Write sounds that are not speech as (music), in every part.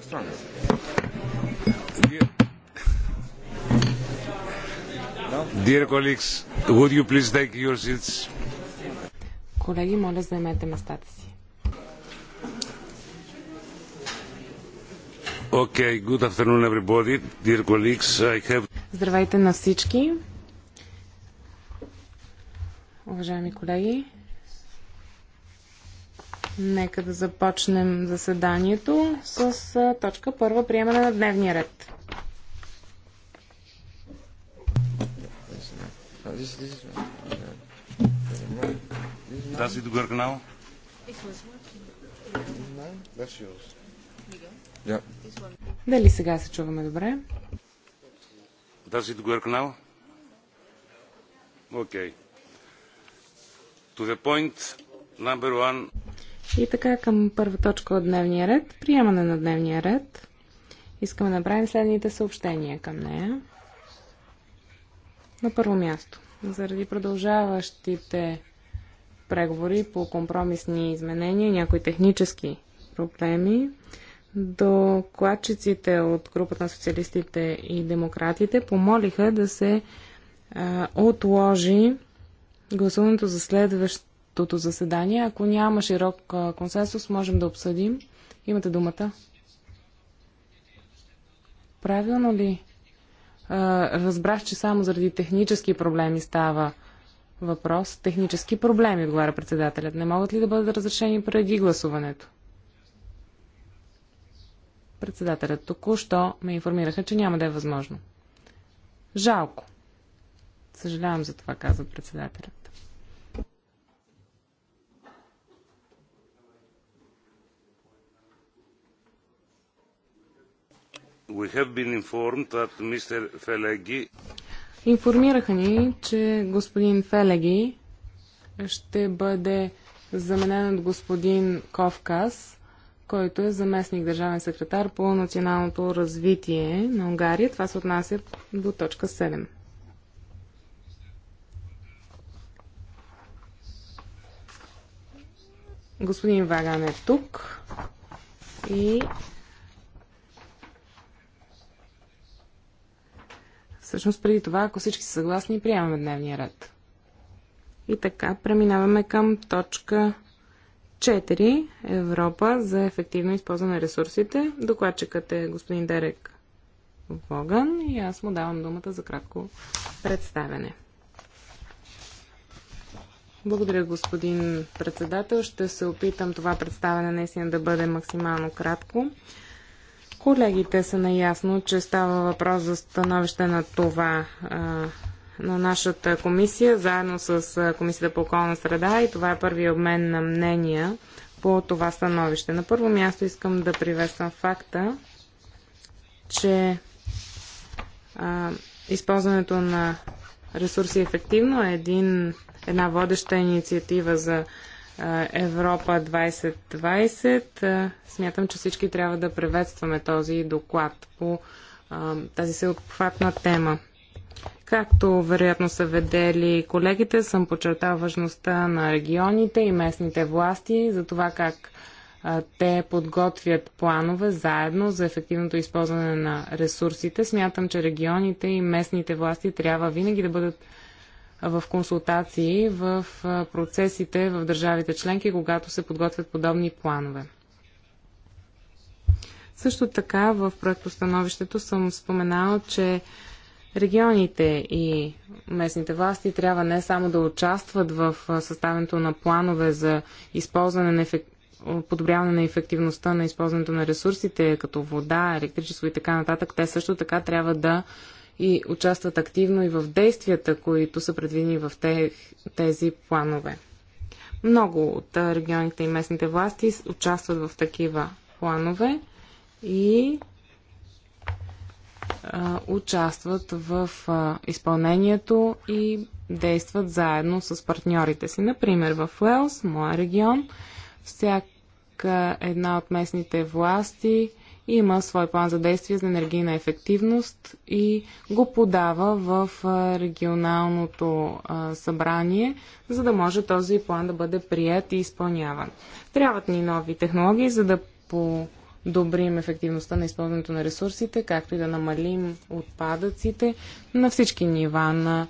stronger, stronger. Dear colleagues, would you please take your seats? Колеги, моля, займете местата си. Okay, good afternoon everybody. Dear colleagues, I have... Здравейте на всички. Уважаеми колеги, Нека да започнем заседанието с точка първа приемане на дневния ред. Дали сега се чуваме добре? Does it work Окей. To the point number one. И така към първа точка от дневния ред. Приемане на дневния ред. Искаме да направим следните съобщения към нея. На първо място, заради продължаващите преговори по компромисни изменения, някои технически проблеми, докладчиците от групата на социалистите и демократите помолиха да се а, отложи гласуването за следващ миналото заседание. Ако няма широк консенсус, можем да обсъдим. Имате думата. Правилно ли? Разбрах, че само заради технически проблеми става въпрос. Технически проблеми, отговаря председателят. Не могат ли да бъдат разрешени преди гласуването? Председателят току-що ме информираха, че няма да е възможно. Жалко. Съжалявам за това, казва председателят. Информираха ни, че господин Фелеги ще бъде заменен от господин Ковкас, който е заместник държавен секретар по националното развитие на Унгария. Това се отнася до точка 7. Господин Ваган е тук и Всъщност преди това, ако всички са съгласни, приемаме дневния ред. И така, преминаваме към точка 4. Европа за ефективно използване на ресурсите. Докладчикът е господин Дерек Воган и аз му давам думата за кратко представяне. Благодаря, господин председател. Ще се опитам това представяне наистина да бъде максимално кратко. Колегите са наясно, че става въпрос за становище на това на нашата комисия, заедно с Комисията по околна среда и това е първи обмен на мнения по това становище. На първо място искам да приветствам факта, че а, използването на ресурси ефективно е един, една водеща инициатива за Европа 2020. Смятам, че всички трябва да приветстваме този доклад по тази всеобхватна тема. Както вероятно са ведели колегите, съм подчертал важността на регионите и местните власти за това как те подготвят планове заедно за ефективното използване на ресурсите. Смятам, че регионите и местните власти трябва винаги да бъдат в консултации в процесите в държавите членки, когато се подготвят подобни планове. Също така в проектостановището съм споменал, че регионите и местните власти трябва не само да участват в съставянето на планове за използване на ефект подобряване на ефективността на използването на ресурсите, като вода, електричество и така нататък, те също така трябва да и участват активно и в действията, които са предвидени в тези планове. Много от регионите и местните власти участват в такива планове и а, участват в а, изпълнението и действат заедно с партньорите си. Например, в Уелс, моя регион, всяка една от местните власти има свой план за действие за енергийна ефективност и го подава в регионалното събрание, за да може този план да бъде прият и изпълняван. Трябват ни нови технологии, за да подобрим ефективността на използването на ресурсите, както и да намалим отпадъците на всички нива на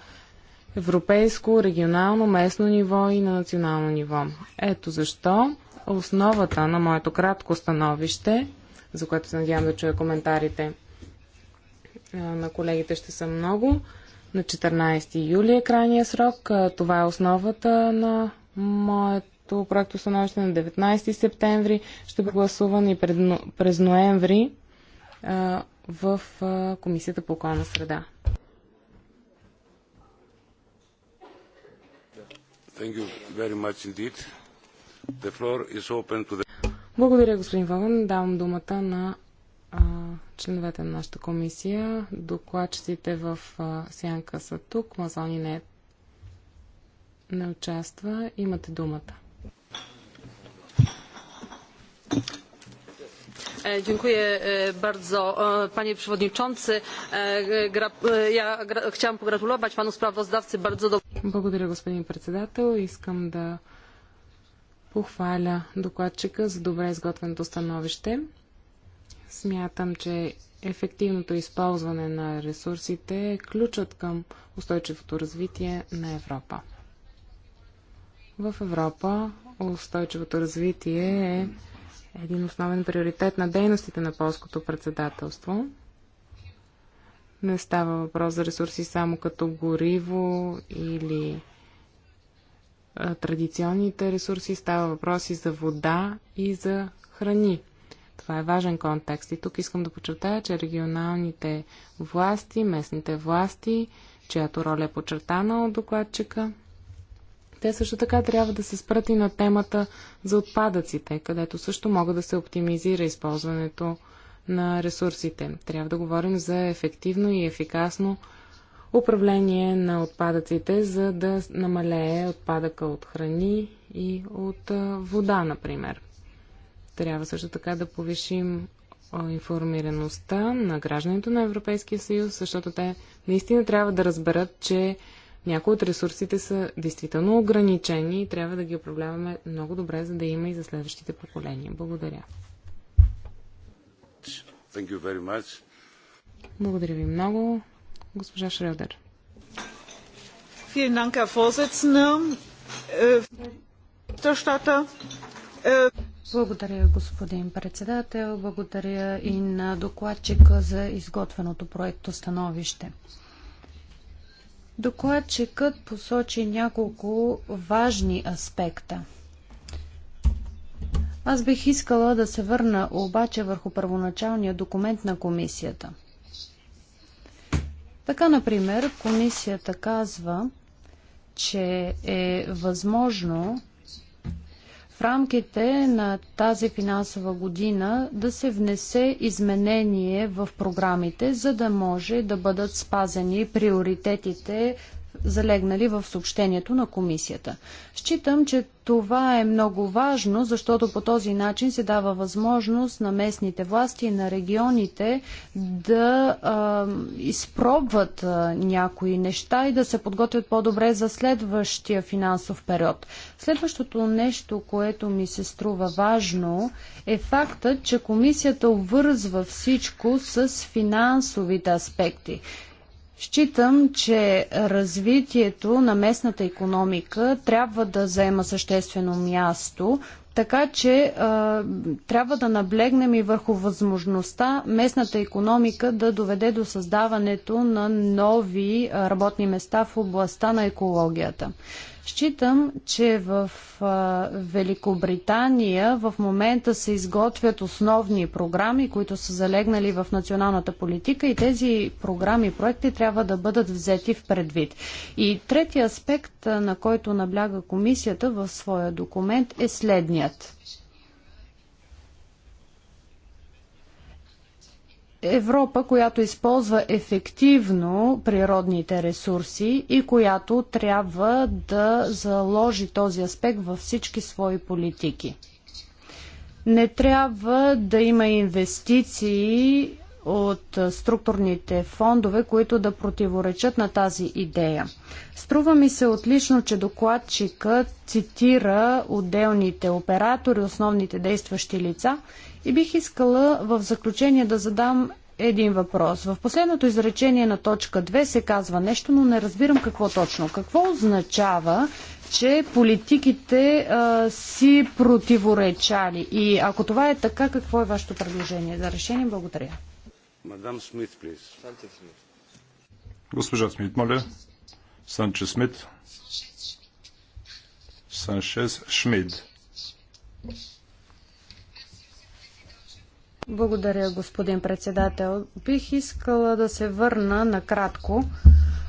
европейско, регионално, местно ниво и на национално ниво. Ето защо основата на моето кратко становище за което се надявам да чуя коментарите на колегите ще са много. На 14 юли е крайния срок. Това е основата на моето проекто становище на 19 септември. Ще бъде гласуван и през ноември в Комисията по околна среда. Thank you very much indeed. The floor is open to the благодаря, господин Вълн. Давам думата на а, членовете на нашата комисия. Докладчиците в а, Сянка са тук. Мазони не, не участва. Имате думата. Dziękuję bardzo panie przewodniczący. Ja chciałam pogratulować panu sprawozdawcy bardzo do... Благодаря господин председател. Искам да похваля докладчика за добре изготвеното становище. Смятам, че ефективното използване на ресурсите е ключът към устойчивото развитие на Европа. В Европа устойчивото развитие е един основен приоритет на дейностите на полското председателство. Не става въпрос за ресурси само като гориво или традиционните ресурси, става въпроси за вода и за храни. Това е важен контекст. И тук искам да подчертая, че регионалните власти, местните власти, чиято роля е подчертана от докладчика, те също така трябва да се спрати на темата за отпадъците, където също могат да се оптимизира използването на ресурсите. Трябва да говорим за ефективно и ефикасно управление на отпадъците, за да намалее отпадъка от храни и от вода, например. Трябва също така да повишим информираността на гражданите на Европейския съюз, защото те наистина трябва да разберат, че някои от ресурсите са действително ограничени и трябва да ги управляваме много добре, за да има и за следващите поколения. Благодаря. Благодаря ви много. Госпожа Шредер. Äh, äh, Благодаря, господин председател. Благодаря и на докладчика за изготвеното проекто становище. Докладчикът посочи няколко важни аспекта. Аз бих искала да се върна обаче върху първоначалния документ на комисията – така, например, комисията казва, че е възможно в рамките на тази финансова година да се внесе изменение в програмите, за да може да бъдат спазени приоритетите залегнали в съобщението на комисията. Считам, че това е много важно, защото по този начин се дава възможност на местните власти и на регионите да а, изпробват а, някои неща и да се подготвят по-добре за следващия финансов период. Следващото нещо, което ми се струва важно, е фактът, че комисията обвързва всичко с финансовите аспекти. Считам, че развитието на местната економика трябва да заема съществено място, така че а, трябва да наблегнем и върху възможността местната економика да доведе до създаването на нови работни места в областта на екологията. Считам, че в Великобритания в момента се изготвят основни програми, които са залегнали в националната политика и тези програми и проекти трябва да бъдат взети в предвид. И третия аспект, на който набляга комисията в своя документ, е следният – Европа, която използва ефективно природните ресурси и която трябва да заложи този аспект във всички свои политики. Не трябва да има инвестиции от структурните фондове, които да противоречат на тази идея. Струва ми се отлично, че докладчика цитира отделните оператори, основните действащи лица и бих искала в заключение да задам един въпрос. В последното изречение на точка 2 се казва нещо, но не разбирам какво точно. Какво означава, че политиките а, си противоречали? И ако това е така, какво е вашето предложение за решение? Благодаря. Мадам Смит, плиз. Госпожа Смит, моля. Санче Смит. Санчес Шмид. Благодаря, господин председател. Бих искала да се върна накратко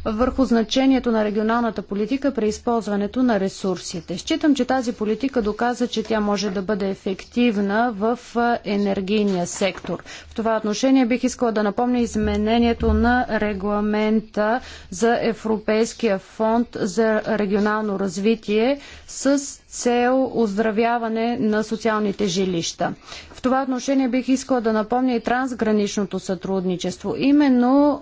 върху значението на регионалната политика при използването на ресурсите. Считам, че тази политика доказа, че тя може да бъде ефективна в енергийния сектор. В това отношение бих искала да напомня изменението на регламента за Европейския фонд за регионално развитие с цел оздравяване на социалните жилища. В това отношение бих искала да напомня и трансграничното сътрудничество. Именно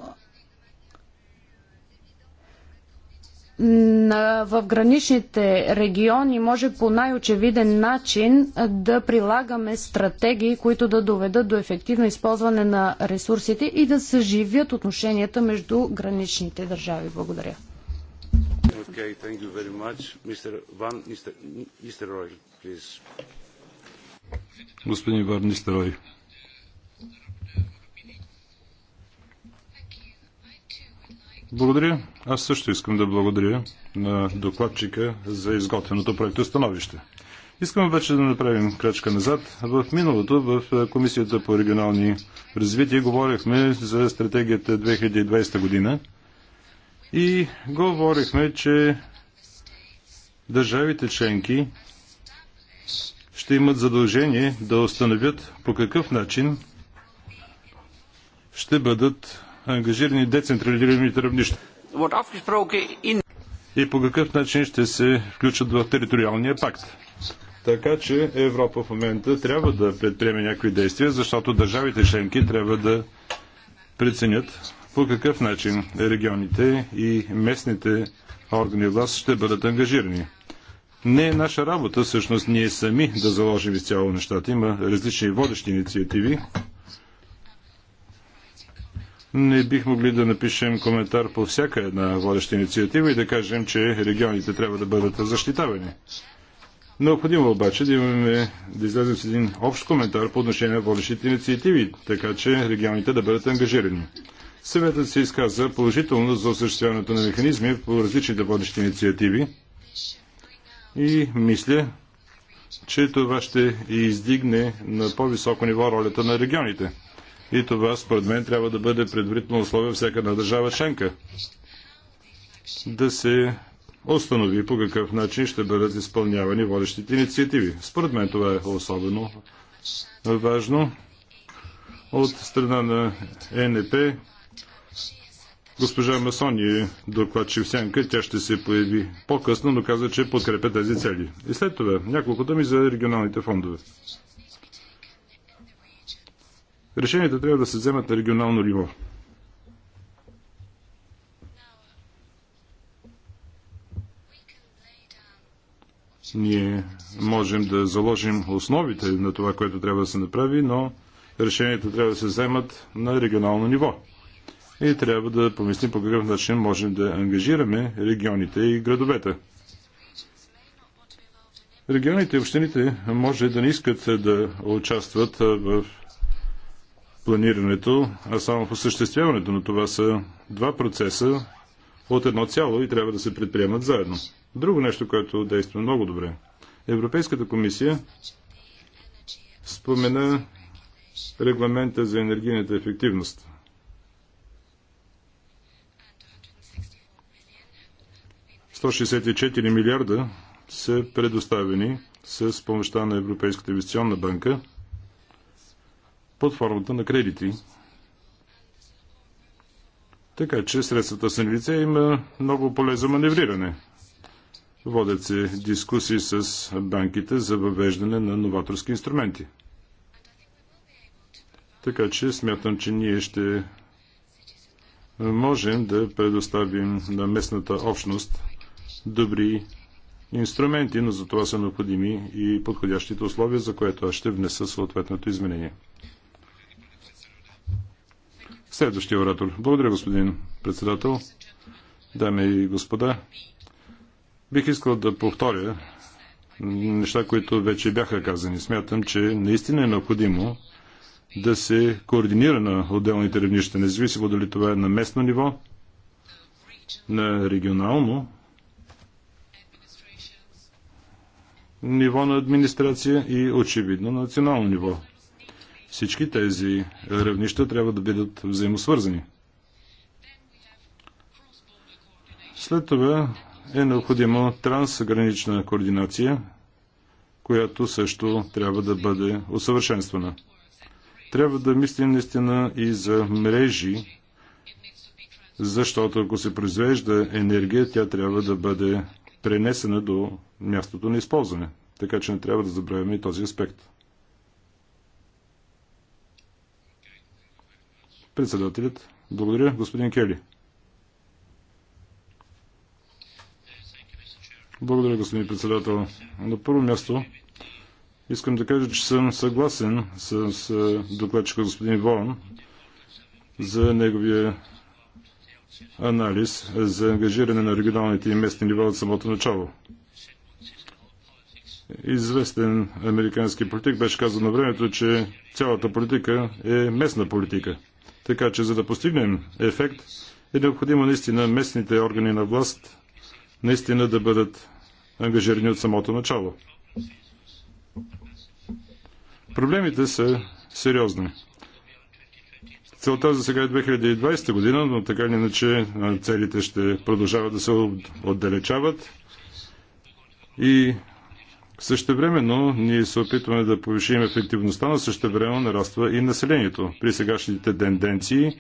в граничните региони може по най-очевиден начин да прилагаме стратегии, които да доведат до ефективно използване на ресурсите и да съживят отношенията между граничните държави. Благодаря. Okay, Mr. Van, Господин Ван Благодаря. Аз също искам да благодаря на докладчика за изготвеното проекто становище. Искам вече да направим крачка назад. В миналото в Комисията по регионални развитие говорихме за стратегията 2020 година и говорихме, че държавите членки ще имат задължение да установят по какъв начин ще бъдат ангажирани децентрализираните равнища wordt afgesproken in... И по какъв начин ще се включат в териториалния пакт? Така че Европа в момента трябва да предприеме някакви действия, защото държавите членки трябва да преценят по какъв начин регионите и местните органи власт ще бъдат ангажирани. Не е наша работа, всъщност ние сами да заложим изцяло нещата. Има различни водещи инициативи, не бих могли да напишем коментар по всяка една водеща инициатива и да кажем, че регионите трябва да бъдат защитавани. Необходимо обаче да имаме да излезем с един общ коментар по отношение на водещите инициативи, така че регионите да бъдат ангажирани. Съветът се изказа положително за осъществяването на механизми по различните водещи инициативи и мисля, че това ще издигне на по-високо ниво ролята на регионите. И това, според мен, трябва да бъде предварително условие всяка една държава членка. Да се установи по какъв начин ще бъдат изпълнявани водещите инициативи. Според мен това е особено важно. От страна на ЕНП госпожа Масони е докладчив сянка, тя ще се появи по-късно, но каза, че подкрепя тези цели. И след това няколко думи за регионалните фондове решенията трябва да се вземат на регионално ниво. Ние можем да заложим основите на това, което трябва да се направи, но решенията трябва да се вземат на регионално ниво. И трябва да помислим по какъв начин можем да ангажираме регионите и градовете. Регионите и общините може да не искат да участват в планирането, а само в осъществяването, но това са два процеса от едно цяло и трябва да се предприемат заедно. Друго нещо, което действа много добре. Европейската комисия спомена регламента за енергийната ефективност. ...164 милиарда са предоставени с помощта на Европейската инвестиционна банка – под формата на кредити. Така че средствата са на лице има много поле за маневриране. Водят се дискусии с банките за въвеждане на новаторски инструменти. Така че смятам, че ние ще можем да предоставим на местната общност добри инструменти, но за това са необходими и подходящите условия, за което аз ще внеса съответното изменение. Следващия оратор. Благодаря, господин председател. Дами и господа, бих искал да повторя неща, които вече бяха казани. Смятам, че наистина е необходимо да се координира на отделните равнища, независимо дали това е на местно ниво, на регионално ниво на администрация и очевидно на национално ниво. Всички тези равнища трябва да бъдат взаимосвързани. След това е необходима трансгранична координация, която също трябва да бъде усъвършенствана. Трябва да мислим наистина и за мрежи, защото ако се произвежда енергия, тя трябва да бъде пренесена до мястото на използване. Така че не трябва да забравяме и този аспект. Председателят. Благодаря, господин Кели. Благодаря, господин председател. На първо място искам да кажа, че съм съгласен с докладчика господин Волн за неговия анализ за ангажиране на регионалните и местни нива от самото начало. Известен американски политик беше казал на времето, че цялата политика е местна политика – така че, за да постигнем ефект, е необходимо наистина местните органи на власт наистина да бъдат ангажирани от самото начало. Проблемите са сериозни. Целта за сега е 2020 година, но така или иначе целите ще продължават да се отдалечават и Същевременно ние се опитваме да повишим ефективността, но същевременно нараства и населението. При сегашните тенденции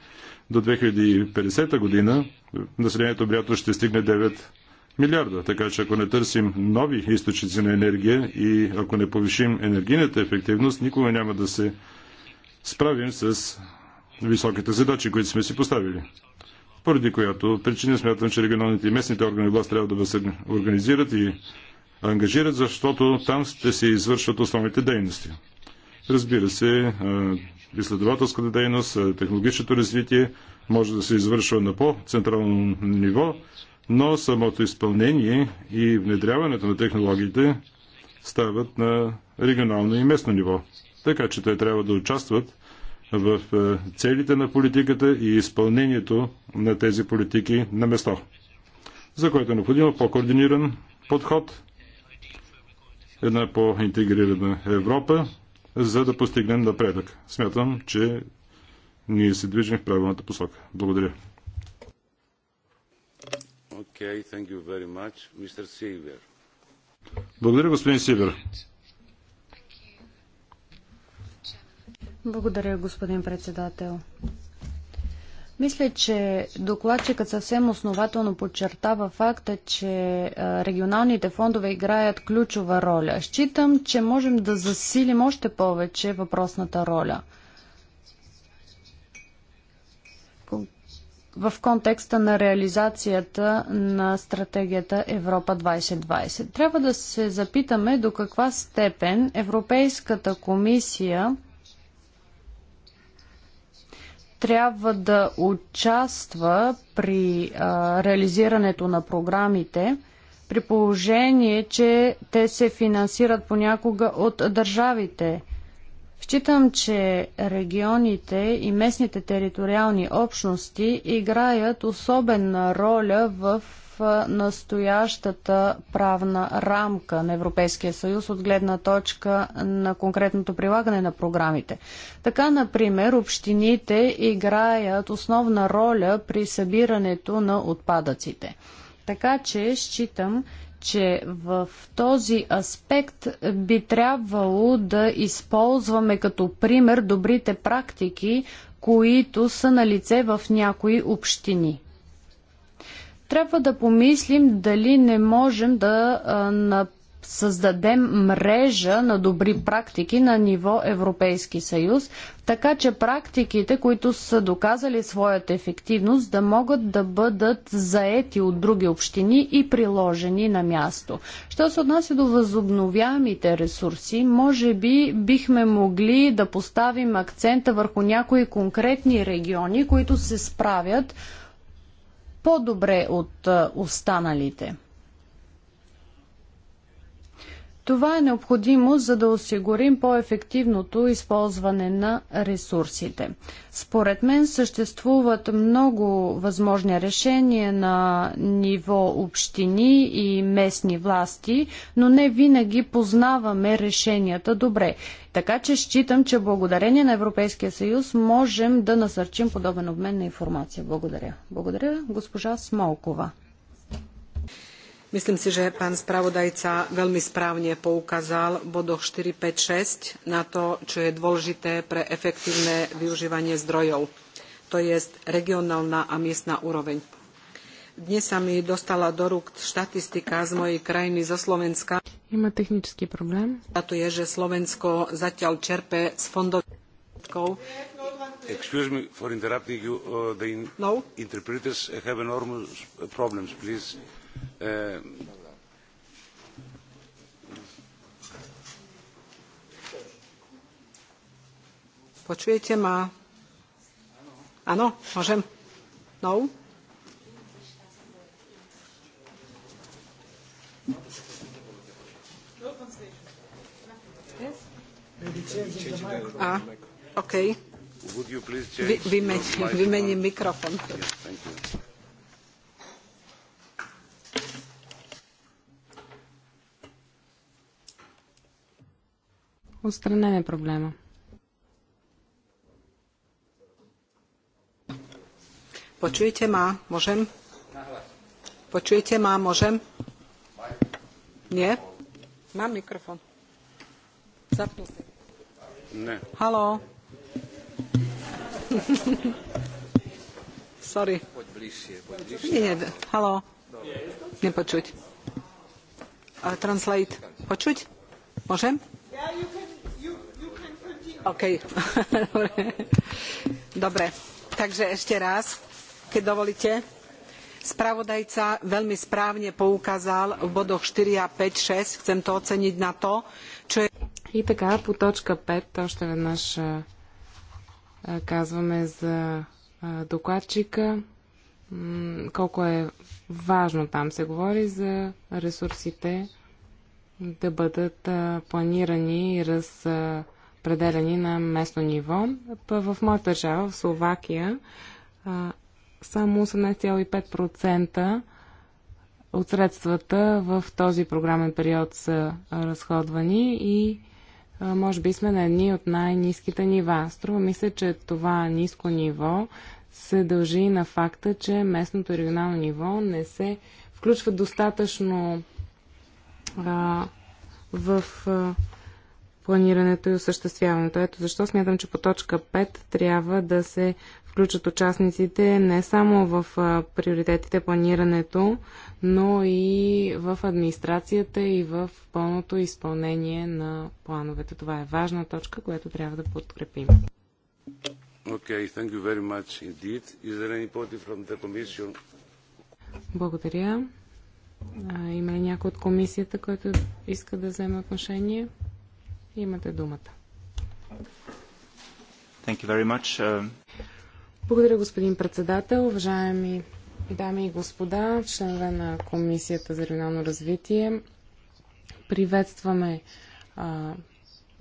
до 2050 година населението обрято ще стигне 9 милиарда. Така че ако не търсим нови източници на енергия и ако не повишим енергийната ефективност, никога няма да се справим с високите задачи, които сме си поставили. Поради която причина смятам, че регионалните и местните органи власт трябва да се организират и ангажират, защото там ще се извършват основните дейности. Разбира се, изследователската дейност, технологичното развитие може да се извършва на по-централно ниво, но самото изпълнение и внедряването на технологиите стават на регионално и местно ниво. Така че те трябва да участват в целите на политиката и изпълнението на тези политики на место, за което е необходимо по-координиран подход една по-интегрирана Европа, за да постигнем напредък. Смятам, че ние се движим в правилната посока. Благодаря. Okay, thank you very much. Mr. Silver. Благодаря, господин Сивер. Благодаря, господин председател. Мисля, че докладчикът съвсем основателно подчертава факта, че регионалните фондове играят ключова роля. Считам, че можем да засилим още повече въпросната роля. в контекста на реализацията на стратегията Европа 2020. Трябва да се запитаме до каква степен Европейската комисия трябва да участва при а, реализирането на програмите, при положение, че те се финансират понякога от държавите. Считам, че регионите и местните териториални общности играят особена роля в настоящата правна рамка на Европейския съюз от гледна точка на конкретното прилагане на програмите. Така, например, общините играят основна роля при събирането на отпадъците. Така че считам, че в този аспект би трябвало да използваме като пример добрите практики, които са на лице в някои общини. Трябва да помислим дали не можем да направим създадем мрежа на добри практики на ниво Европейски съюз, така че практиките, които са доказали своята ефективност, да могат да бъдат заети от други общини и приложени на място. Що се отнася до възобновяемите ресурси, може би бихме могли да поставим акцента върху някои конкретни региони, които се справят по-добре от останалите. Това е необходимо, за да осигурим по-ефективното използване на ресурсите. Според мен съществуват много възможни решения на ниво общини и местни власти, но не винаги познаваме решенията добре. Така че считам, че благодарение на Европейския съюз можем да насърчим подобен обмен на информация. Благодаря. Благодаря, госпожа Смолкова. Myslím si, že pán spravodajca veľmi správne poukázal v bodoch four five six na to, čo je dôležité pre efektívne využívanie zdrojov, to je regionálna a miestna úroveň. Dnes sa mi dostala do rúk štatistika z mojej krajiny zo slovenska Има технический že Slovensko zatiaľ čerpe z fondov. Excuse me for interrupting you. Uh, the in no? interpreters have enormous problems, please. Počujete ma? Áno, môžem? No? A, OK. Vymením mikrofon. Yes, Отстранен е проблема. Počujete ma? Môžem? Počujete ma? Môžem? Nie? Mám mikrofón. Zapnutý. Ne. Halo. Sorry. Poď bližšie, poď bližšie. Nie, nie, halo. Nepočuť. Uh, translate. Počuť? Môžem? Yeah, you can (laughs) Dobre. Takže ešte raz, keď dovolíte. Spravodajca veľmi správne poukázal v bodoch 4 a 5, 6. Chcem to oceniť na to, čo je... И така, по точка 5 още веднъж казваме за докладчика. Колко е важно там се говори за ресурсите да бъдат планирани и раз разпределени на местно ниво. В моята държава, в Словакия, само 18,5% от средствата в този програмен период са разходвани и може би сме на едни от най-низките нива. Струва ми се, че това ниско ниво се дължи на факта, че местното и регионално ниво не се включва достатъчно а, в а, планирането и осъществяването. Ето защо смятам, че по точка 5 трябва да се включат участниците не само в а, приоритетите планирането, но и в администрацията и в пълното изпълнение на плановете. Това е важна точка, която трябва да подкрепим. Okay, thank you very much indeed. Is there anybody from the commission? Благодаря. А, има ли някой от комисията, който иска да вземе отношение? Имате думата. Thank you very much. Uh, Благодаря, господин председател. Уважаеми дами и господа, членове на Комисията за регионално развитие, приветстваме а,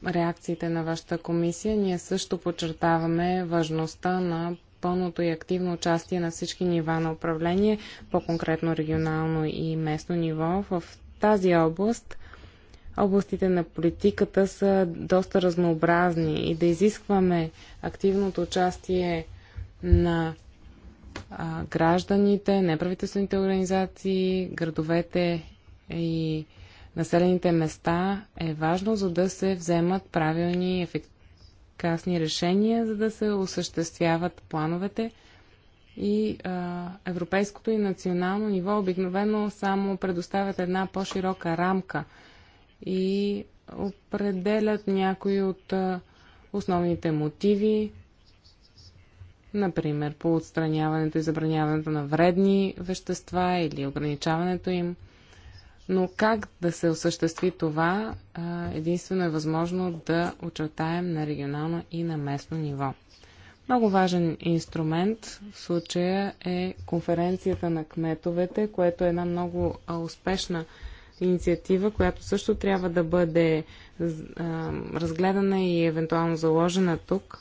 реакциите на вашата комисия. Ние също подчертаваме важността на пълното и активно участие на всички нива на управление, по-конкретно регионално и местно ниво в тази област областите на политиката са доста разнообразни и да изискваме активното участие на а, гражданите, неправителствените организации, градовете и населените места е важно, за да се вземат правилни, и ефикасни решения, за да се осъществяват плановете. И а, европейското и национално ниво обикновено само предоставят една по-широка рамка – и определят някои от основните мотиви, например по отстраняването и забраняването на вредни вещества или ограничаването им. Но как да се осъществи това, единствено е възможно да очертаем на регионално и на местно ниво. Много важен инструмент в случая е конференцията на кметовете, което е една много успешна инициатива, която също трябва да бъде а, разгледана и евентуално заложена тук.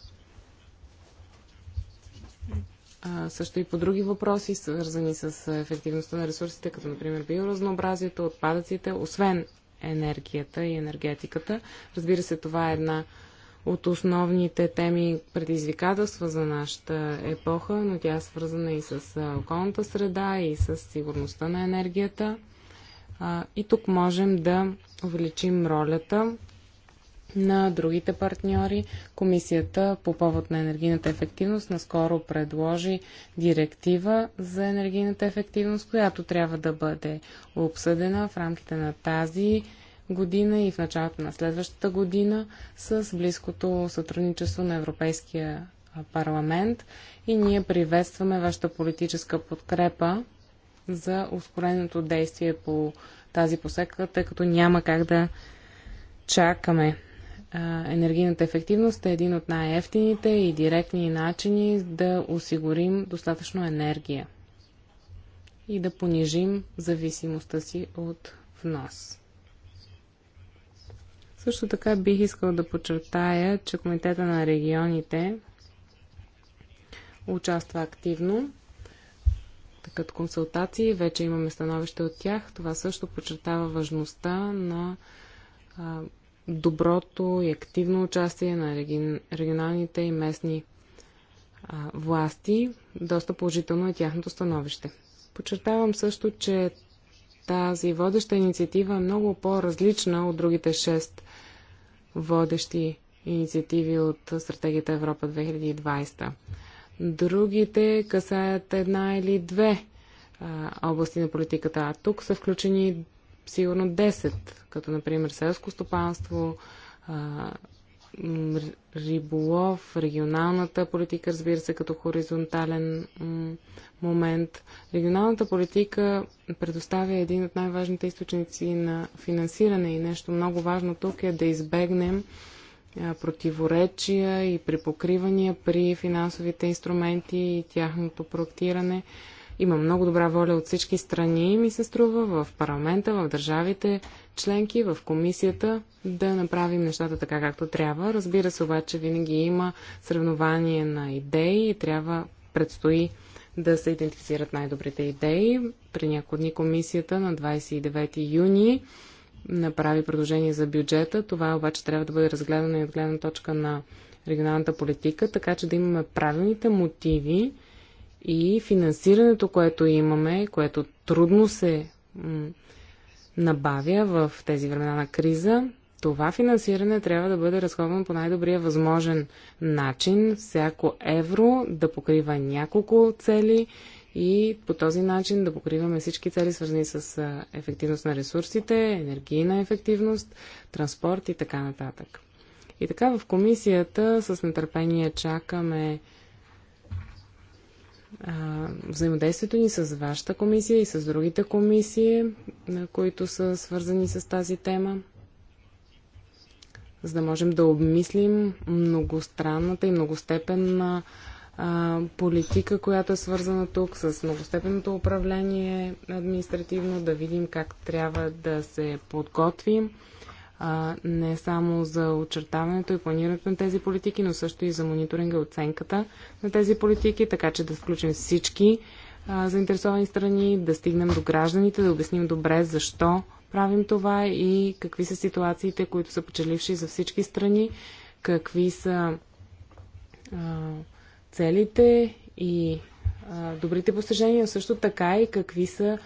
А, също и по други въпроси, свързани с ефективността на ресурсите, като например биоразнообразието, отпадъците, освен енергията и енергетиката. Разбира се, това е една от основните теми предизвикателства за нашата епоха, но тя е свързана и с околната среда, и с сигурността на енергията и тук можем да увеличим ролята на другите партньори. Комисията по повод на енергийната ефективност наскоро предложи директива за енергийната ефективност, която трябва да бъде обсъдена в рамките на тази година и в началото на следващата година с близкото сътрудничество на Европейския парламент. И ние приветстваме вашата политическа подкрепа за ускореното действие по тази посека, тъй като няма как да чакаме. Енергийната ефективност е един от най-ефтините и директни начини да осигурим достатъчно енергия и да понижим зависимостта си от внос. Също така бих искал да подчертая, че Комитета на регионите участва активно текат консултации, вече имаме становище от тях. Това също подчертава важността на а, доброто и активно участие на регионалните и местни а, власти. Доста положително е тяхното становище. Подчертавам също, че тази водеща инициатива е много по-различна от другите шест водещи инициативи от стратегията Европа 2020 другите касаят една или две а, области на политиката. А тук са включени сигурно 10, като например селско стопанство, а, риболов, регионалната политика, разбира се, като хоризонтален момент. Регионалната политика предоставя един от най-важните източници на финансиране и нещо много важно тук е да избегнем противоречия и припокривания при финансовите инструменти и тяхното проектиране. Има много добра воля от всички страни, и ми се струва, в парламента, в държавите членки, в комисията, да направим нещата така както трябва. Разбира се, обаче винаги има съревнование на идеи и трябва, предстои да се идентифицират най-добрите идеи. При някои дни комисията на 29 юни направи предложение за бюджета. Това обаче трябва да бъде разгледано и от гледна точка на регионалната политика, така че да имаме правилните мотиви и финансирането, което имаме, което трудно се набавя в тези времена на криза, това финансиране трябва да бъде разходвано по най-добрия възможен начин. Всяко евро да покрива няколко цели и по този начин да покриваме всички цели, свързани с ефективност на ресурсите, енергийна ефективност, транспорт и така нататък. И така в комисията с нетърпение чакаме а, взаимодействието ни с вашата комисия и с другите комисии, които са свързани с тази тема за да можем да обмислим многостранната и многостепенна а, политика, която е свързана тук с многостепенното управление административно, да видим как трябва да се подготвим а, не само за очертаването и планирането на тези политики, но също и за мониторинга и оценката на тези политики, така че да включим всички а, заинтересовани страни, да стигнем до гражданите, да обясним добре защо правим това и какви са ситуациите, които са почеливши за всички страни, какви са а, целите и а, добрите постижения, също така и какви са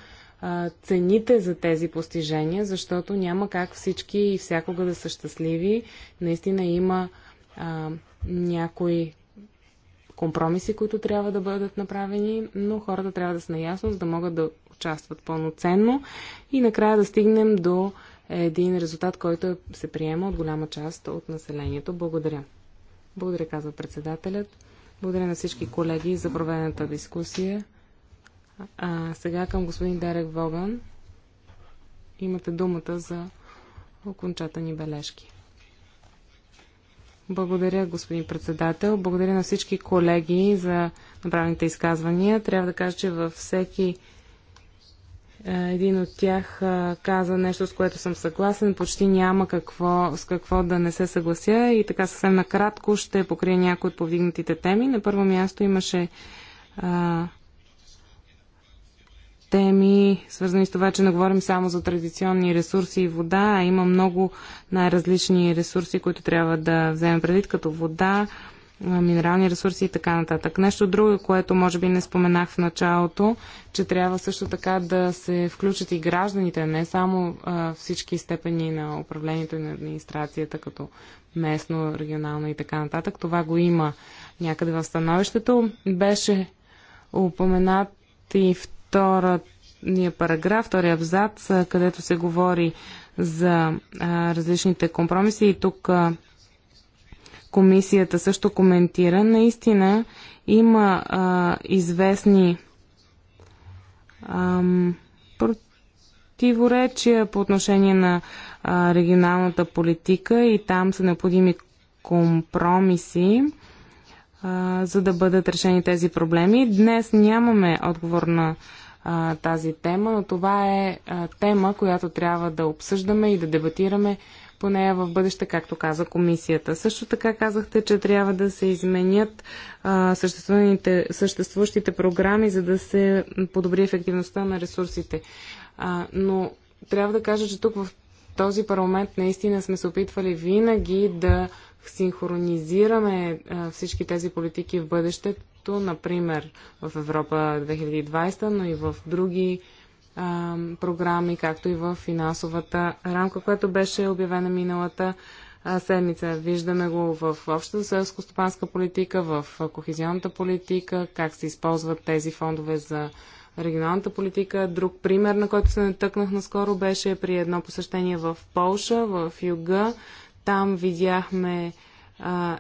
а, цените за тези постижения, защото няма как всички и всякога да са щастливи. Наистина има а, някои компромиси, които трябва да бъдат направени, но хората трябва да са наясно, за да могат да участват пълноценно и накрая да стигнем до един резултат, който се приема от голяма част от населението. Благодаря. Благодаря, казва председателят. Благодаря на всички колеги за проведената дискусия. А, сега към господин Дерек Воган. Имате думата за окончателни бележки. Благодаря, господин председател. Благодаря на всички колеги за направените изказвания. Трябва да кажа, че във всеки е, един от тях е, каза нещо, с което съм съгласен. Почти няма какво, с какво да не се съглася и така съвсем накратко ще покрия някои от повдигнатите теми. На първо място имаше а, е, теми, свързани с това, че не говорим само за традиционни ресурси и вода, а има много най-различни ресурси, които трябва да вземем предвид, като вода, а, минерални ресурси и така нататък. Нещо друго, което може би не споменах в началото, че трябва също така да се включат и гражданите, не само а, всички степени на управлението и на администрацията, като местно, регионално и така нататък. Това го има някъде в становището. Беше упоменат и втория параграф, втория абзац, където се говори за а, различните компромиси и тук а, комисията също коментира, наистина има а, известни ам, противоречия по отношение на а, регионалната политика и там са необходими компромиси, а, за да бъдат решени тези проблеми. Днес нямаме отговор на а, тази тема, но това е а, тема, която трябва да обсъждаме и да дебатираме по нея в бъдеще, както каза комисията. Също така казахте, че трябва да се изменят съществуващите програми, за да се подобри ефективността на ресурсите. А, но трябва да кажа, че тук в този парламент наистина сме се опитвали винаги да синхронизираме а, всички тези политики в бъдещето, например в Европа 2020, но и в други програми, както и в финансовата рамка, която беше обявена миналата седмица. Виждаме го в общата селско-стопанска политика, в кохезионната политика, как се използват тези фондове за регионалната политика. Друг пример, на който се натъкнах наскоро, беше при едно посещение в Полша, в юга. Там видяхме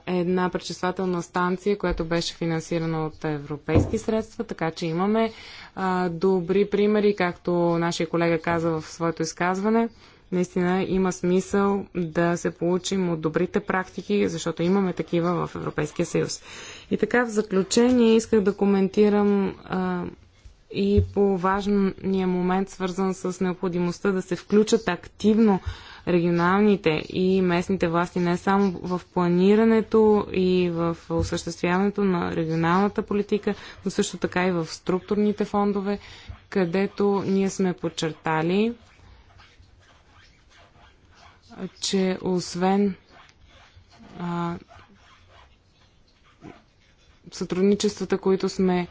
е една пречиствателна станция, която беше финансирана от европейски средства, така че имаме а, добри примери, както нашия колега каза в своето изказване. Наистина има смисъл да се получим от добрите практики, защото имаме такива в Европейския съюз. И така, в заключение исках да коментирам а, и по важния момент, свързан с необходимостта да се включат активно регионалните и местните власти не само в планирането и в осъществяването на регионалната политика, но също така и в структурните фондове, където ние сме подчертали, че освен а, сътрудничествата, които сме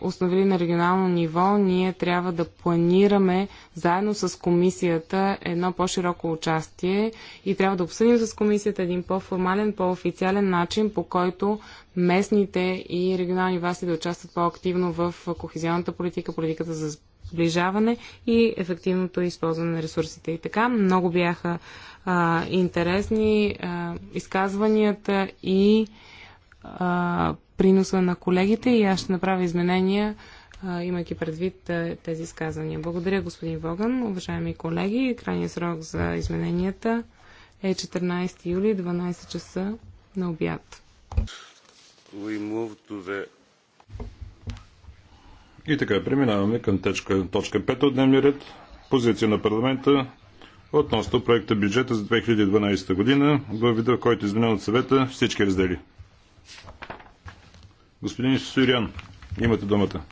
установили на регионално ниво, ние трябва да планираме заедно с комисията едно по-широко участие и трябва да обсъдим с комисията един по-формален, по-официален начин, по който местните и регионални власти да участват по-активно в кохезионната политика, политиката за сближаване и ефективното използване на ресурсите. И така, много бяха а, интересни а, изказванията и а, приноса на колегите и аз ще направя изменения, имайки предвид тези изказвания. Благодаря, господин Воган. Уважаеми колеги, крайният срок за измененията е 14 юли, 12 часа на обяд. И така, преминаваме към точка, точка 5 от дневния ред. Позиция на парламента относно проекта бюджета за 2012 година във вида, който е изменен от съвета всички раздели. Господин Сурян, имате думата.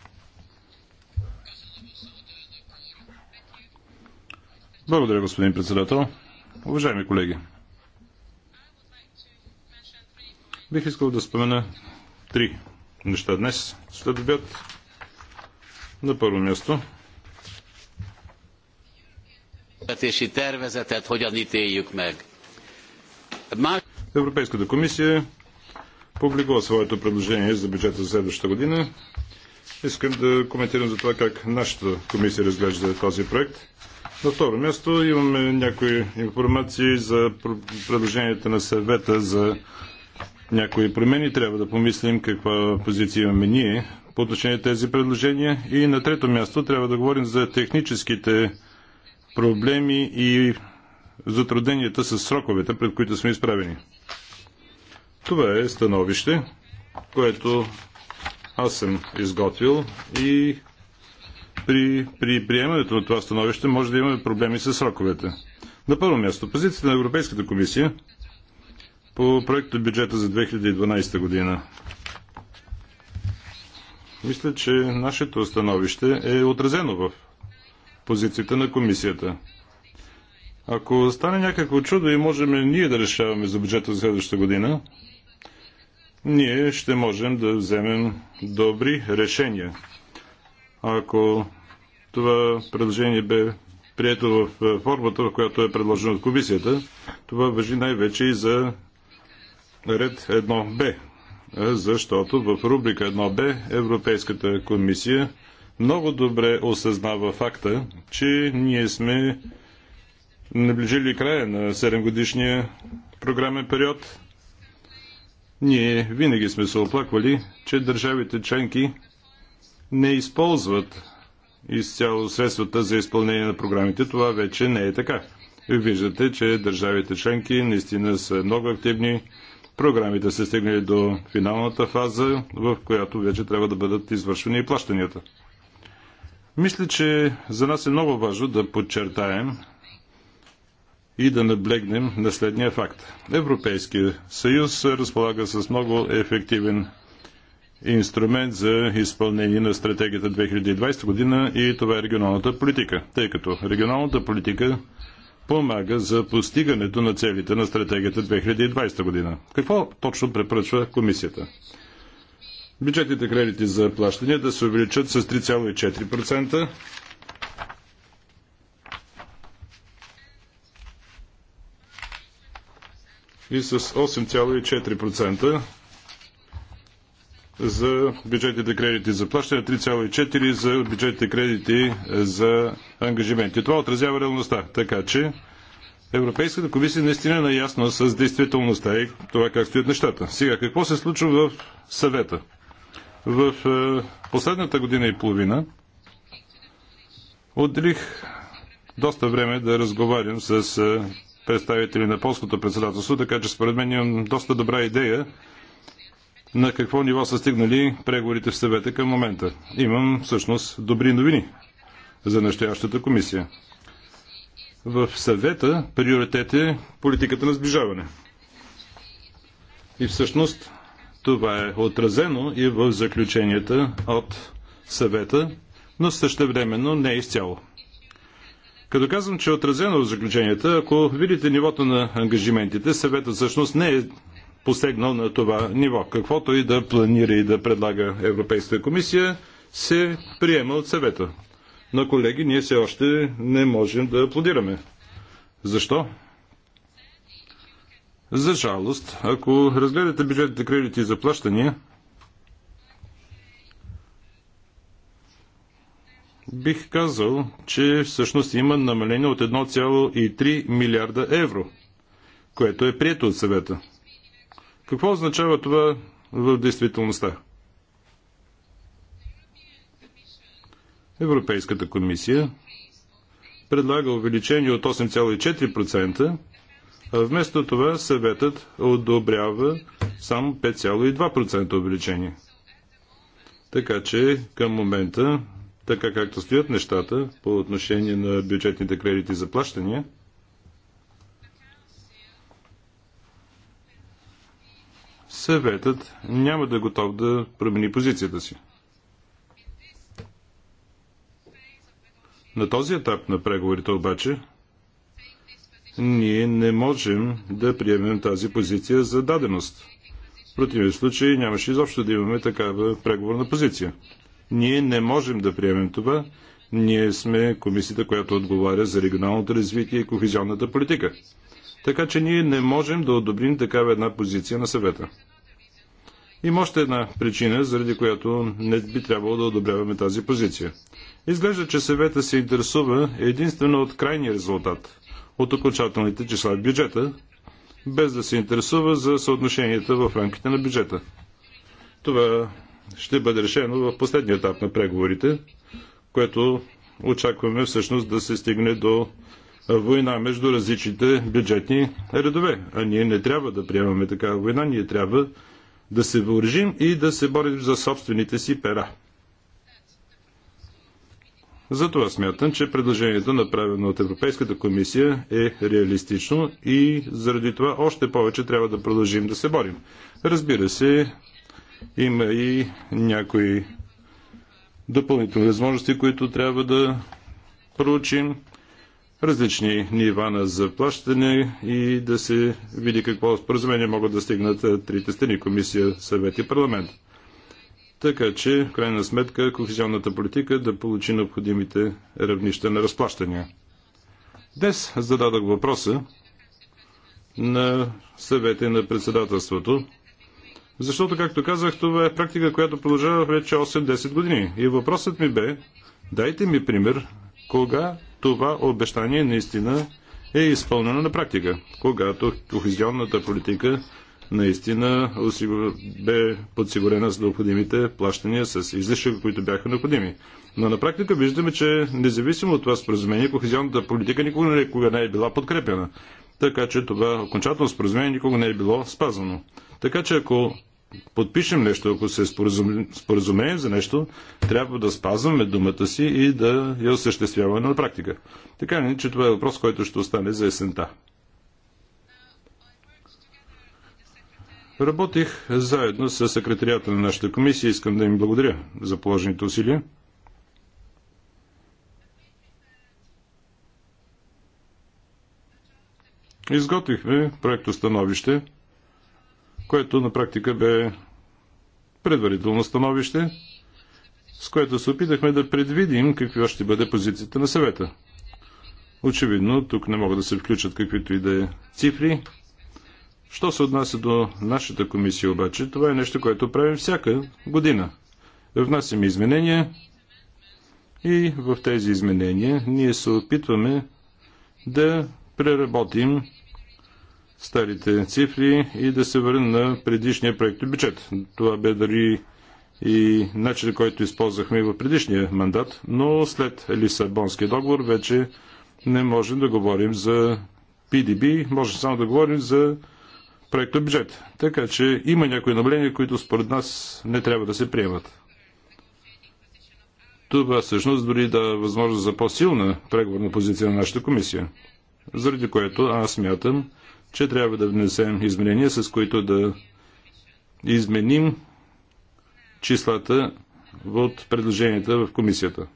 Благодаря, господин председател. Уважаеми колеги, бих искал да спомена три неща днес, след обяд. На първо място Европейската комисия публикува своето предложение за бюджета за следващата година. Искам да коментирам за това как нашата комисия разглежда този проект. На второ място имаме някои информации за предложенията на съвета за някои промени. Трябва да помислим каква позиция имаме ние по отношение на тези предложения. И на трето място трябва да говорим за техническите проблеми и затрудненията с сроковете, пред които сме изправени. Това е становище, което аз съм изготвил и при, при приемането на това становище може да имаме проблеми с сроковете. На първо място, позицията на Европейската комисия по проекта бюджета за 2012 година. Мисля, че нашето становище е отразено в позицията на комисията. Ако стане някакво чудо и можем ние да решаваме за бюджета за следващата година, ние ще можем да вземем добри решения. Ако това предложение бе прието в формата, в която е предложено от комисията, това въжи най-вече и за ред 1Б, защото в рубрика 1Б Европейската комисия много добре осъзнава факта, че ние сме наближили края на 7 годишния програмен период ние винаги сме се оплаквали, че държавите членки не използват изцяло средствата за изпълнение на програмите. Това вече не е така. Виждате, че държавите членки наистина са много активни. Програмите са стигнали до финалната фаза, в която вече трябва да бъдат извършвани и плащанията. Мисля, че за нас е много важно да подчертаем, и да наблегнем на следния факт. Европейския съюз разполага с много ефективен инструмент за изпълнение на стратегията 2020 година и това е регионалната политика, тъй като регионалната политика помага за постигането на целите на стратегията 2020 година. Какво точно препръчва комисията? Бюджетните кредити за плащания да се увеличат с 3,4% и с 8,4% за бюджетните кредити за плащане, 3,4% за бюджетните кредити за ангажименти. Това отразява реалността, така че Европейската комисия наистина е наясна с действителността и това как стоят нещата. Сега, какво се случва в съвета? В е, последната година и половина отделих доста време да разговарям с е, представители на полското председателство, така че според мен имам доста добра идея на какво ниво са стигнали преговорите в съвета към момента. Имам всъщност добри новини за настоящата комисия. В съвета приоритет е политиката на сближаване. И всъщност това е отразено и в заключенията от съвета, но също времено не е изцяло. Като казвам, че е отразено в заключенията, ако видите нивото на ангажиментите, съветът всъщност не е постегнал на това ниво. Каквото и да планира и да предлага Европейската комисия, се приема от съвета. Но, колеги, ние все още не можем да аплодираме. Защо? За жалост, ако разгледате бюджетните кредити за заплащания, бих казал, че всъщност има намаление от 1,3 милиарда евро, което е прието от съвета. Какво означава това в действителността? Европейската комисия предлага увеличение от 8,4%, а вместо това съветът одобрява само 5,2% увеличение. Така че към момента така както стоят нещата по отношение на бюджетните кредити за плащания, съветът няма да е готов да промени позицията си. На този етап на преговорите обаче, ние не можем да приемем тази позиция за даденост. В противен случай нямаше изобщо да имаме такава преговорна позиция. Ние не можем да приемем това. Ние сме комисията, която отговаря за регионалното развитие и кохезионната политика. Така че ние не можем да одобрим такава една позиция на съвета. Има още една причина, заради която не би трябвало да одобряваме тази позиция. Изглежда, че съвета се интересува единствено от крайния резултат, от окончателните числа в бюджета, без да се интересува за съотношенията в рамките на бюджета. Това ще бъде решено в последния етап на преговорите, което очакваме всъщност да се стигне до война между различните бюджетни редове. А ние не трябва да приемаме такава война, ние трябва да се въоръжим и да се борим за собствените си пера. Затова смятам, че предложението, направено от Европейската комисия, е реалистично и заради това още повече трябва да продължим да се борим. Разбира се, има и някои допълнителни възможности, които трябва да проучим различни нива на заплащане и да се види какво споразумение могат да стигнат трите страни комисия, съвет и парламент. Така че, в крайна сметка, кохезионната политика да получи необходимите равнища на разплащания. Днес зададох въпроса на съвета на председателството защото, както казах, това е практика, която продължава вече 8-10 години. И въпросът ми бе, дайте ми пример, кога това обещание наистина е изпълнено на практика. Когато кохезионната политика наистина бе подсигурена с необходимите плащания, с излишък, които бяха необходими. Но на практика виждаме, че независимо от това споразумение, кохезионната политика никога, никога не е била подкрепена. Така че това окончателно споразумение никога не е било спазвано. Така че ако подпишем нещо, ако се споразумеем, за нещо, трябва да спазваме думата си и да я осъществяваме на практика. Така ли, че това е въпрос, който ще остане за есента. Работих заедно с секретарията на нашата комисия и искам да им благодаря за положените усилия. Изготвихме проекто становище, което на практика бе предварително становище, с което се опитахме да предвидим каква ще бъде позицията на съвета. Очевидно, тук не могат да се включат каквито и да е цифри. Що се отнася до нашата комисия обаче, това е нещо, което правим всяка година. Внасяме изменения и в тези изменения ние се опитваме да преработим старите цифри и да се върне на предишния проект бюджет. Това бе дали и начинът, който използвахме в предишния мандат, но след Лисабонския договор вече не можем да говорим за PDB, може само да говорим за проект бюджет. Така че има някои намаления, които според нас не трябва да се приемат. Това всъщност дори да е възможност за по-силна преговорна позиция на нашата комисия, заради което аз мятам, че трябва да внесем изменения, с които да изменим числата от предложенията в комисията.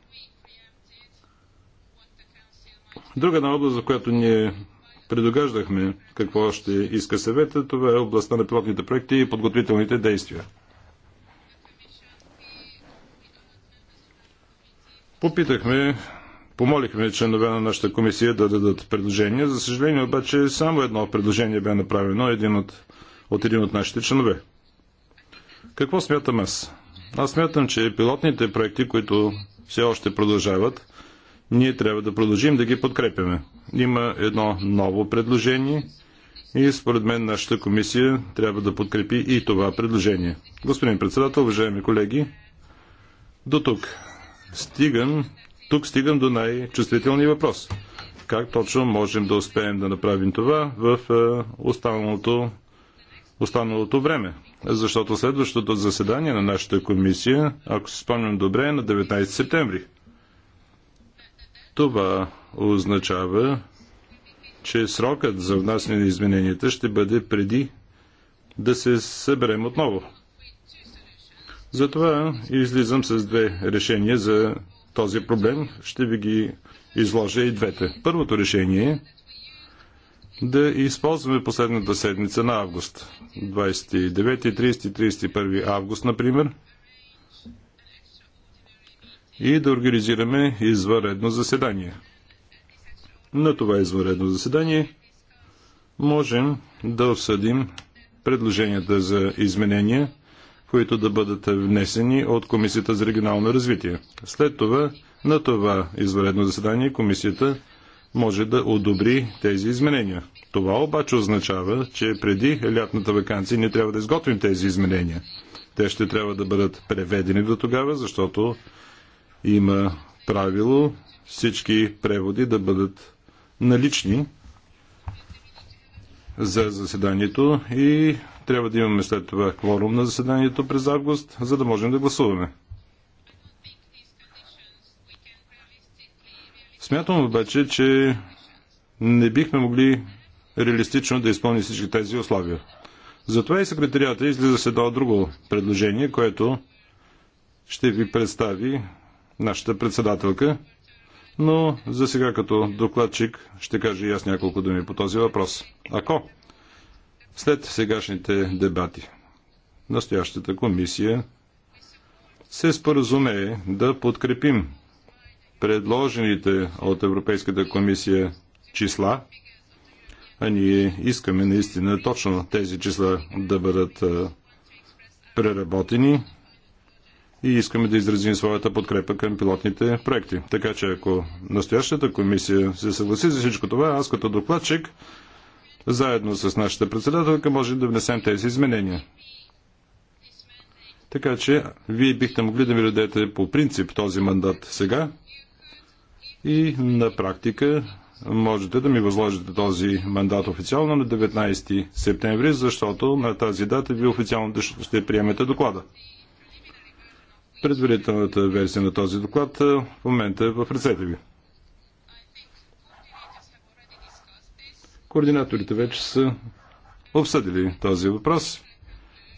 Друга една област, за която ние предогаждахме какво ще иска съвета, това е областта на пилотните проекти и подготвителните действия. Попитахме Помолихме членове на нашата комисия да дадат предложения. За съжаление обаче само едно предложение бе направено един от, от един от нашите членове. Какво смятам аз? Аз смятам, че пилотните проекти, които все още продължават, ние трябва да продължим да ги подкрепяме. Има едно ново предложение и според мен нашата комисия трябва да подкрепи и това предложение. Господин председател, уважаеми колеги, до тук стигам тук стигам до най-чувствителния въпрос. Как точно можем да успеем да направим това в е, останалото, останалото време? Защото следващото заседание на нашата комисия, ако се спомням добре, е на 19 септември. Това означава, че срокът за внасяне на измененията ще бъде преди да се съберем отново. Затова излизам с две решения за този проблем, ще ви ги изложа и двете. Първото решение е да използваме последната седмица на август. 29, 30, 31 август, например. И да организираме извънредно заседание. На това извънредно заседание можем да обсъдим предложенията за изменения които да бъдат внесени от Комисията за регионално развитие. След това, на това извънредно заседание, Комисията може да одобри тези изменения. Това обаче означава, че преди лятната вакансия ние трябва да изготвим тези изменения. Те ще трябва да бъдат преведени до тогава, защото има правило всички преводи да бъдат налични за заседанието и трябва да имаме след това кворум на заседанието през август, за да можем да гласуваме. Смятам обаче, че не бихме могли реалистично да изпълни всички тези условия. Затова и секретарията излиза се до друго предложение, което ще ви представи нашата председателка, но за сега като докладчик ще кажа и аз няколко думи по този въпрос. Ако след сегашните дебати, настоящата комисия се споразумее да подкрепим предложените от Европейската комисия числа, а ние искаме наистина точно тези числа да бъдат преработени и искаме да изразим своята подкрепа към пилотните проекти. Така че ако настоящата комисия се съгласи за всичко това, аз като докладчик заедно с нашата председателка може да внесем тези изменения. Така че вие бихте могли да ми дадете по принцип този мандат сега и на практика можете да ми възложите този мандат официално на 19 септември, защото на тази дата ви официално ще приемете доклада. Предварителната версия на този доклад е, в момента е в ръцете ви. Координаторите вече са обсъдили този въпрос,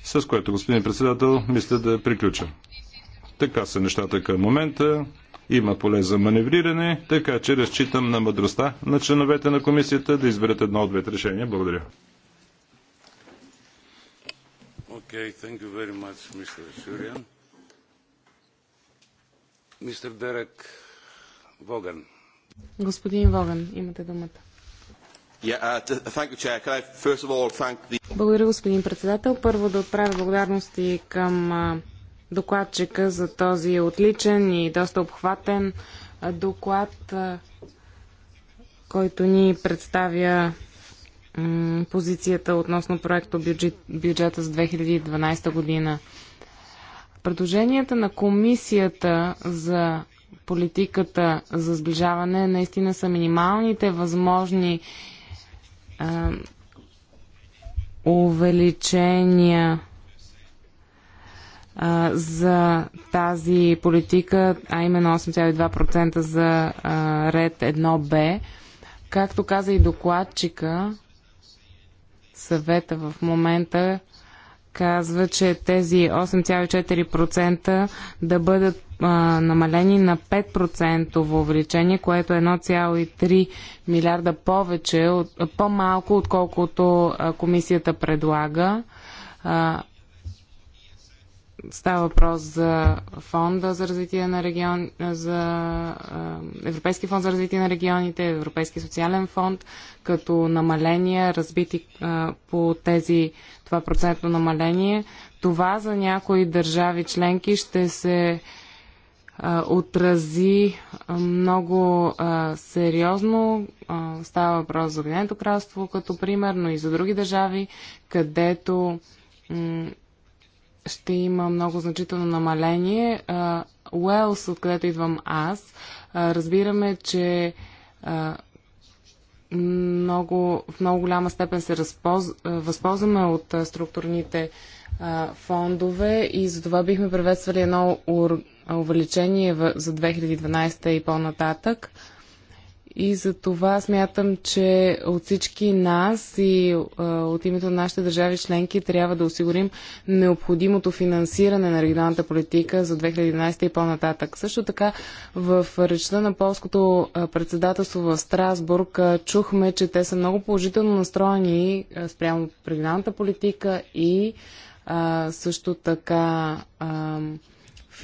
с което, господин председател, мисля да приключа. Така са нещата към момента. Има поле за маневриране, така че разчитам на мъдростта на членовете на комисията да изберат едно от двете решения. Благодаря. Okay, thank you very much, Mr. Shurian. Mr. Derek Vaughan. Господин Воган, имате думата. Uh, Благодаря, господин председател. Първо да отправя благодарности към докладчика за този отличен и доста обхватен доклад, който ни представя позицията относно проекта бюджета за 2012 година. Предложенията на комисията за политиката за сближаване наистина са минималните възможни увеличения за тази политика, а именно 8,2% за ред 1Б. Както каза и докладчика, съвета в момента казва, че тези 8,4% да бъдат а, намалени на 5% увеличение, което е 1,3 милиарда повече, от, по-малко, отколкото а, комисията предлага. А, Става въпрос за фонда за развитие на регион, за Европейски фонд за развитие на регионите, Европейски социален фонд, като намаления, разбити по тези това процентно намаление. Това за някои държави членки ще се отрази много сериозно. става въпрос за Обединеното кралство като пример, но и за други държави, където ще има много значително намаление. Уелс, откъдето идвам аз, разбираме, че много, в много голяма степен се разполз... възползваме от структурните фондове и затова бихме приветствали едно увеличение за 2012 и по-нататък. И за това смятам, че от всички нас и а, от името на нашите държави членки трябва да осигурим необходимото финансиране на регионалната политика за 2011 и по-нататък. Също така в речта на полското председателство в Страсбург а, чухме, че те са много положително настроени а, спрямо регионалната политика и също така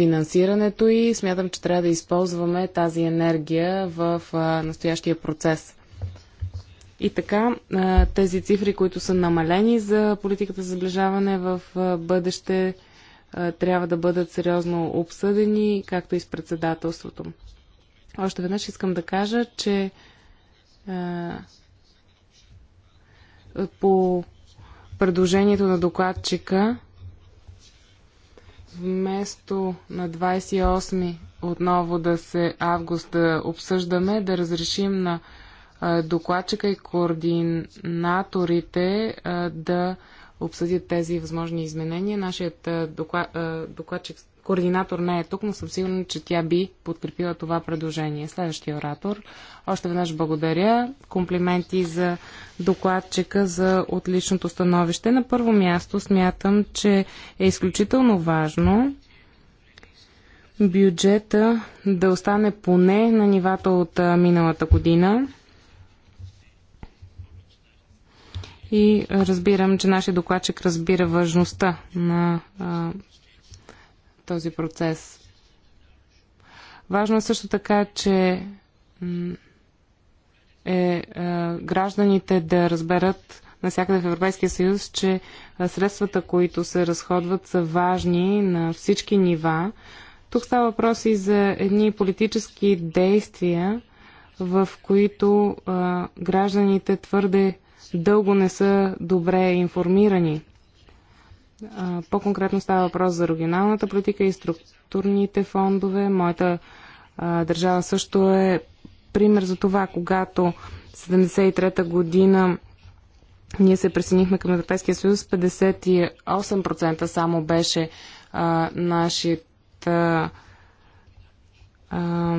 финансирането и смятам, че трябва да използваме тази енергия в а, настоящия процес. И така, а, тези цифри, които са намалени за политиката за сближаване в а, бъдеще, трябва да бъдат сериозно обсъдени, както и с председателството. Още веднъж искам да кажа, че по предложението на докладчика вместо на 28 отново да се август да обсъждаме, да разрешим на докладчика и координаторите да обсъдят тези възможни изменения. Нашият доклад, докладчик координатор не е тук, но съм сигурна, че тя би подкрепила това предложение. Следващия оратор. Още веднъж благодаря. Комплименти за докладчика за отличното становище. На първо място смятам, че е изключително важно бюджета да остане поне на нивата от миналата година. И разбирам, че нашия докладчик разбира важността на а, този процес. Важно е също така, че е, е, гражданите да разберат навсякъде в Европейския съюз, че средствата, които се разходват, са важни на всички нива. Тук става въпрос и за едни политически действия, в които гражданите твърде дълго не са добре информирани. По-конкретно става въпрос за регионалната политика и структурните фондове. Моята а, държава също е пример за това, когато 73-та година ние се присъединихме към Европейския съюз, 58% само беше а, нашите а,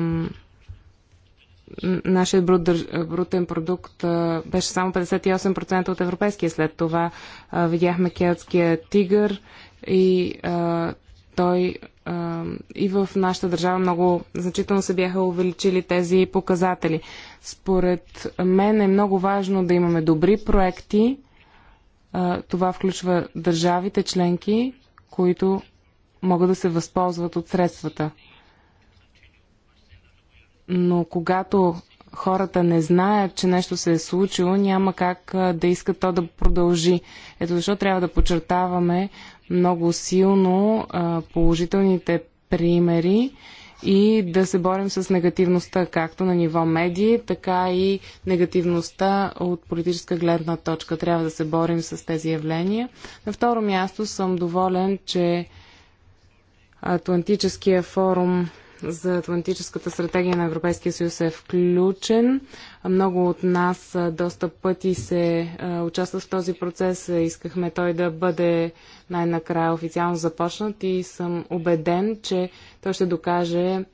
нашият брутен продукт беше само 58% от европейския. След това видяхме келтския тигър и той и в нашата държава много значително се бяха увеличили тези показатели. Според мен е много важно да имаме добри проекти. Това включва държавите членки, които могат да се възползват от средствата но когато хората не знаят, че нещо се е случило, няма как да искат то да продължи. Ето защо трябва да подчертаваме много силно положителните примери и да се борим с негативността, както на ниво медии, така и негативността от политическа гледна точка. Трябва да се борим с тези явления. На второ място съм доволен, че Атлантическия форум за Атлантическата стратегия на Европейския съюз е включен. Много от нас доста пъти се участва в този процес. Искахме той да бъде най-накрая официално започнат и съм убеден, че той ще докаже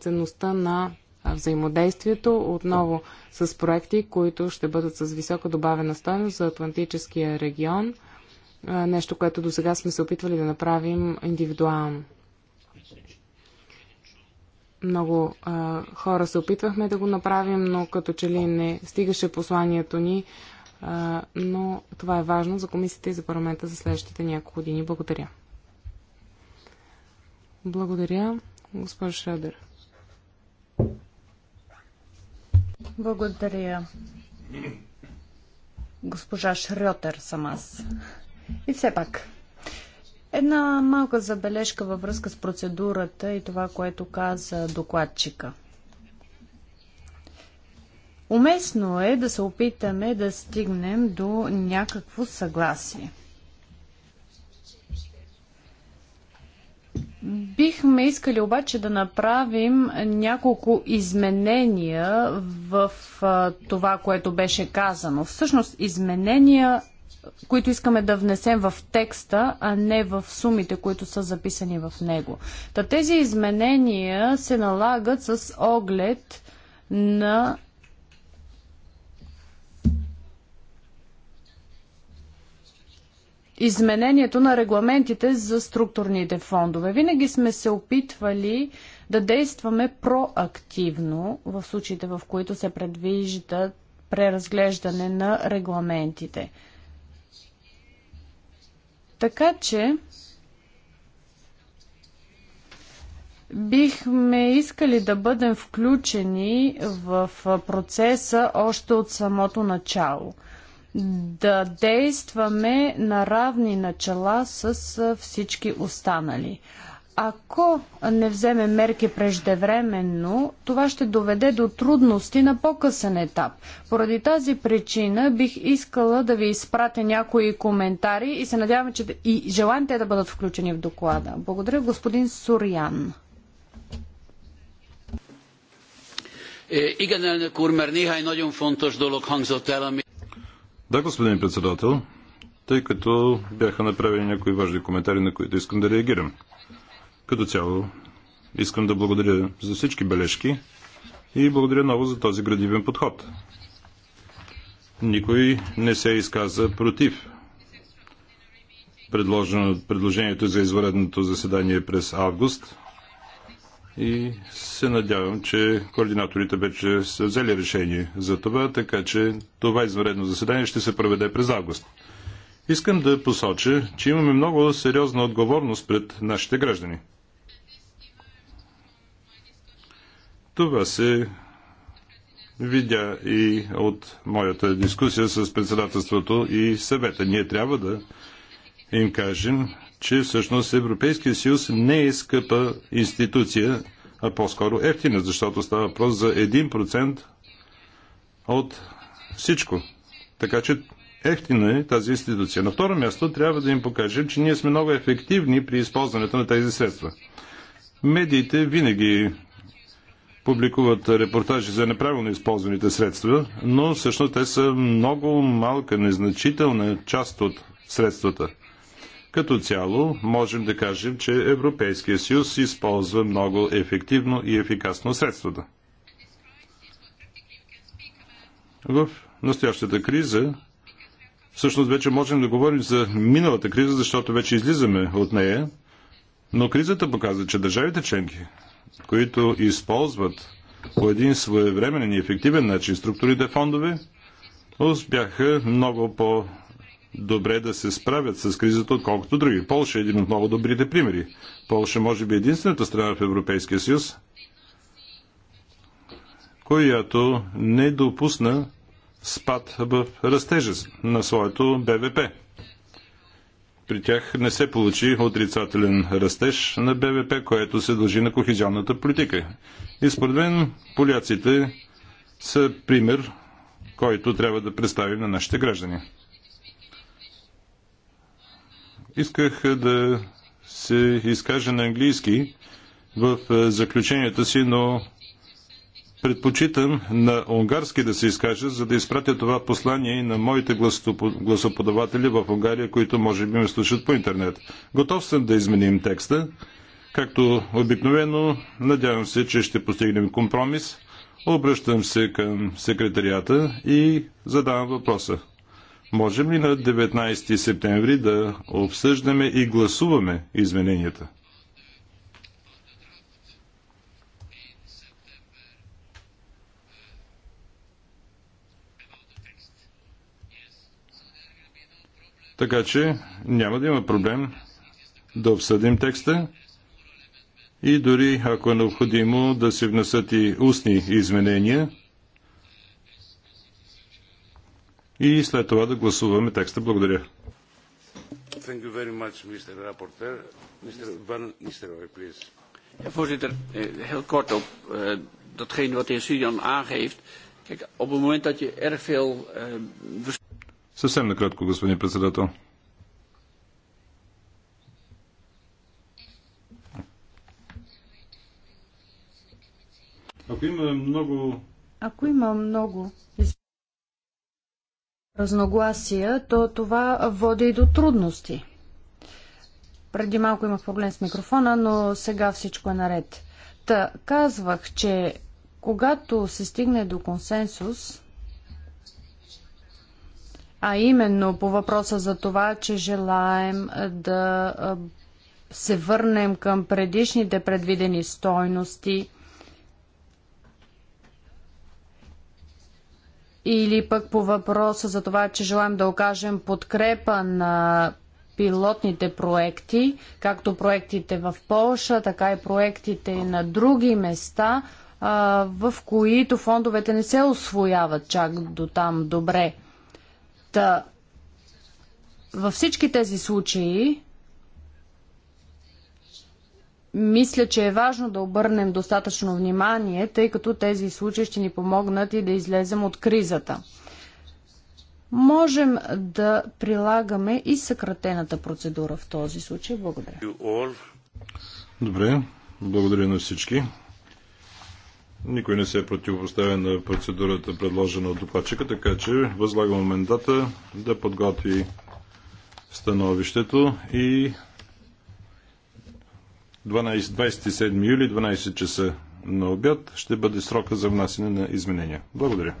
ценността на взаимодействието отново с проекти, които ще бъдат с висока добавена стойност за Атлантическия регион. Нещо, което до сега сме се опитвали да направим индивидуално. Много а, хора се опитвахме да го направим, но като че ли не стигаше посланието ни. А, но това е важно за комисията и за парламента за следващите няколко години. Благодаря. Благодаря, госпожо Шредер. Благодаря. Госпожа Шрьотер съм аз. И все пак, Една малка забележка във връзка с процедурата и това, което каза докладчика. Уместно е да се опитаме да стигнем до някакво съгласие. Бихме искали обаче да направим няколко изменения в това, което беше казано. Всъщност изменения които искаме да внесем в текста, а не в сумите, които са записани в него. Та тези изменения се налагат с оглед на изменението на регламентите за структурните фондове. Винаги сме се опитвали да действаме проактивно в случаите, в които се предвижда преразглеждане на регламентите. Така че бихме искали да бъдем включени в процеса още от самото начало. Да действаме на равни начала с всички останали. Ако не вземе мерки преждевременно, това ще доведе до трудности на по-късен етап. Поради тази причина бих искала да ви изпратя някои коментари и се надявам, че и желаем те да бъдат включени в доклада. Благодаря, господин Сурян. Е, да, господин председател, тъй като бяха направени някои важни коментари, на които искам да реагирам. Като цяло искам да благодаря за всички бележки и благодаря много за този градивен подход. Никой не се изказа против предложението за извънредното заседание през август и се надявам, че координаторите вече са взели решение за това, така че това извънредно заседание ще се проведе през август. Искам да посоча, че имаме много сериозна отговорност пред нашите граждани – Това се видя и от моята дискусия с председателството и съвета. Ние трябва да им кажем, че всъщност Европейския съюз не е скъпа институция, а по-скоро ефтина, защото става въпрос за 1% от всичко. Така че ефтина е тази институция. На второ място трябва да им покажем, че ние сме много ефективни при използването на тези средства. Медиите винаги публикуват репортажи за неправилно използваните средства, но всъщност те са много малка, незначителна част от средствата. Като цяло можем да кажем, че Европейския съюз използва много ефективно и ефикасно средствата. В настоящата криза всъщност вече можем да говорим за миналата криза, защото вече излизаме от нея, но кризата показва, че държавите членки които използват по един своевременен и ефективен начин структурите фондове, успяха много по- добре да се справят с кризата, отколкото други. Полша е един от много добрите примери. Полша може би е единствената страна в Европейския съюз, която не допусна спад в растежа на своето БВП при тях не се получи отрицателен растеж на БВП, което се дължи на кохезионната политика. И според мен поляците са пример, който трябва да представим на нашите граждани. Исках да се изкажа на английски в заключенията си, но предпочитам на унгарски да се изкажа, за да изпратя това послание и на моите гласоподаватели в Унгария, които може би ме слушат по интернет. Готов съм да изменим текста. Както обикновено, надявам се, че ще постигнем компромис. Обръщам се към секретарията и задавам въпроса. Можем ли на 19 септември да обсъждаме и гласуваме измененията? Така че няма да има проблем да обсъдим текста и дори ако е необходимо да се внесат и устни изменения и след това да гласуваме текста. Благодаря. Voorzitter, eh, heel kort op eh, datgene wat de heer Sudan aangeeft. Kijk, op het moment dat je erg veel eh, Съвсем накратко, господин председател. Ако има много... Ако има много разногласия, то това води и до трудности. Преди малко имах проблем с микрофона, но сега всичко е наред. Та, казвах, че когато се стигне до консенсус, а именно по въпроса за това, че желаем да се върнем към предишните предвидени стойности или пък по въпроса за това, че желаем да окажем подкрепа на пилотните проекти, както проектите в Полша, така и проектите на други места, в които фондовете не се освояват чак до там добре. Та, във всички тези случаи мисля, че е важно да обърнем достатъчно внимание, тъй като тези случаи ще ни помогнат и да излезем от кризата. Можем да прилагаме и съкратената процедура в този случай. Благодаря. Добре, благодаря на всички. Никой не се е противопоставя на процедурата, предложена от докладчика, така че възлагам мандата да подготви становището и 12, 27 юли, 12 часа на обяд, ще бъде срока за внасяне на изменения. Благодаря.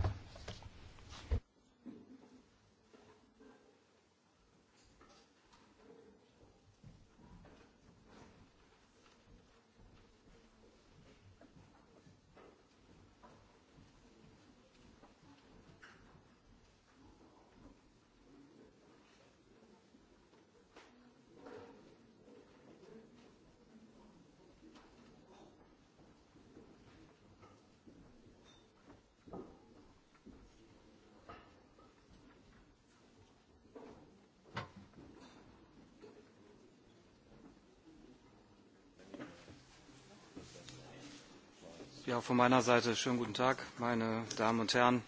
Auch von meiner Seite schönen guten Tag, meine Damen und Herren.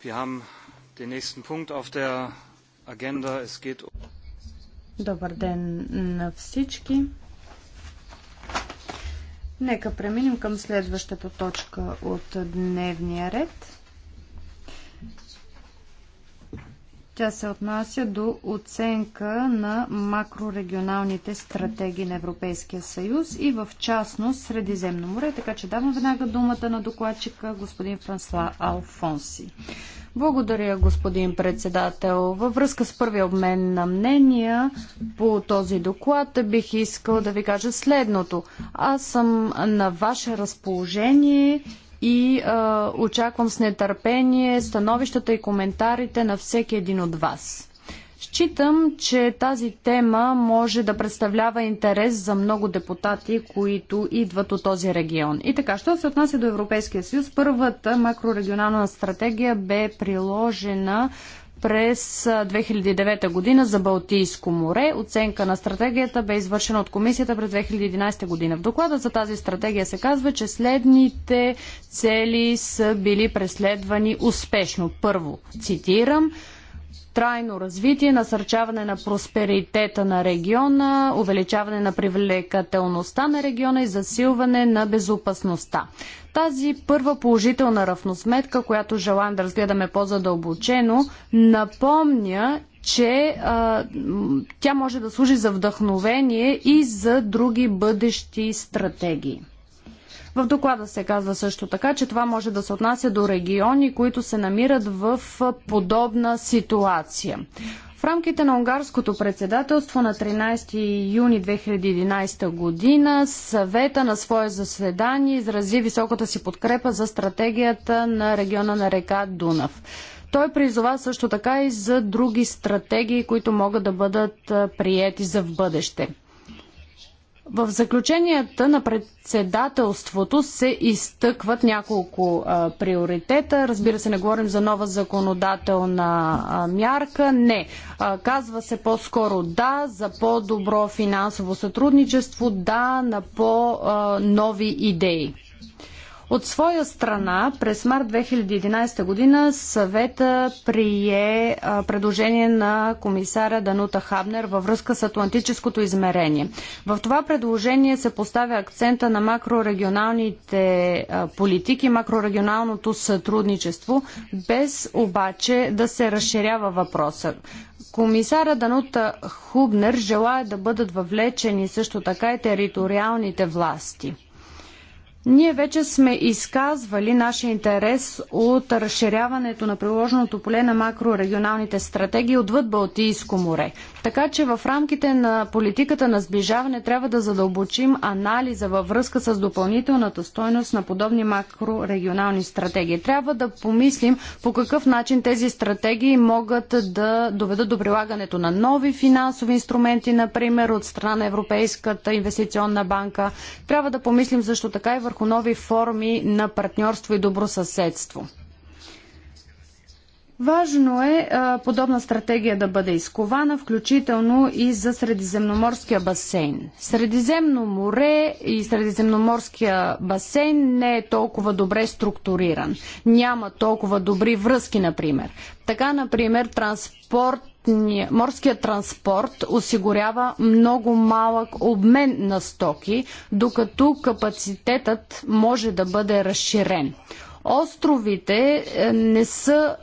Wir haben den nächsten Punkt auf der Agenda. Es geht um Добър ден на всички. Нека преминем към следващата точка от дневния ред. Тя се отнася до оценка на макрорегионалните стратегии на Европейския съюз и в частност Средиземно море, така че давам веднага думата на докладчика господин Франсуа Алфонси. Благодаря, господин председател. Във връзка с първия обмен на мнения по този доклад бих искал да ви кажа следното. Аз съм на ваше разположение и а, очаквам с нетърпение становищата и коментарите на всеки един от вас. Считам, че тази тема може да представлява интерес за много депутати, които идват от този регион. И така, що се отнася до Европейския съюз, първата макрорегионална стратегия бе приложена през 2009 година за Балтийско море. Оценка на стратегията бе извършена от комисията през 2011 година. В доклада за тази стратегия се казва, че следните цели са били преследвани успешно. Първо, цитирам, трайно развитие, насърчаване на просперитета на региона, увеличаване на привлекателността на региона и засилване на безопасността. Тази първа положителна равносметка, която желаем да разгледаме по-задълбочено, напомня, че а, тя може да служи за вдъхновение и за други бъдещи стратегии. В доклада се казва също така, че това може да се отнася до региони, които се намират в подобна ситуация. В рамките на унгарското председателство на 13 юни 2011 година съвета на свое заседание изрази високата си подкрепа за стратегията на региона на река Дунав. Той призова също така и за други стратегии, които могат да бъдат приети за в бъдеще. В заключенията на председателството се изтъкват няколко а, приоритета. Разбира се, не говорим за нова законодателна а, мярка. Не. А, казва се по-скоро да за по-добро финансово сътрудничество, да на по-нови идеи. От своя страна, през март 2011 година съвета прие предложение на комисара Данута Хабнер във връзка с атлантическото измерение. В това предложение се поставя акцента на макрорегионалните политики, макрорегионалното сътрудничество, без обаче да се разширява въпроса. Комисара Данута Хубнер желая да бъдат въвлечени също така и териториалните власти – ние вече сме изказвали нашия интерес от разширяването на приложеното поле на макрорегионалните стратегии отвъд Балтийско море. Така че в рамките на политиката на сближаване трябва да задълбочим анализа във връзка с допълнителната стойност на подобни макрорегионални стратегии. Трябва да помислим по какъв начин тези стратегии могат да доведат до прилагането на нови финансови инструменти, например от страна на Европейската инвестиционна банка. Трябва да помислим също така и върху нови форми на партньорство и добросъседство. Важно е а, подобна стратегия да бъде изкована, включително и за Средиземноморския басейн. Средиземно море и Средиземноморския басейн не е толкова добре структуриран. Няма толкова добри връзки, например. Така, например, транспорт морският транспорт осигурява много малък обмен на стоки, докато капацитетът може да бъде разширен островите е, не са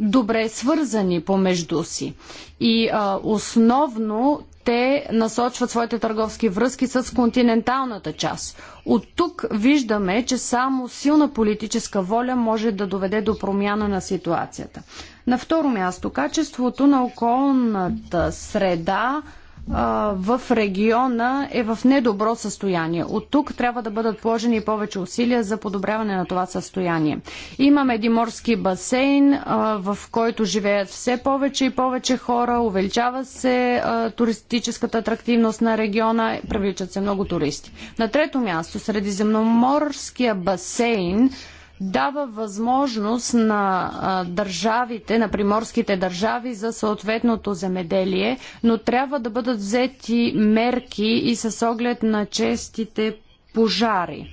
добре свързани помежду си. И а, основно те насочват своите търговски връзки с континенталната част. От тук виждаме, че само силна политическа воля може да доведе до промяна на ситуацията. На второ място, качеството на околната среда в региона е в недобро състояние. От тук трябва да бъдат положени повече усилия за подобряване на това състояние. Имаме един морски басейн, в който живеят все повече и повече хора, увеличава се туристическата атрактивност на региона, привличат се много туристи. На трето място, Средиземноморския басейн дава възможност на държавите, на приморските държави за съответното земеделие, но трябва да бъдат взети мерки и с оглед на честите пожари.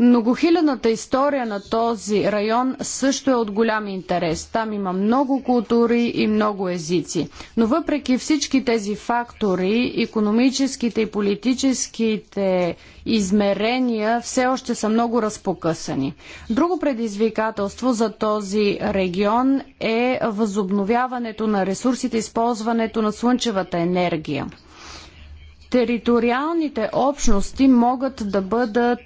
многохилядната история на този район също е от голям интерес. Там има много култури и много езици. Но въпреки всички тези фактори, економическите и политическите измерения все още са много разпокъсани. Друго предизвикателство за този регион е възобновяването на ресурсите, използването на слънчевата енергия. Териториалните общности могат да бъдат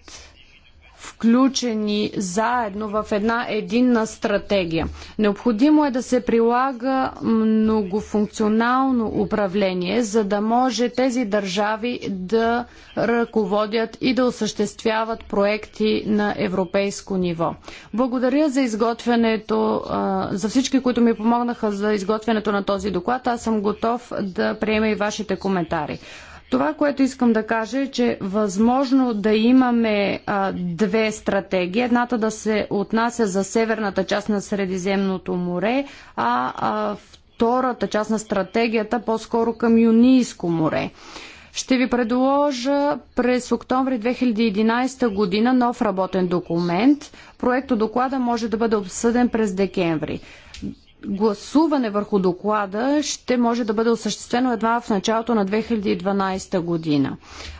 включени заедно в една единна стратегия. Необходимо е да се прилага многофункционално управление, за да може тези държави да ръководят и да осъществяват проекти на европейско ниво. Благодаря за изготвянето, за всички, които ми помогнаха за изготвянето на този доклад. Аз съм готов да приема и вашите коментари. Това, което искам да кажа е, че възможно да имаме а, две стратегии. Едната да се отнася за северната част на Средиземното море, а, а втората част на стратегията по-скоро към Юнийско море. Ще ви предложа през октомври 2011 година нов работен документ. Проекто доклада може да бъде обсъден през декември гласуване върху доклада ще може да бъде осъществено едва в началото на 2012 година.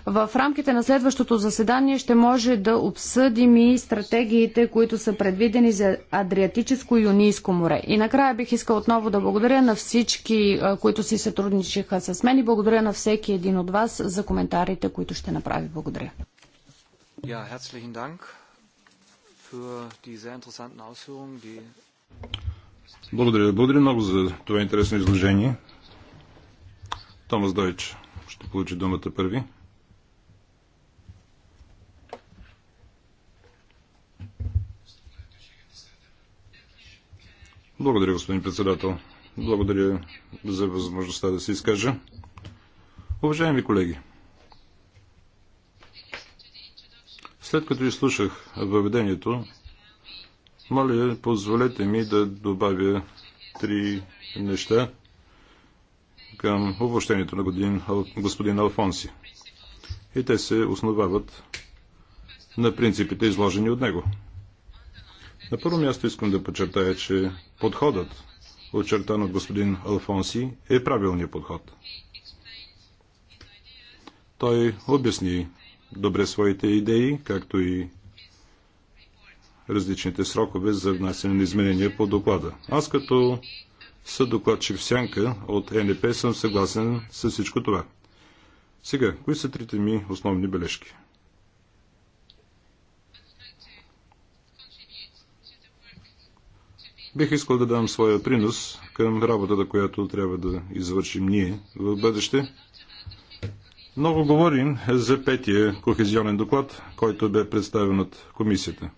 В рамките на следващото заседание ще може да обсъдим и стратегиите, които са предвидени за Адриатическо и Юнийско море. И накрая бих искал отново да благодаря на всички, които си сътрудничиха с мен и благодаря на всеки един от вас за коментарите, които ще направи. Благодаря. Ja, herzlichen Dank für die sehr interessanten Ausführungen, die благодаря. Благодаря много за това интересно изложение. Томас Дойч ще получи думата първи. Благодаря, господин председател. Благодаря за възможността да се изкажа. Уважаеми колеги, след като изслушах въведението моля, позволете ми да добавя три неща към обобщението на господин Алфонси. И те се основават на принципите, изложени от него. На първо място искам да подчертая, че подходът, очертан от господин Алфонси, е правилният подход. Той обясни добре своите идеи, както и различните срокове за внасяне на изменения по доклада. Аз като съдокладчик в сянка от НП съм съгласен с всичко това. Сега, кои са трите ми основни бележки? Бих искал да дам своя принос към работата, която трябва да извършим ние в бъдеще. Много говорим за петия кохезионен доклад, който бе представен от комисията.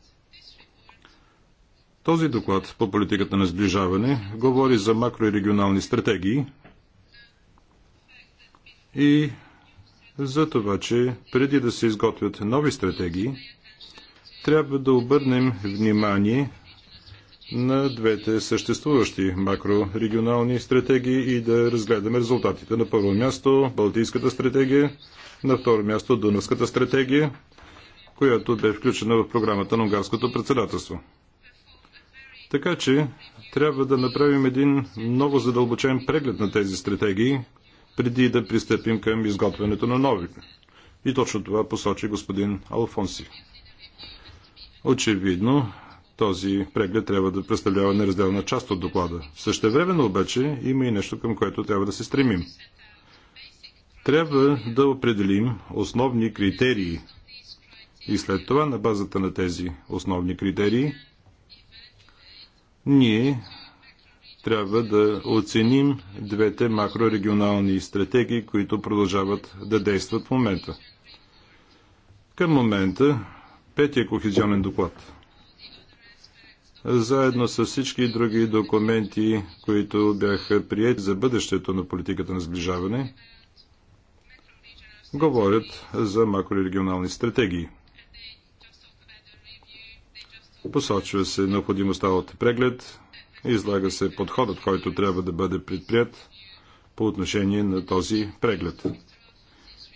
Този доклад по политиката на сближаване говори за макрорегионални стратегии и за това, че преди да се изготвят нови стратегии, трябва да обърнем внимание на двете съществуващи макрорегионални стратегии и да разгледаме резултатите. На първо място Балтийската стратегия, на второ място Дунавската стратегия, която бе включена в програмата на унгарското председателство. Така че трябва да направим един много задълбочен преглед на тези стратегии, преди да пристъпим към изготвянето на нови. И точно това посочи господин Алфонси. Очевидно, този преглед трябва да представлява неразделна част от доклада. Същевременно обаче има и нещо, към което трябва да се стремим. Трябва да определим основни критерии и след това на базата на тези основни критерии – ние трябва да оценим двете макрорегионални стратегии, които продължават да действат в момента. Към момента петия кохезионен доклад. Заедно с всички други документи, които бяха приети за бъдещето на политиката на сближаване, говорят за макрорегионални стратегии – Посочва се необходимостта от преглед, излага се подходът, който трябва да бъде предприят по отношение на този преглед.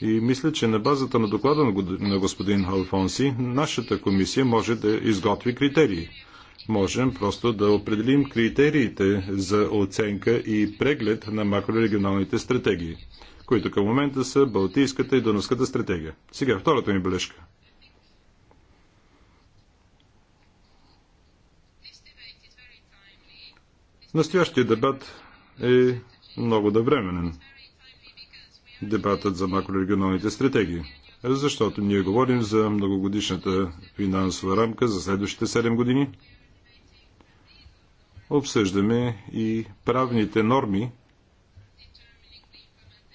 И мисля, че на базата на доклада на господин Алфонси, нашата комисия може да изготви критерии. Можем просто да определим критериите за оценка и преглед на макрорегионалните стратегии, които към момента са Балтийската и Дунавската стратегия. Сега втората ми бележка – Настоящия дебат е много навременен. Дебатът за макрорегионалните стратегии. Защото ние говорим за многогодишната финансова рамка за следващите 7 години. Обсъждаме и правните норми,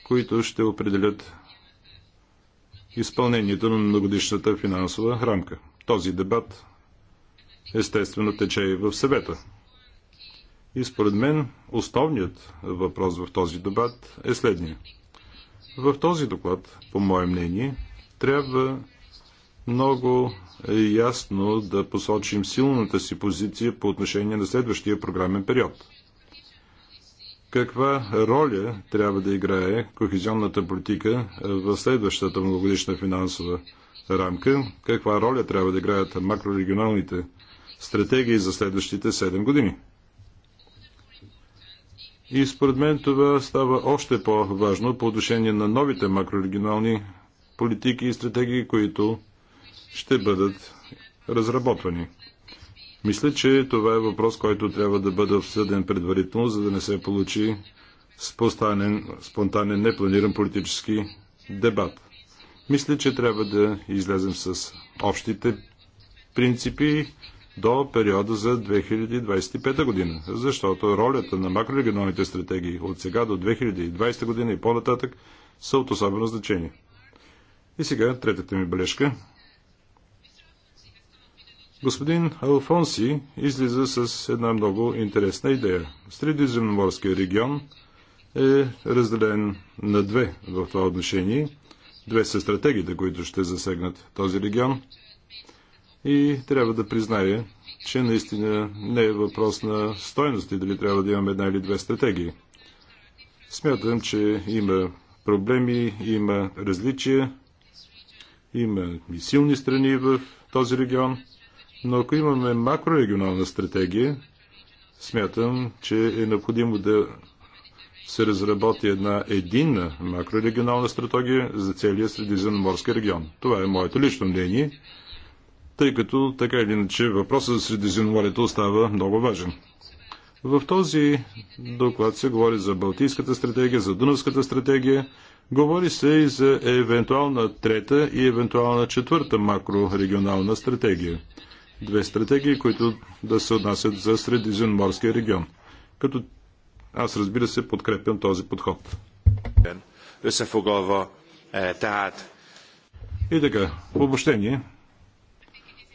които ще определят изпълнението на многодишната финансова рамка. Този дебат естествено тече и в съвета. И според мен основният въпрос в този дебат е следния. В този доклад, по мое мнение, трябва много ясно да посочим силната си позиция по отношение на следващия програмен период. Каква роля трябва да играе кохезионната политика в следващата многогодишна финансова рамка? Каква роля трябва да играят макрорегионалните стратегии за следващите 7 години? И според мен това става още по-важно по отношение на новите макрорегионални политики и стратегии, които ще бъдат разработвани. Мисля, че това е въпрос, който трябва да бъде обсъден предварително, за да не се получи спонтанен, спонтанен непланиран политически дебат. Мисля, че трябва да излезем с общите принципи до периода за 2025 година, защото ролята на макрорегионалните стратегии от сега до 2020 година и по-нататък са от особено значение. И сега третата ми бележка. Господин Алфонси излиза с една много интересна идея. Средиземноморския регион е разделен на две в това отношение. Две са стратегиите, които ще засегнат този регион – и трябва да призная, че наистина не е въпрос на стойност и дали трябва да имаме една или две стратегии. Смятам, че има проблеми, има различия, има и силни страни в този регион, но ако имаме макрорегионална стратегия, смятам, че е необходимо да се разработи една единна макрорегионална стратегия за целия Средиземноморски регион. Това е моето лично мнение тъй като така или иначе въпросът за Средиземноморието остава много важен. В този доклад се говори за Балтийската стратегия, за Дунавската стратегия, говори се и за евентуална трета и евентуална четвърта макрорегионална стратегия. Две стратегии, които да се отнасят за Средиземноморския регион. Като аз разбира се подкрепям този подход. Eh, и така, в обобщение,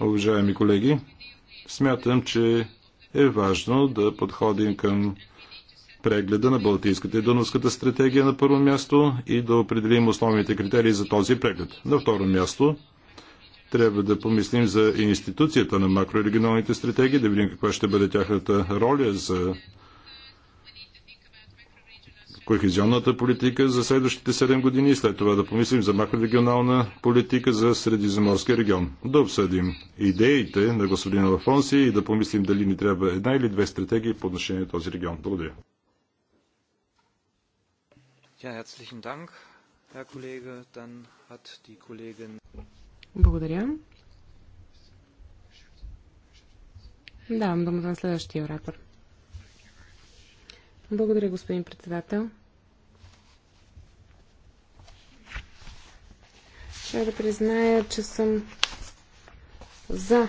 Уважаеми колеги, смятам, че е важно да подходим към прегледа на Балтийската и Дунавската стратегия на първо място и да определим основните критерии за този преглед. На второ място трябва да помислим за институцията на макрорегионалните стратегии, да видим каква ще бъде тяхната роля за кохезионната политика за следващите 7 години и след това да помислим за макрорегионална политика за Средиземорския регион. Да обсъдим идеите на господин Лафонси и да помислим дали ни трябва една или две стратегии по отношение на този регион. Благодаря. Благодаря. Давам думата на следващия оратор. Благодаря, господин председател. Ще да призная, че съм за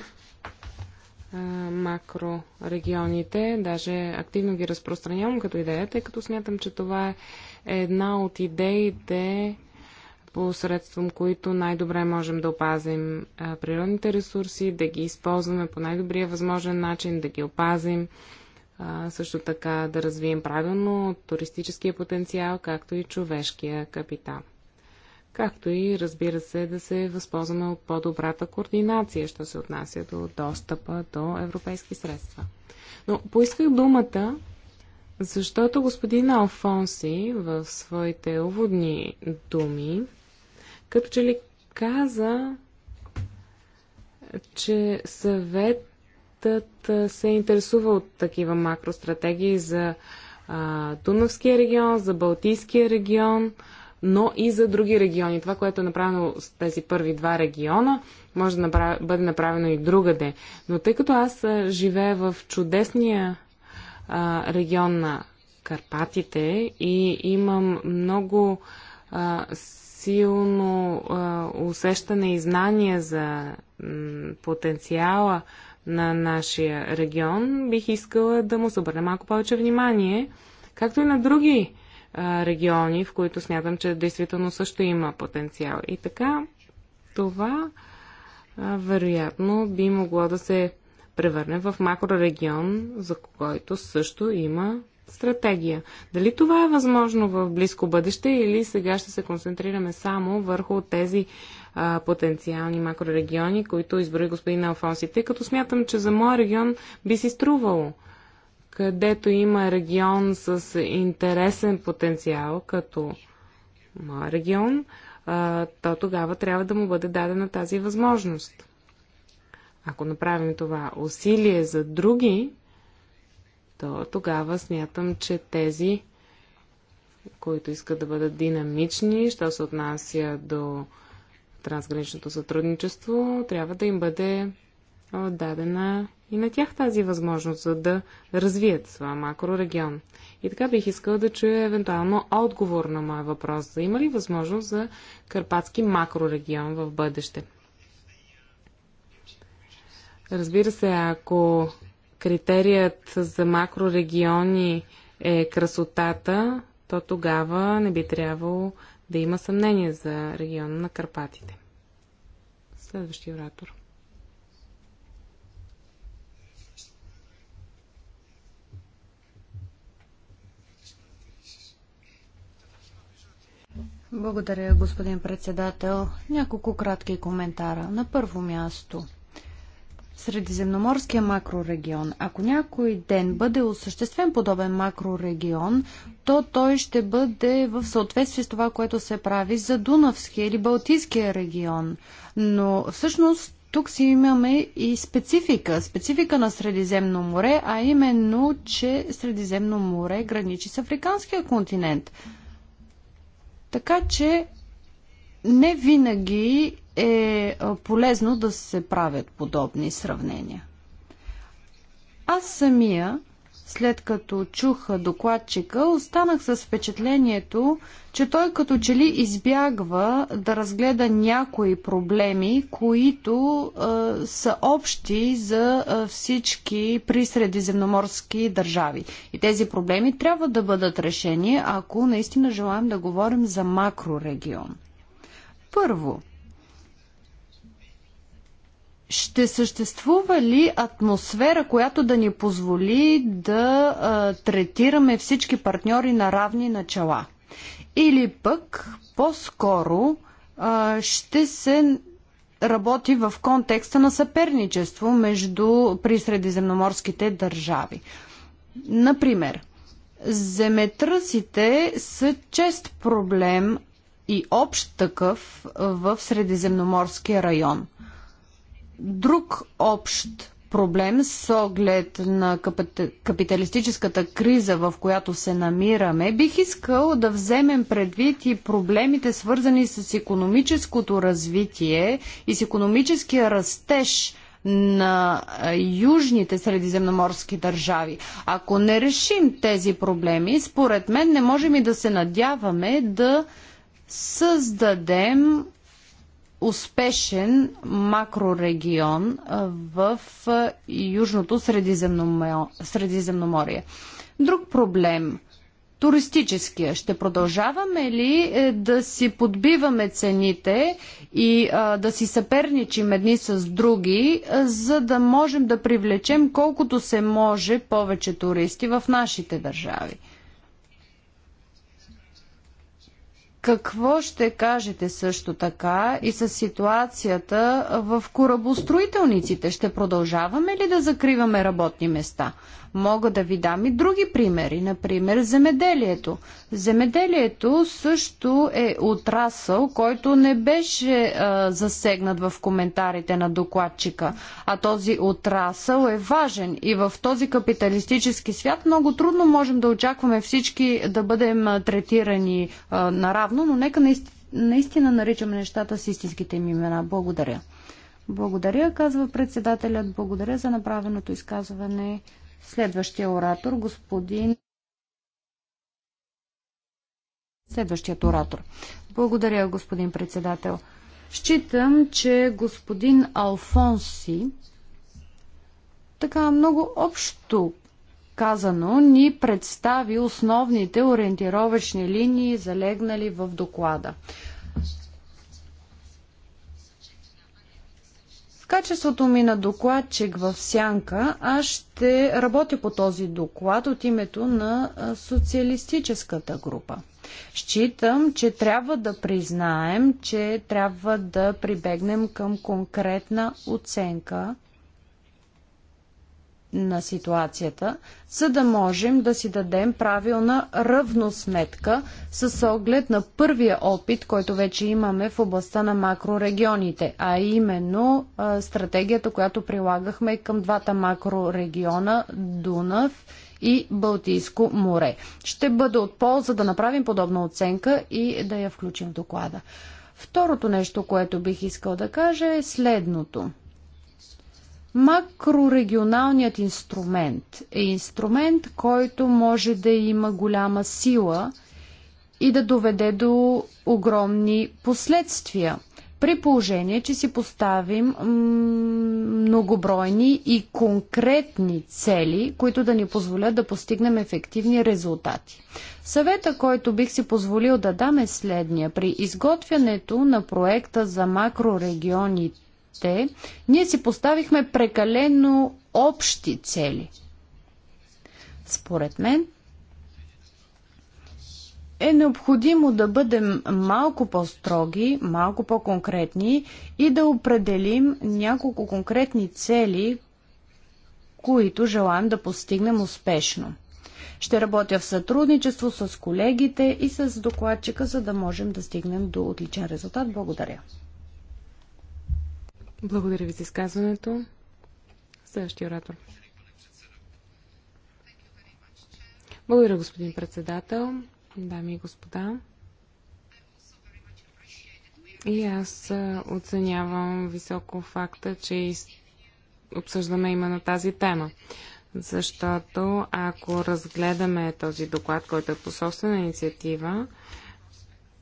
макрорегионите. Даже активно ги разпространявам като идея, тъй като смятам, че това е една от идеите, посредством които най-добре можем да опазим природните ресурси, да ги използваме по най-добрия възможен начин, да ги опазим, също така да развием правилно туристическия потенциал, както и човешкия капитал както и разбира се да се възползваме от по-добрата координация, що се отнася до достъпа до европейски средства. Но поисках думата, защото господин Алфонси в своите уводни думи като че ли каза, че съветът се интересува от такива макростратегии за а, Дунавския регион, за Балтийския регион, но и за други региони. Това, което е направено с тези първи два региона, може да направ... бъде направено и другаде. Но тъй като аз живея в чудесния а, регион на Карпатите и имам много а, силно а, усещане и знание за м, потенциала на нашия регион, бих искала да му събърна малко повече внимание, както и на други региони, в които смятам, че действително също има потенциал. И така, това вероятно би могло да се превърне в макрорегион, за който също има стратегия. Дали това е възможно в близко бъдеще или сега ще се концентрираме само върху тези а, потенциални макрорегиони, които изброи господин Алфонси, тъй като смятам, че за моя регион би си струвало където има регион с интересен потенциал, като моя регион, то тогава трябва да му бъде дадена тази възможност. Ако направим това усилие за други, то тогава смятам, че тези, които искат да бъдат динамични, що се отнася до трансграничното сътрудничество, трябва да им бъде дадена и на тях тази възможност, за да развият своя макрорегион. И така бих искала да чуя евентуално отговор на моя въпрос. За има ли възможност за карпатски макрорегион в бъдеще? Разбира се, ако критерият за макрорегиони е красотата, то тогава не би трябвало да има съмнение за региона на Карпатите. Следващия оратор. Благодаря, господин председател. Няколко кратки коментара. На първо място. Средиземноморския макрорегион. Ако някой ден бъде осъществен подобен макрорегион, то той ще бъде в съответствие с това, което се прави за Дунавския или Балтийския регион. Но всъщност тук си имаме и специфика. Специфика на Средиземно море, а именно, че Средиземно море граничи с Африканския континент. Така че не винаги е, е полезно да се правят подобни сравнения. Аз самия след като чух докладчика, останах с впечатлението, че той като че ли избягва да разгледа някои проблеми, които е, са общи за е, всички при средиземноморски държави. И тези проблеми трябва да бъдат решени, ако наистина желаем да говорим за макрорегион. Първо, ще съществува ли атмосфера, която да ни позволи да а, третираме всички партньори на равни начала? Или пък по-скоро ще се работи в контекста на съперничество между при средиземноморските държави. Например, земетръсите са чест проблем и общ такъв в Средиземноморския район друг общ проблем с оглед на капиталистическата криза, в която се намираме, бих искал да вземем предвид и проблемите свързани с економическото развитие и с економическия растеж на южните средиземноморски държави. Ако не решим тези проблеми, според мен не можем и да се надяваме да създадем успешен макрорегион в Южното Средиземноморие. Друг проблем туристическия. Ще продължаваме ли е, да си подбиваме цените и да си съперничим едни с други, за да можем да привлечем колкото се може повече туристи в нашите държави? Какво ще кажете също така и с ситуацията в корабостроителниците? Ще продължаваме ли да закриваме работни места? Мога да ви дам и други примери, например земеделието. Земеделието също е отрасъл, който не беше а, засегнат в коментарите на докладчика, а този отрасъл е важен и в този капиталистически свят много трудно можем да очакваме всички да бъдем третирани а, наравно, но нека наистина наистина наричаме нещата с истинските им имена. Благодаря. Благодаря, казва председателят. Благодаря за направеното изказване. Следващия оратор, господин. Следващият оратор. Благодаря, господин председател. Считам, че господин Алфонси така много общо казано ни представи основните ориентировъчни линии, залегнали в доклада. качеството ми на докладчик в Сянка, аз ще работя по този доклад от името на социалистическата група. Считам, че трябва да признаем, че трябва да прибегнем към конкретна оценка на ситуацията, за да можем да си дадем правилна равносметка с оглед на първия опит, който вече имаме в областта на макрорегионите, а именно а, стратегията, която прилагахме към двата макрорегиона Дунав и Балтийско море. Ще бъде от полза да направим подобна оценка и да я включим в доклада. Второто нещо, което бих искал да кажа е следното – Макрорегионалният инструмент е инструмент, който може да има голяма сила и да доведе до огромни последствия. При положение, че си поставим многобройни и конкретни цели, които да ни позволят да постигнем ефективни резултати. Съвета, който бих си позволил да дам е следния. При изготвянето на проекта за макрорегионите, въобще, ние си поставихме прекалено общи цели. Според мен е необходимо да бъдем малко по-строги, малко по-конкретни и да определим няколко конкретни цели, които желаем да постигнем успешно. Ще работя в сътрудничество с колегите и с докладчика, за да можем да стигнем до отличен резултат. Благодаря. Благодаря ви за изказването. Следващия оратор. Благодаря, господин председател, дами и господа. И аз оценявам високо факта, че обсъждаме именно тази тема. Защото ако разгледаме този доклад, който е по собствена инициатива,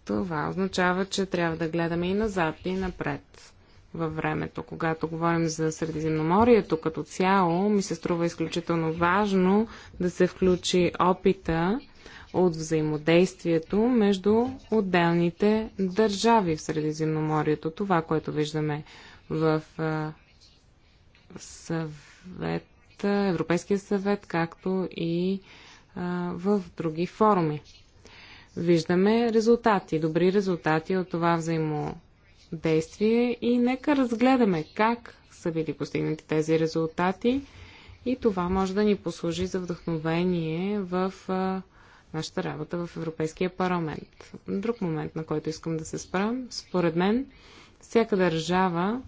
това означава, че трябва да гледаме и назад, и напред във времето. Когато говорим за Средиземноморието като цяло, ми се струва изключително важно да се включи опита от взаимодействието между отделните държави в Средиземноморието. Това, което виждаме в съвет, Европейския съвет, както и в други форуми. Виждаме резултати, добри резултати от това взаимодействие действие и нека разгледаме как са били постигнати тези резултати и това може да ни послужи за вдъхновение в нашата работа в Европейския парламент. Друг момент, на който искам да се спра, според мен, всяка държава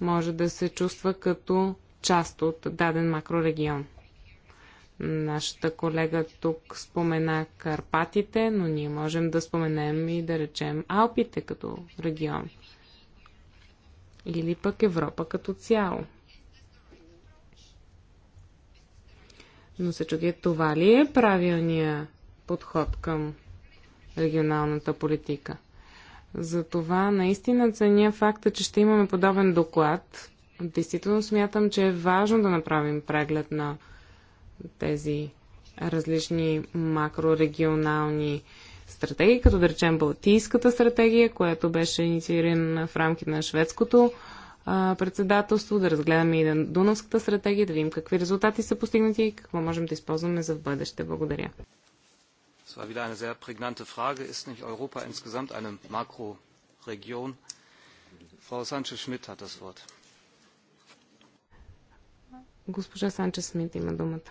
може да се чувства като част от даден макрорегион. Нашата колега тук спомена Карпатите, но ние можем да споменем и да речем Алпите като регион или пък Европа като цяло. Но се чуди, това ли е правилният подход към регионалната политика? Затова наистина ценя факта, че ще имаме подобен доклад. Действително смятам, че е важно да направим преглед на тези различни макрорегионални стратегии, като да речем Балтийската стратегия, която беше инициирана в рамките на шведското а, председателство, да разгледаме и Дунавската стратегия, да видим какви резултати са постигнати и какво можем да използваме за в бъдеще. Благодаря. Това war wieder eine sehr prägnante Frage. Ist nicht Europa insgesamt eine Makroregion? Frau Sanchez-Schmidt hat das Wort. Госпожа Санчес Смит има думата.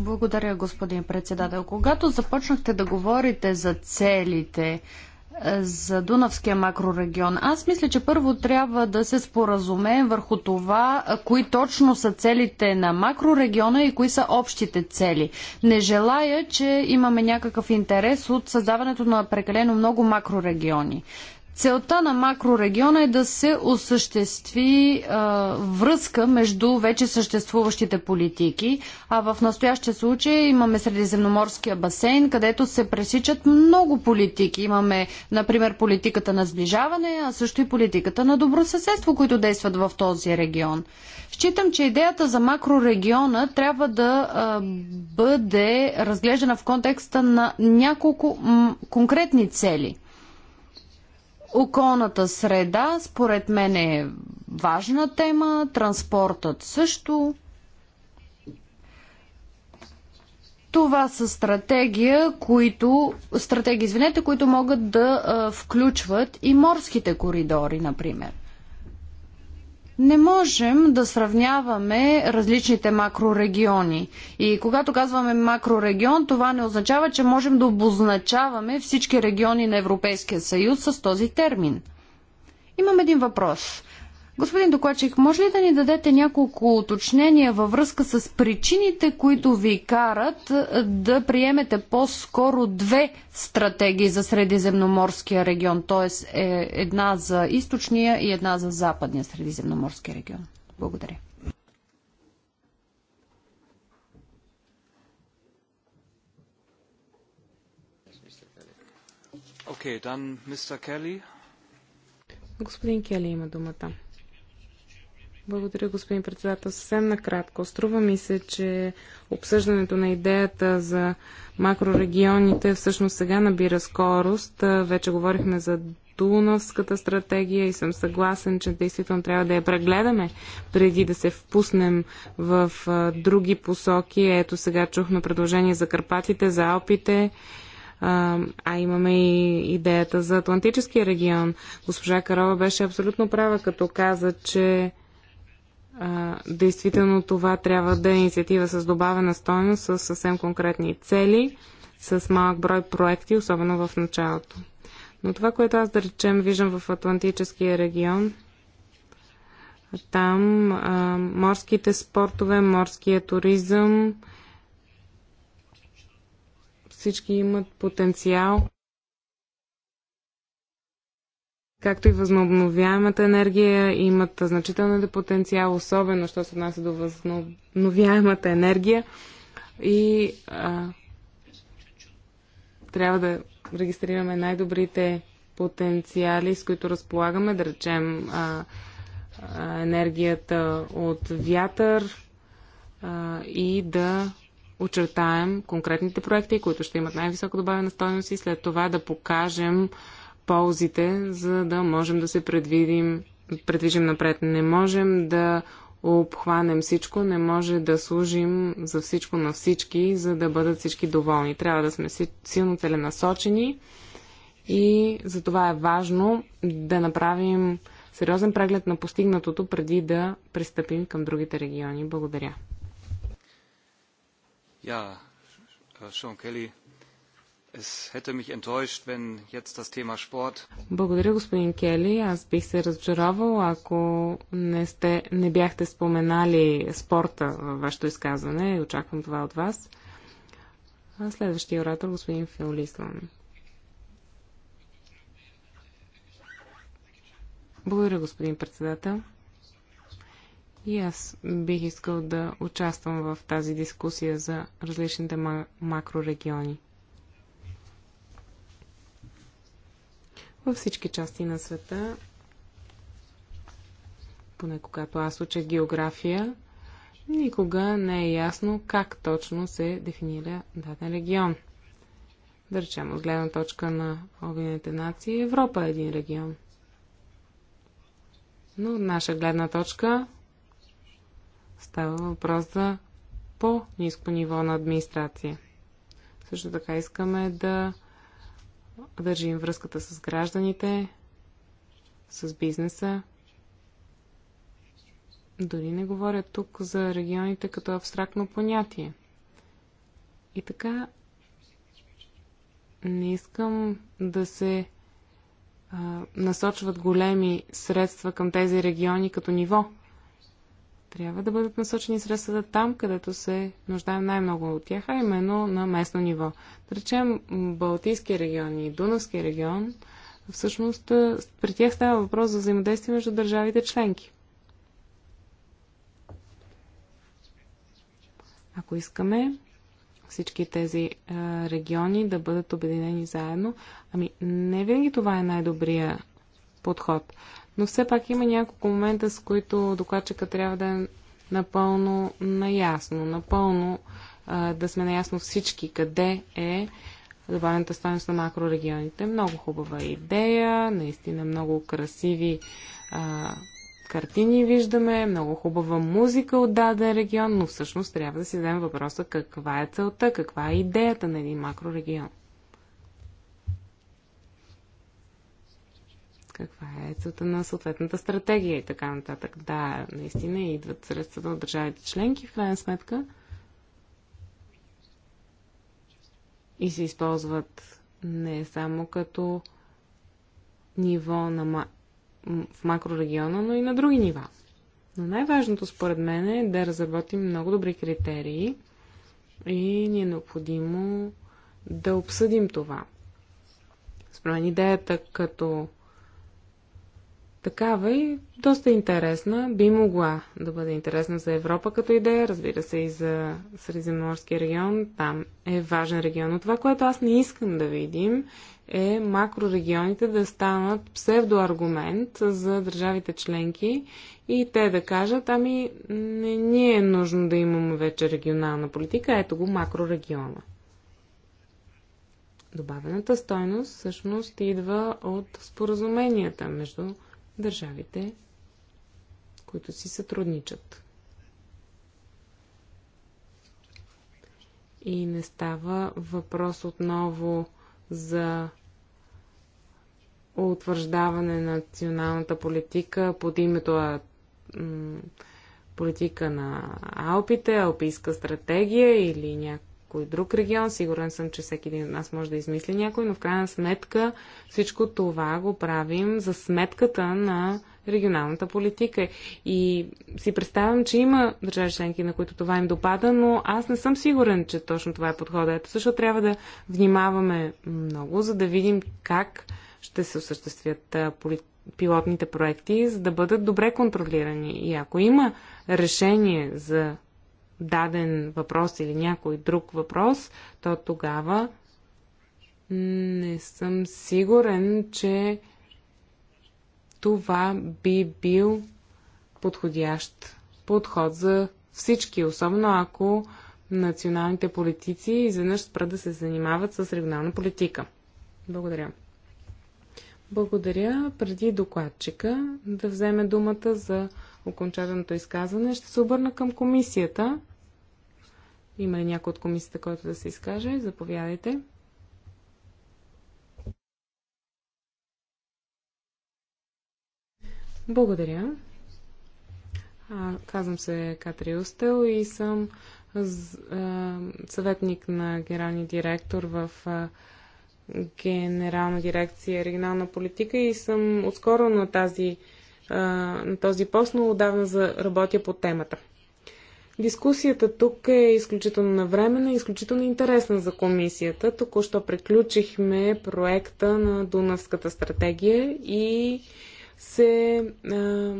Благодаря, господин председател. Когато започнахте да говорите за целите, е, за Дунавския макрорегион. Аз мисля, че първо трябва да се споразумеем върху това, е, кои точно са целите на макрорегиона и кои са общите цели. Не желая, че имаме някакъв интерес от създаването на прекалено много макрорегиони. Целта на макрорегиона е да се осъществи а, връзка между вече съществуващите политики, а в настоящия случай имаме Средиземноморския басейн, където се пресичат много политики. Имаме, например, политиката на сближаване, а също и политиката на добросъседство, които действат в този регион. Считам, че идеята за макрорегиона трябва да а, бъде разглеждана в контекста на няколко конкретни цели – Околната среда, според мен е важна тема, транспортът също. Това са стратегия, които, стратегии, извинете, които могат да а, включват и морските коридори, например. Не можем да сравняваме различните макрорегиони. И когато казваме макрорегион, това не означава, че можем да обозначаваме всички региони на Европейския съюз с този термин. Имам един въпрос. Господин докладчик, може ли да ни дадете няколко уточнения във връзка с причините, които ви карат е, да приемете по-скоро две стратегии за Средиземноморския регион, т.е. една за източния и една за западния Средиземноморски регион? Благодаря. Okay, Господин Кели има думата. Благодаря, господин председател. Съвсем накратко. Струва ми се, че обсъждането на идеята за макрорегионите всъщност сега набира скорост. Вече говорихме за Дунавската стратегия и съм съгласен, че действително трябва да я прегледаме преди да се впуснем в други посоки. Ето сега чухме предложение за Карпатите, за Алпите, а имаме и идеята за Атлантическия регион. Госпожа Карова беше абсолютно права, като каза, че а, действително това трябва да е инициатива с добавена стойност, с съвсем конкретни цели, с малък брой проекти, особено в началото. Но това, което аз да речем виждам в Атлантическия регион, там а, морските спортове, морския туризъм, всички имат потенциал както и възобновяемата енергия имат значителен потенциал, особено що се отнася до възобновяемата енергия. И а, трябва да регистрираме най-добрите потенциали, с които разполагаме, да речем а, а, енергията от вятър а, и да очертаем конкретните проекти, които ще имат най-висока добавена стойност и след това да покажем а, ползите, за да можем да се предвидим, предвижим напред. Не можем да обхванем всичко, не може да служим за всичко на всички, за да бъдат всички доволни. Трябва да сме силно целенасочени и за това е важно да направим сериозен преглед на постигнатото преди да пристъпим към другите региони. Благодаря. Yeah. Шон Кели, благодаря, господин Кели. Аз бих се разочаровал, ако не, сте, не бяхте споменали спорта във вашето изказване. и Очаквам това от вас. А следващия оратор, господин Феолислан. Благодаря, господин председател. И аз бих искал да участвам в тази дискусия за различните макрорегиони. във всички части на света. Поне когато аз уча география, никога не е ясно как точно се дефинира даден регион. Да речем, от гледна точка на Обединените нации, Европа е един регион. Но от наша гледна точка става въпрос за по-низко ниво на администрация. Също така искаме да държим връзката с гражданите, с бизнеса. Дори не говоря тук за регионите като абстрактно понятие. И така, не искам да се а, насочват големи средства към тези региони като ниво. Трябва да бъдат насочени средствата там, където се нуждаем най-много от тях, а именно на местно ниво. Да речем Балтийски регион и Дунавски регион, всъщност при тях става въпрос за взаимодействие между държавите членки. Ако искаме всички тези региони да бъдат обединени заедно, ами не винаги това е най-добрия подход. Но все пак има няколко момента, с които докладчика трябва да е напълно наясно. Напълно да сме наясно всички къде е добавената стоеност на макрорегионите. Много хубава идея, наистина много красиви а, картини виждаме, много хубава музика от даден регион, но всъщност трябва да си вземем въпроса каква е целта, каква е идеята на един макрорегион. каква е целта на съответната стратегия и така нататък. Да, наистина идват средствата от държавите членки, в крайна сметка, и се използват не само като ниво на в макрорегиона, но и на други нива. Но най-важното според мен е да разработим много добри критерии и ни е необходимо да обсъдим това. Според мен идеята като такава и доста интересна. Би могла да бъде интересна за Европа като идея, разбира се и за Средиземноморския регион. Там е важен регион. Но това, което аз не искам да видим, е макрорегионите да станат псевдоаргумент за държавите членки и те да кажат, ами не ни е нужно да имаме вече регионална политика, ето го макрорегиона. Добавената стойност всъщност идва от споразуменията между държавите, които си сътрудничат. И не става въпрос отново за утвърждаване на националната политика под името политика на Алпите, Алпийска стратегия или някакъв някой друг регион. Сигурен съм, че всеки един от нас може да измисли някой, но в крайна сметка всичко това го правим за сметката на регионалната политика. И си представям, че има държави членки, на които това им допада, но аз не съм сигурен, че точно това е подхода. Ето също трябва да внимаваме много, за да видим как ще се осъществят пилотните проекти, за да бъдат добре контролирани. И ако има решение за даден въпрос или някой друг въпрос, то тогава не съм сигурен, че това би бил подходящ подход за всички, особено ако националните политици изведнъж спрат да се занимават с регионална политика. Благодаря. Благодаря преди докладчика да вземе думата за окончателното изказване. Ще се обърна към комисията. Има ли някой от комисията, който да се изкаже? Заповядайте. Благодаря. А, казвам се Катри Устел и съм съветник на генералния директор в Генерална дирекция регионална политика и съм отскоро на тази на този пост, но отдавна работя по темата. Дискусията тук е изключително навременна и изключително интересна за комисията. Току-що приключихме проекта на Дунавската стратегия и се а,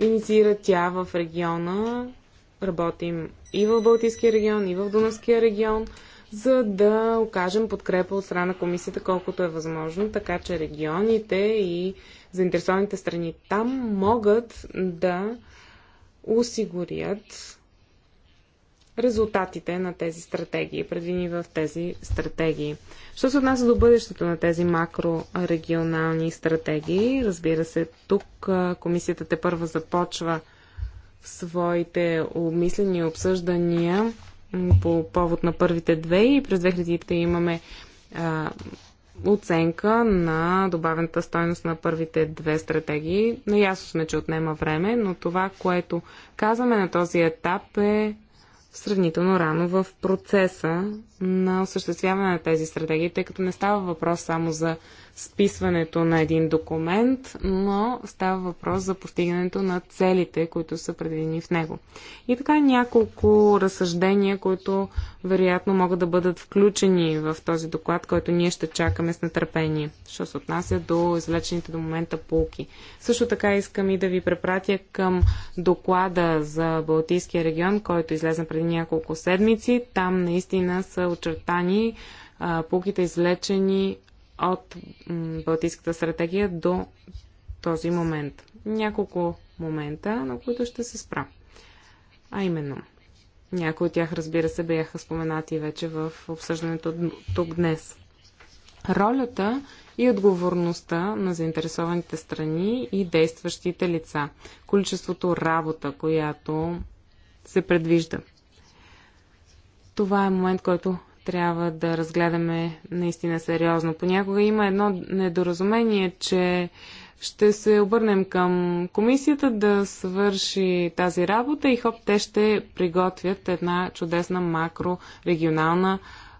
инициира тя в региона. Работим и в Балтийския регион, и в Дунавския регион за да окажем подкрепа от страна на комисията колкото е възможно, така че регионите и заинтересованите страни там могат да осигурят резултатите на тези стратегии, предвини в тези стратегии. Що се отнася до бъдещето на тези макрорегионални стратегии, разбира се, тук комисията те първа започва своите обмислени обсъждания по повод на първите две и през 2000-те имаме а, оценка на добавената стойност на първите две стратегии. Наясно сме, че отнема време, но това, което казваме на този етап е сравнително рано в процеса на осъществяване на тези стратегии, тъй като не става въпрос само за списването на един документ, но става въпрос за постигането на целите, които са предвидени в него. И така няколко разсъждения, които вероятно могат да бъдат включени в този доклад, който ние ще чакаме с нетърпение, що се отнася до извлечените до момента полки. Също така искам и да ви препратя към доклада за Балтийския регион, който излезе преди няколко седмици. Там наистина са очертани полките излечени от Балтийската стратегия до този момент. Няколко момента, на които ще се спра. А именно, някои от тях, разбира се, бяха споменати вече в обсъждането тук днес. Ролята и отговорността на заинтересованите страни и действащите лица. Количеството работа, която се предвижда. Това е момент, който трябва да разгледаме наистина сериозно. Понякога има едно недоразумение, че ще се обърнем към комисията да свърши тази работа и хоп, те ще приготвят една чудесна макрорегионална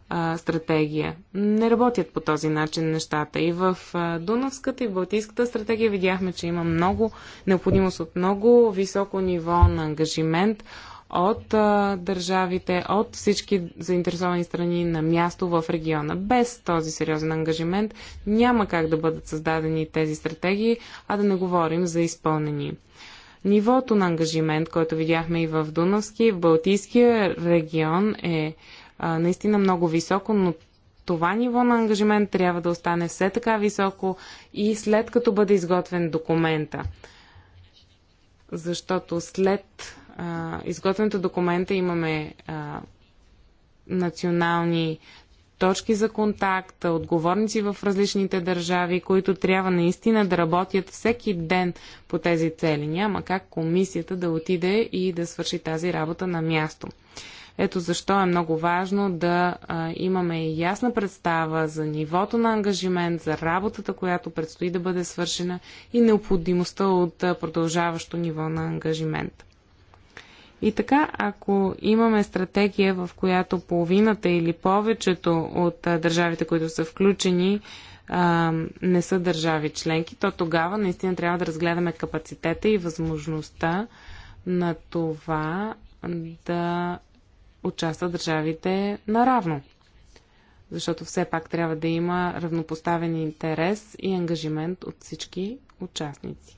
а, стратегия. Не работят по този начин нещата. И в а, Дунавската и в Балтийската стратегия видяхме, че има много необходимост от много високо ниво на ангажимент от а, държавите, от всички заинтересовани страни на място в региона. Без този сериозен ангажимент няма как да бъдат създадени тези стратегии, а да не говорим за изпълнени. Нивото на ангажимент, който видяхме и в Дунавски, в Балтийския регион е а, наистина много високо, но това ниво на ангажимент трябва да остане все така високо и след като бъде изготвен документа. Защото след изготвянето документа имаме а, национални точки за контакт, отговорници в различните държави, които трябва наистина да работят всеки ден по тези цели. Няма как комисията да отиде и да свърши тази работа на място. Ето защо е много важно да а, имаме ясна представа за нивото на ангажимент, за работата, която предстои да бъде свършена и необходимостта от а, продължаващо ниво на ангажимент. И така, ако имаме стратегия, в която половината или повечето от държавите, които са включени, не са държави членки, то тогава наистина трябва да разгледаме капацитета и възможността на това да участват държавите наравно. Защото все пак трябва да има равнопоставен интерес и ангажимент от всички участници.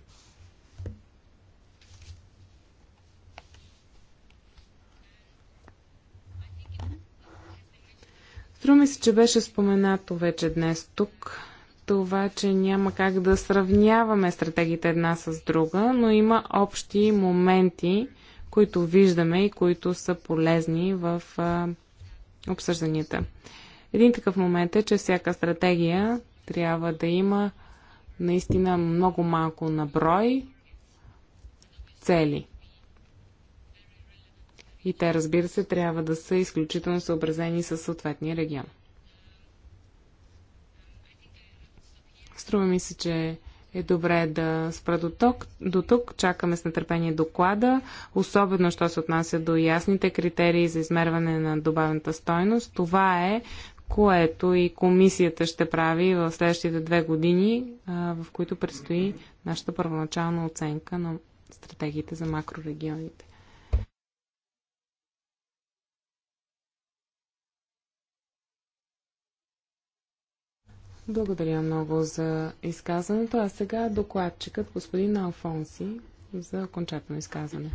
Струми се, че беше споменато вече днес тук това, че няма как да сравняваме стратегиите една с друга, но има общи моменти, които виждаме и които са полезни в а, обсъжданията. Един такъв момент е, че всяка стратегия трябва да има наистина много малко наброй цели. И те, разбира се, трябва да са изключително съобразени с съответния регион. Струва ми се, че е добре да спра до тук. до тук. Чакаме с нетърпение доклада, особено що се отнася до ясните критерии за измерване на добавената стойност. Това е което и комисията ще прави в следващите две години, в които предстои нашата първоначална оценка на стратегиите за макрорегионите. Благодаря много за изказването. А сега докладчикът господин Алфонси за окончателно изказване.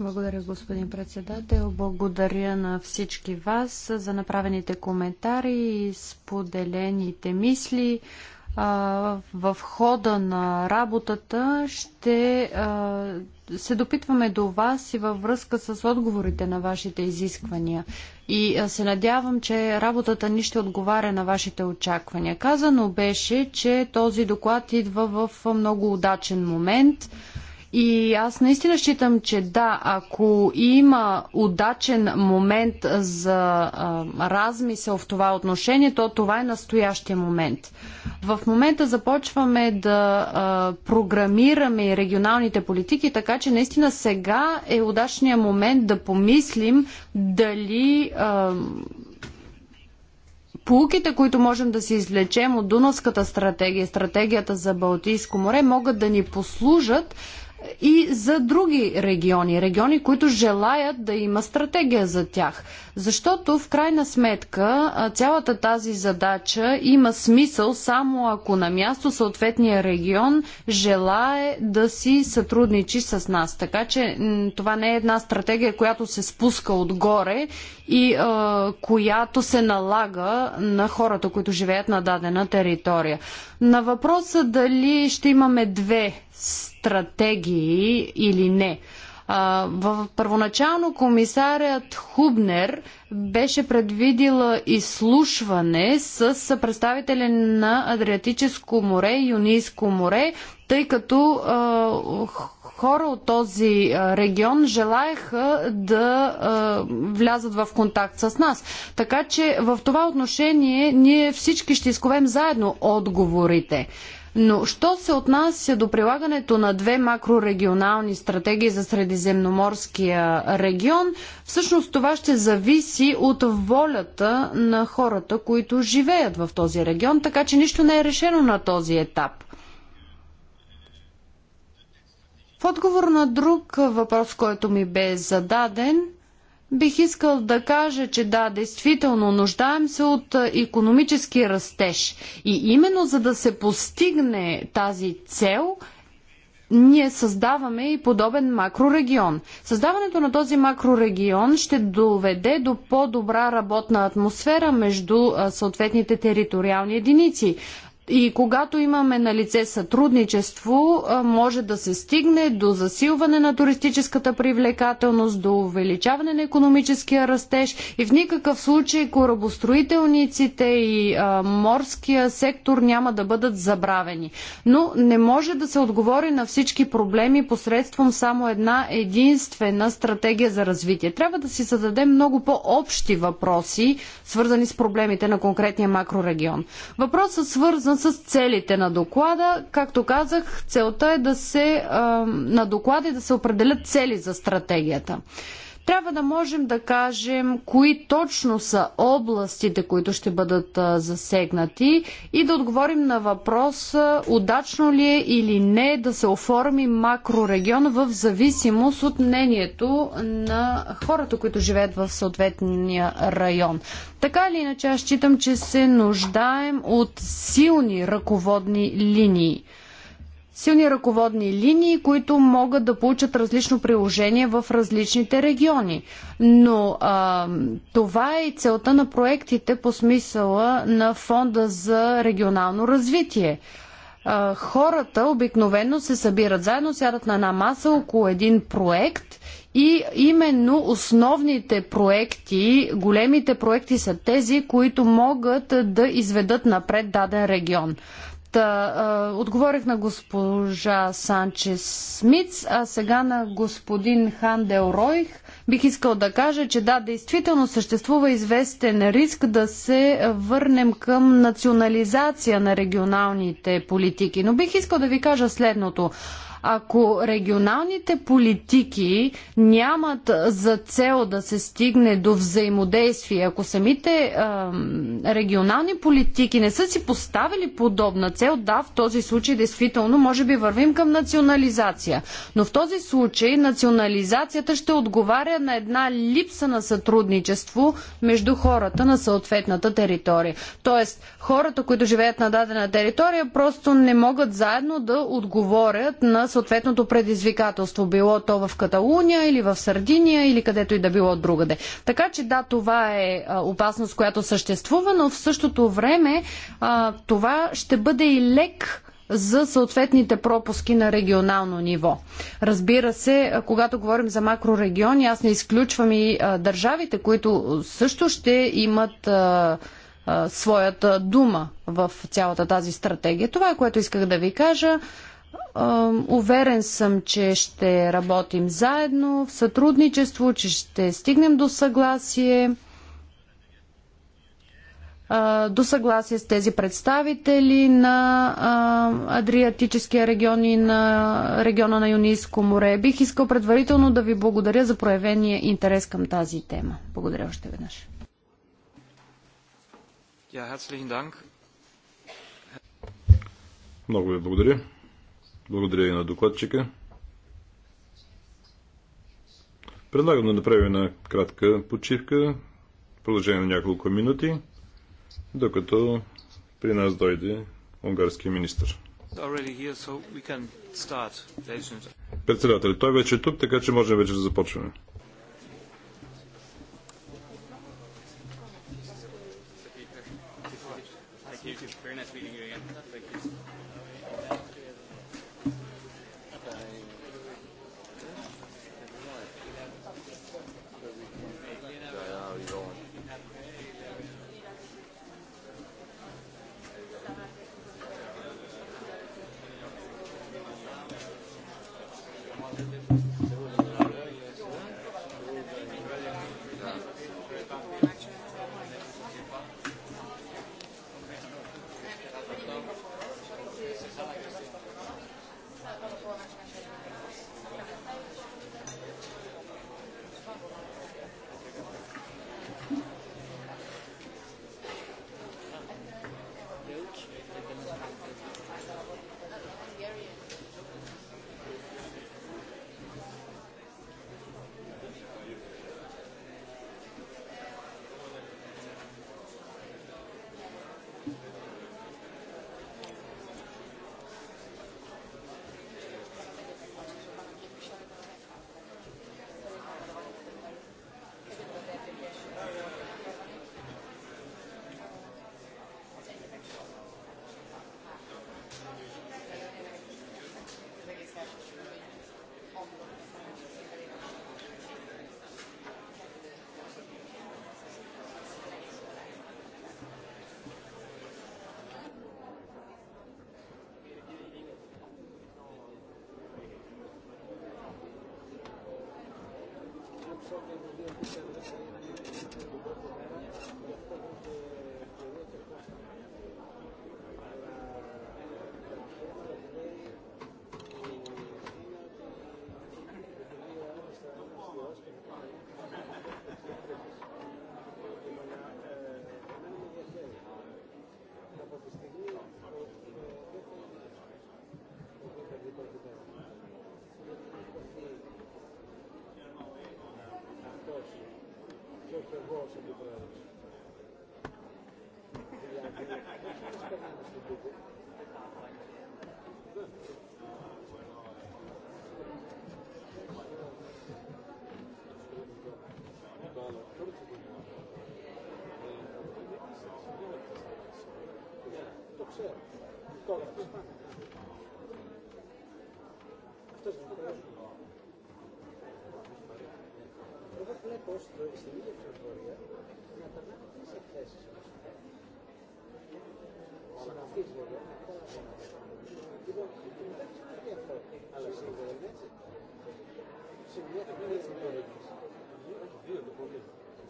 Благодаря, господин председател. Благодаря на всички вас за направените коментари и споделените мисли в хода на работата ще се допитваме до вас и във връзка с отговорите на вашите изисквания. И се надявам, че работата ни ще отговаря на вашите очаквания. Казано беше, че този доклад идва в много удачен момент. И аз наистина считам, че да, ако има удачен момент за а, размисъл в това отношение, то това е настоящия момент. В момента започваме да а, програмираме регионалните политики, така че наистина сега е удачният момент да помислим дали. А, Полуките, които можем да си излечем от Дунавската стратегия, стратегията за Балтийско море, могат да ни послужат и за други региони, региони, които желаят да има стратегия за тях. Защото в крайна сметка цялата тази задача има смисъл само ако на място съответния регион желае да си сътрудничи с нас. Така че това не е една стратегия, която се спуска отгоре и а, която се налага на хората, които живеят на дадена територия. На въпроса дали ще имаме две стратегии или не. В първоначално комисарят Хубнер беше предвидила изслушване с представители на Адриатическо море и Юнийско море, тъй като хора от този регион желаяха да влязат в контакт с нас. Така че в това отношение ние всички ще изковем заедно отговорите. Но що се отнася до прилагането на две макрорегионални стратегии за Средиземноморския регион, всъщност това ще зависи от волята на хората, които живеят в този регион, така че нищо не е решено на този етап. В отговор на друг въпрос, който ми бе зададен, Бих искал да кажа, че да, действително нуждаем се от економически растеж. И именно за да се постигне тази цел, ние създаваме и подобен макрорегион. Създаването на този макрорегион ще доведе до по-добра работна атмосфера между съответните териториални единици. И когато имаме на лице сътрудничество, може да се стигне до засилване на туристическата привлекателност, до увеличаване на економическия растеж и в никакъв случай корабостроителниците и а, морския сектор няма да бъдат забравени. Но не може да се отговори на всички проблеми посредством само една единствена стратегия за развитие. Трябва да си зададем много по-общи въпроси, свързани с проблемите на конкретния макрорегион. Въпросът свързан с целите на доклада. Както казах, целта е да се, на доклада и е да се определят цели за стратегията трябва да можем да кажем кои точно са областите, които ще бъдат засегнати и да отговорим на въпроса удачно ли е или не да се оформи макрорегион в зависимост от мнението на хората, които живеят в съответния район. Така или иначе, аз считам, че се нуждаем от силни ръководни линии силни ръководни линии, които могат да получат различно приложение в различните региони. Но а, това е и целта на проектите по смисъла на Фонда за регионално развитие хората обикновено се събират заедно, сядат на една маса около един проект и именно основните проекти, големите проекти са тези, които могат да изведат напред даден регион. Та, а, отговорих на госпожа Санчес Смитс, а сега на господин Хандел Ройх. Бих искал да кажа, че да, действително съществува известен риск да се върнем към национализация на регионалните политики. Но бих искал да ви кажа следното. Ако регионалните политики нямат за цел да се стигне до взаимодействие, ако самите е, регионални политики не са си поставили подобна цел, да, в този случай действително може би вървим към национализация. Но в този случай национализацията ще отговаря на една липса на сътрудничество между хората на съответната територия. Тоест, хората, които живеят на дадена територия, просто не могат заедно да отговорят на съответното предизвикателство, било то в Каталуния или в Сардиния или където и да било другаде. Така че да, това е опасност, която съществува, но в същото време това ще бъде и лек за съответните пропуски на регионално ниво. Разбира се, когато говорим за макрорегиони, аз не изключвам и а, държавите, които също ще имат а, а, своята дума в цялата тази стратегия. Това е което исках да ви кажа. Уверен съм, че ще работим заедно, в сътрудничество, че ще стигнем до съгласие до съгласие с тези представители на Адриатическия регион и на региона на Юнийско море. Бих искал предварително да ви благодаря за проявения интерес към тази тема. Благодаря още веднъж. Много ви благодаря. Благодаря и на докладчика. Предлагам да направим една кратка почивка в продължение на няколко минути, докато при нас дойде унгарския министр. Председател, той вече е тук, така че можем вече да започваме. Εγώ βλέπω στην ίδια πληροφορία να περνάμε τρει εκθέσει. Συναφή βέβαια, Λοιπόν, δεν ξέρω τι αυτό, αλλά σίγουρα είναι έτσι. Σε μια τεχνική δεν είναι. Δύο το πολύ.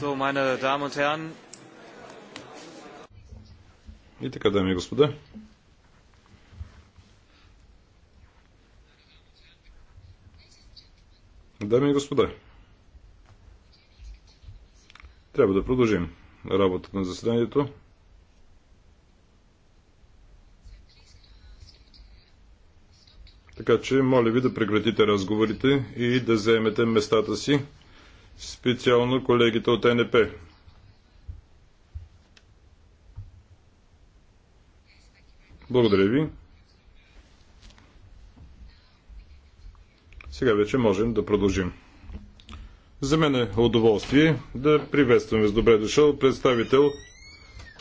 So, meine Damen und Herren. И така, дами и господа. Дами и господа, трябва да продължим работата на заседанието. Така че, моля ви да прекратите разговорите и да заемете местата си специално колегите от НП. Благодаря ви. Сега вече можем да продължим. За мен е удоволствие да приветстваме с добре дошъл представител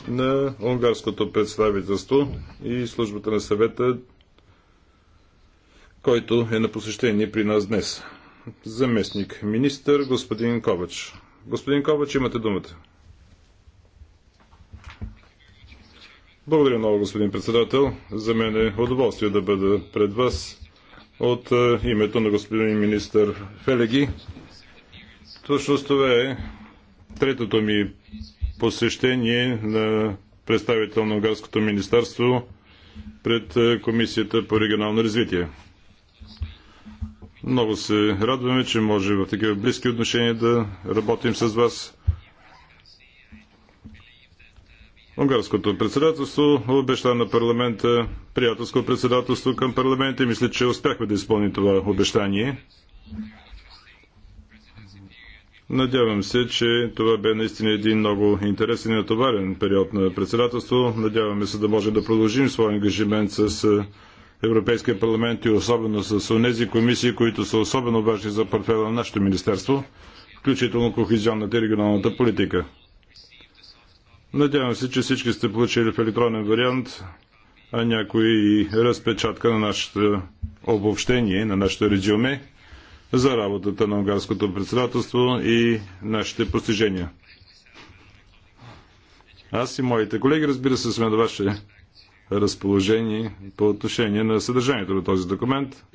на унгарското представителство и службата на съвета, който е на посещение при нас днес заместник министър господин Ковач. Господин Ковач, имате думата. Благодаря много, господин председател. За мен е удоволствие да бъда пред вас от е, името на господин министър Фелеги. Точно това е третото ми посещение на представител на Унгарското министерство пред е, Комисията по регионално развитие. Много се радваме, че може в такива близки отношения да работим с вас. Унгарското председателство обеща на парламента приятелско председателство към парламента и мисля, че успяхме да изпълним това обещание. Надявам се, че това бе наистина един много интересен и натоварен период на председателство. Надяваме се да може да продължим своя ангажимент с Европейския парламент и особено с тези комисии, които са особено важни за портфела на нашето министерство, включително кохезионната и регионалната политика. Надявам се, че всички сте получили в електронен вариант, а някои и разпечатка на нашето обобщение, на нашето резюме за работата на унгарското председателство и нашите постижения. Аз и моите колеги, разбира се, сме на ваше разположение по отношение на съдържанието на този документ.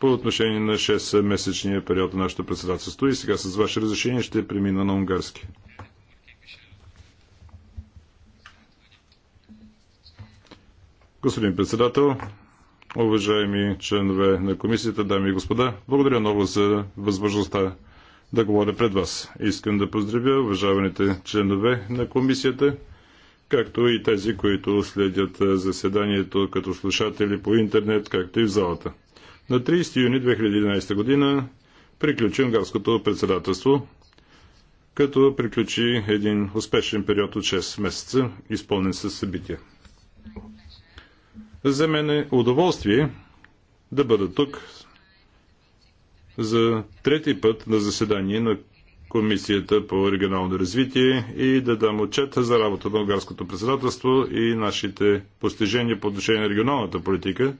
По отношение на 6-месечния период на нашето председателство и сега с ваше разрешение ще премина на унгарски. Господин председател, уважаеми членове на комисията, дами и господа, благодаря много за възможността да говоря пред вас. Искам да поздравя уважаваните членове на комисията, както и тези, които следят заседанието като слушатели по интернет, както и в залата. На 30 юни 2011 година приключи унгарското председателство, като приключи един успешен период от 6 месеца, изпълнен с събития. За мен е удоволствие да бъда тук за трети път на заседание на Комисията по регионално развитие и да дам отчет за работа на Унгарското председателство и нашите постижения по отношение на регионалната политика,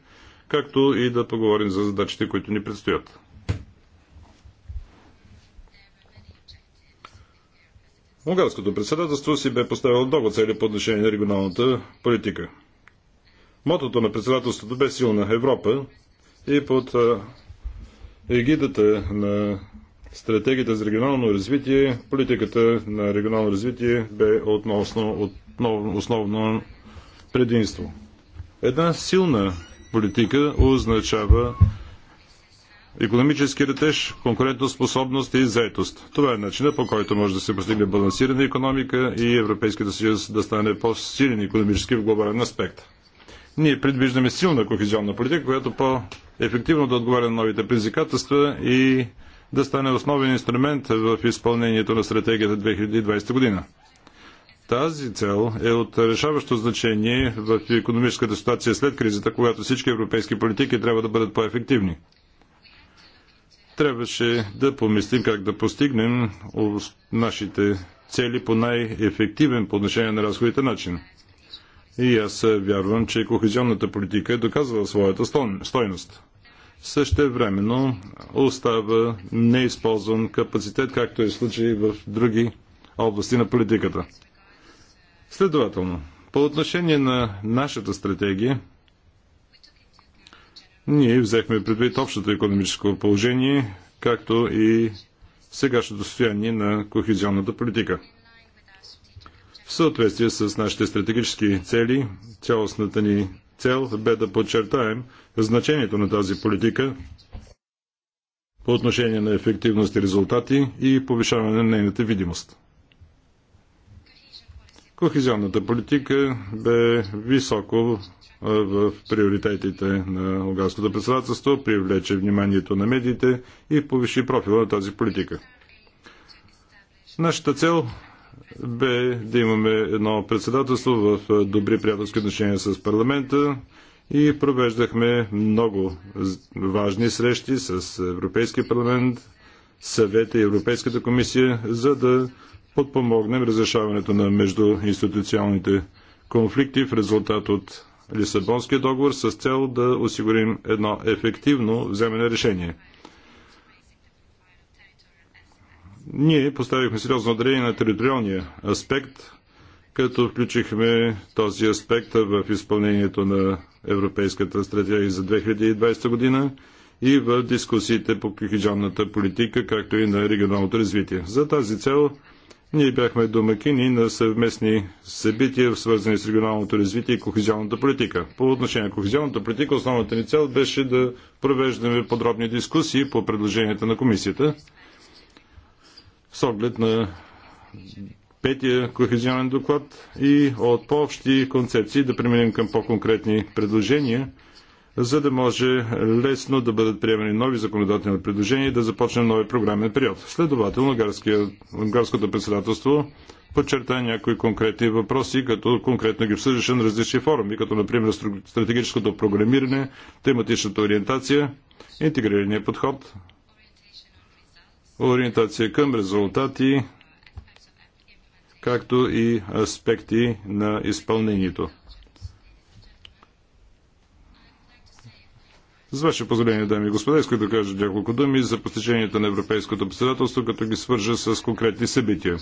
както и да поговорим за задачите, които ни предстоят. Унгарското председателство си бе поставило много цели по отношение на регионалната политика. Мотото на председателството бе силна Европа и под егидата на стратегията за регионално развитие, политиката на регионално развитие бе относно, основно предимство. Една силна политика означава економически ретеж, конкурентоспособност и заетост. Това е начина по който може да се постигне балансирана економика и Европейската съюз да стане по-силен економически в глобален аспект. Ние предвиждаме силна кохезионна политика, която по ефективно да отговаря на новите предизвикателства и да стане основен инструмент в изпълнението на стратегията 2020 година. Тази цел е от решаващо значение в економическата ситуация след кризата, когато всички европейски политики трябва да бъдат по-ефективни. Трябваше да помислим как да постигнем нашите цели по най-ефективен по отношение на разходите начин. И аз вярвам, че кохезионната политика е доказала своята стойност. Също времено остава неизползван капацитет, както е случай в други области на политиката. Следователно, по отношение на нашата стратегия, ние взехме предвид общото економическо положение, както и сегашното състояние на кохезионната политика. В съответствие с нашите стратегически цели, цялостната ни цел бе да подчертаем значението на тази политика по отношение на ефективност и резултати и повишаване на нейната видимост. Кохезионната политика бе високо в приоритетите на Унгарското председателство, привлече вниманието на медиите и повиши профила на тази политика. Нашата цел бе да имаме едно председателство в добри приятелски отношения с парламента и провеждахме много важни срещи с Европейския парламент, съвета и Европейската комисия, за да подпомогнем разрешаването на междуинституционалните конфликти в резултат от Лисабонския договор с цел да осигурим едно ефективно вземане решение. Ние поставихме сериозно дарение на териториалния аспект, като включихме този аспект в изпълнението на Европейската стратегия за 2020 година и в дискусиите по кихиджанната политика, както и на регионалното развитие. За тази цел ние бяхме домакини на съвместни събития, свързани с регионалното развитие и кохизионната политика. По отношение на кохизионната политика, основната ни цел беше да провеждаме подробни дискусии по предложенията на комисията с оглед на петия кохезионен доклад и от по-общи концепции да преминем към по-конкретни предложения, за да може лесно да бъдат приемани нови законодателни предложения и да започне нови програмен период. Следователно, унгарското председателство подчерта някои конкретни въпроси, като конкретно ги обсъждаше на различни форуми, като например стратегическото програмиране, тематичната ориентация, интегрирания подход, ориентация към резултати, както и аспекти на изпълнението. С ваше позволение, дами и господа, искам да кажа няколко думи за постиженията на Европейското председателство, като ги свържа с конкретни събития.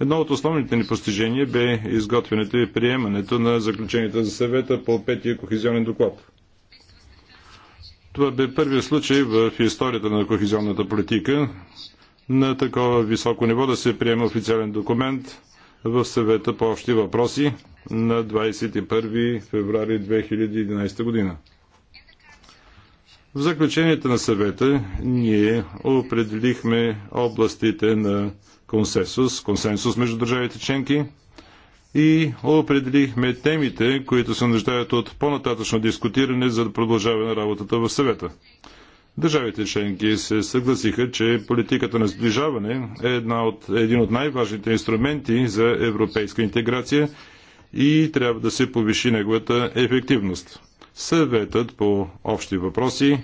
Едно от основните ни постижения бе изготвянето и приемането на заключенията за съвета по петия кохезионен доклад. Това бе първият случай в историята на кохезионната политика, на такова високо ниво да се приеме официален документ в съвета по общи въпроси на 21 феврари 2011 година. В заключенията на съвета ние определихме областите на консенсус, консенсус между държавите членки и определихме темите, които се нуждаят от по-нататъчно дискутиране, за да на работата в съвета. Държавите членки се съгласиха, че политиката на сближаване е една от, един от най-важните инструменти за европейска интеграция и трябва да се повиши неговата ефективност. Съветът по общи въпроси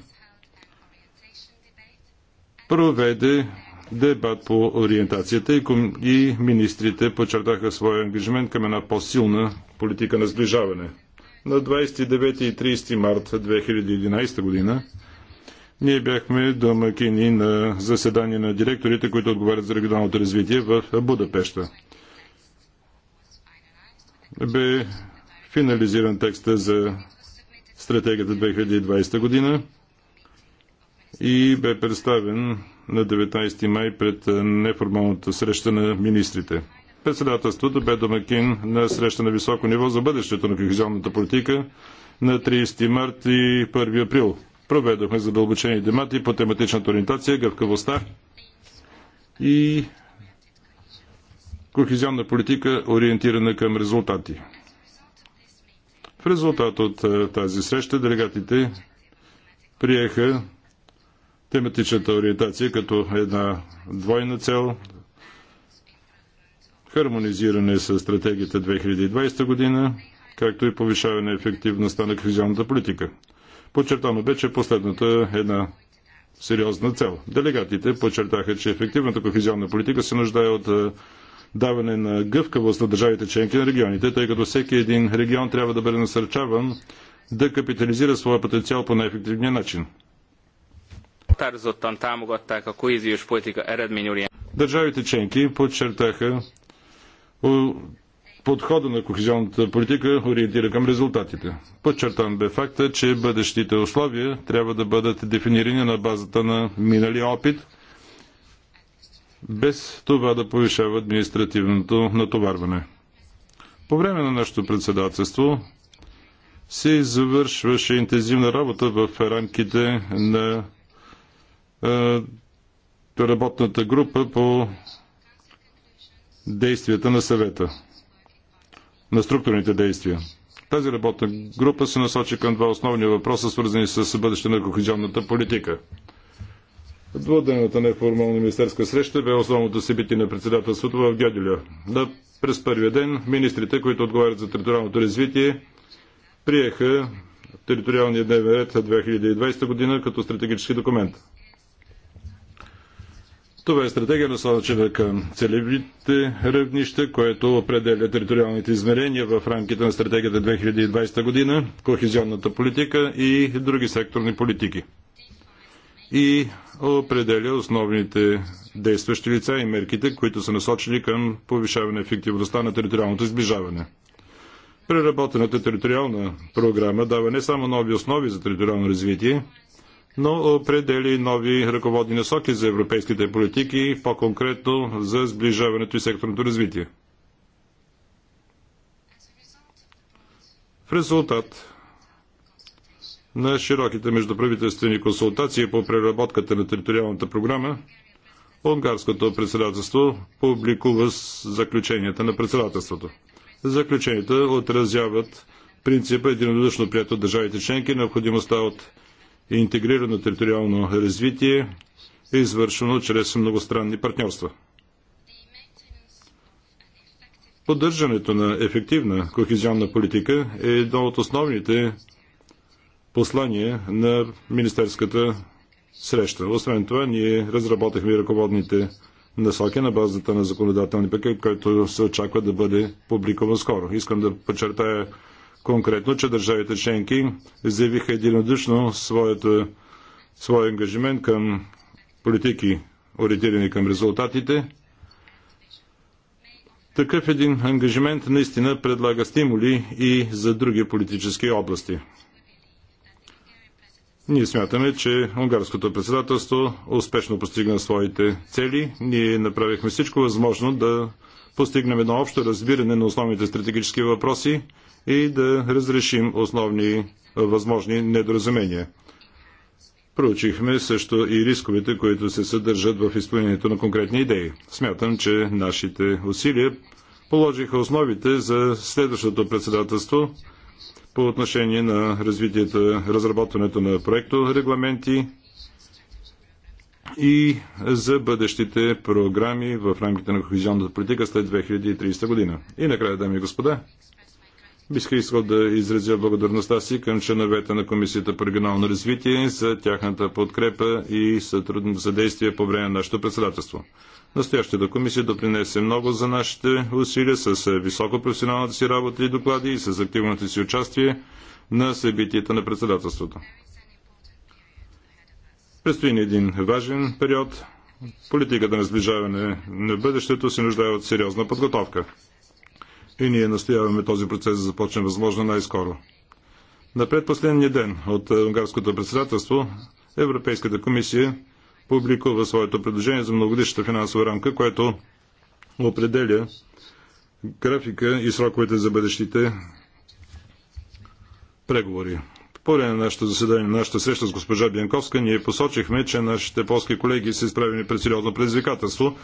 проведе дебат по ориентацията и, ком... и министрите подчертаха своя ангажимент към една по-силна политика на сближаване. На 29 и 30 март 2011 година ние бяхме домакини на заседание на директорите, които отговарят за регионалното развитие в Будапешта. Бе финализиран текста за стратегията 2020 година и бе представен на 19 май пред неформалната среща на министрите. Председателството бе домакин на среща на високо ниво за бъдещето на кохезионната политика на 30 март и 1 април проведохме задълбочени демати по тематичната ориентация, гъвкавостта и кохезионна политика, ориентирана към резултати. В резултат от е, тази среща делегатите приеха тематичната ориентация като една двойна цел хармонизиране с стратегията 2020 година, както и повишаване ефективността на кризионната политика. Подчертано бе, че последната е една сериозна цел. Делегатите подчертаха, че ефективната кохезионна политика се нуждае от е, даване на гъвкавост на държавите членки на регионите, тъй като всеки един регион трябва да бъде насърчаван да капитализира своя потенциал по най-ефективния начин. Държавите членки подчертаха подхода на кохезионната политика ориентира към резултатите. Подчертан бе факта, че бъдещите условия трябва да бъдат дефинирани на базата на миналия опит, без това да повишава административното натоварване. По време на нашето председателство се завършваше интензивна работа в рамките на е, работната група по действията на съвета на структурните действия. Тази работна група се насочи към два основни въпроса, свързани с бъдеще на кохезионната политика. Двуденната неформална министерска среща бе основното събитие на председателството в Гедюля. Да, през първия ден министрите, които отговарят за териториалното развитие, приеха териториалния дневен ред 2020 година като стратегически документ. Това е стратегия насочена към целевите равнища, което определя териториалните измерения в рамките на стратегията 2020 година, кохезионната политика и други секторни политики. И определя основните действащи лица и мерките, които са насочени към повишаване ефективността на териториалното изближаване. Преработената териториална програма дава не само нови основи за териториално развитие, но определи нови ръководни насоки за европейските политики, по-конкретно за сближаването и секторното развитие. В резултат на широките междуправителствени консултации по преработката на териториалната програма, Унгарското председателство публикува заключенията на председателството. Заключенията отразяват принципа единодушно прият от държавите членки, необходимостта от и интегрирано териториално развитие е извършено чрез многостранни партньорства. Поддържането на ефективна кохезионна политика е едно от основните послания на министерската среща. Освен това, ние разработихме ръководните насоки на базата на законодателни пакет, който се очаква да бъде публикуван скоро. Искам да подчертая конкретно, че държавите членки заявиха единодушно своята, своя ангажимент към политики, ориентирани към резултатите. Такъв един ангажимент наистина предлага стимули и за други политически области. Ние смятаме, че унгарското председателство успешно постигна своите цели. Ние направихме всичко възможно да постигнем едно общо разбиране на основните стратегически въпроси и да разрешим основни възможни недоразумения. Проучихме също и рисковете, които се съдържат в изпълнението на конкретни идеи. Смятам, че нашите усилия положиха основите за следващото председателство по отношение на развитието, разработването на проекто регламенти и за бъдещите програми в рамките на кохезионната политика след 2030 година. И накрая, дами и господа, Бих искал да изразя благодарността си към членовете на Комисията по регионално развитие за тяхната подкрепа и съдействие по време на нашето председателство. Настоящата комисия допринесе много за нашите усилия с високо професионалната си работа и доклади и с активното си участие на събитията на председателството. Предстои ни един важен период. Политиката на сближаване на бъдещето се нуждае от сериозна подготовка и ние настояваме този процес да започне възможно най-скоро. На предпоследния ден от е, унгарското председателство Европейската комисия публикува своето предложение за многогодишната финансова рамка, което определя графика и сроковете за бъдещите преговори. По време на нашето заседание, на нашата среща с госпожа Бянковска, ние посочихме, че нашите полски колеги са изправени пред сериозно предизвикателство,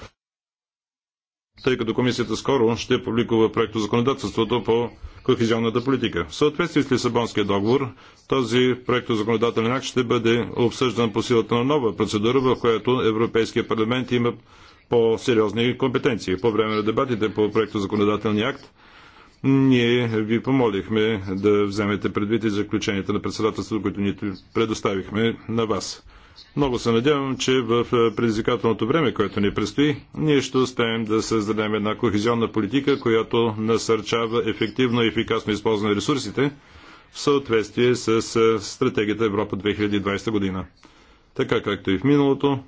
тъй като комисията скоро ще публикува проекто законодателството по кохезионната политика. В съответствие с Лисабонския договор, този проект законодателен акт ще бъде обсъждан по силата на нова процедура, в която Европейския парламент има по-сериозни компетенции. По време на дебатите по проекто законодателния акт, ние ви помолихме да вземете предвид и заключенията на председателството, които ни предоставихме на вас. Много се надявам, че в е, предизвикателното време, което ни предстои, ние ще успеем да създадем една кохезионна политика, която насърчава ефективно и ефикасно използване на ресурсите в съответствие с е, стратегията Европа 2020 година. Така както и в миналото,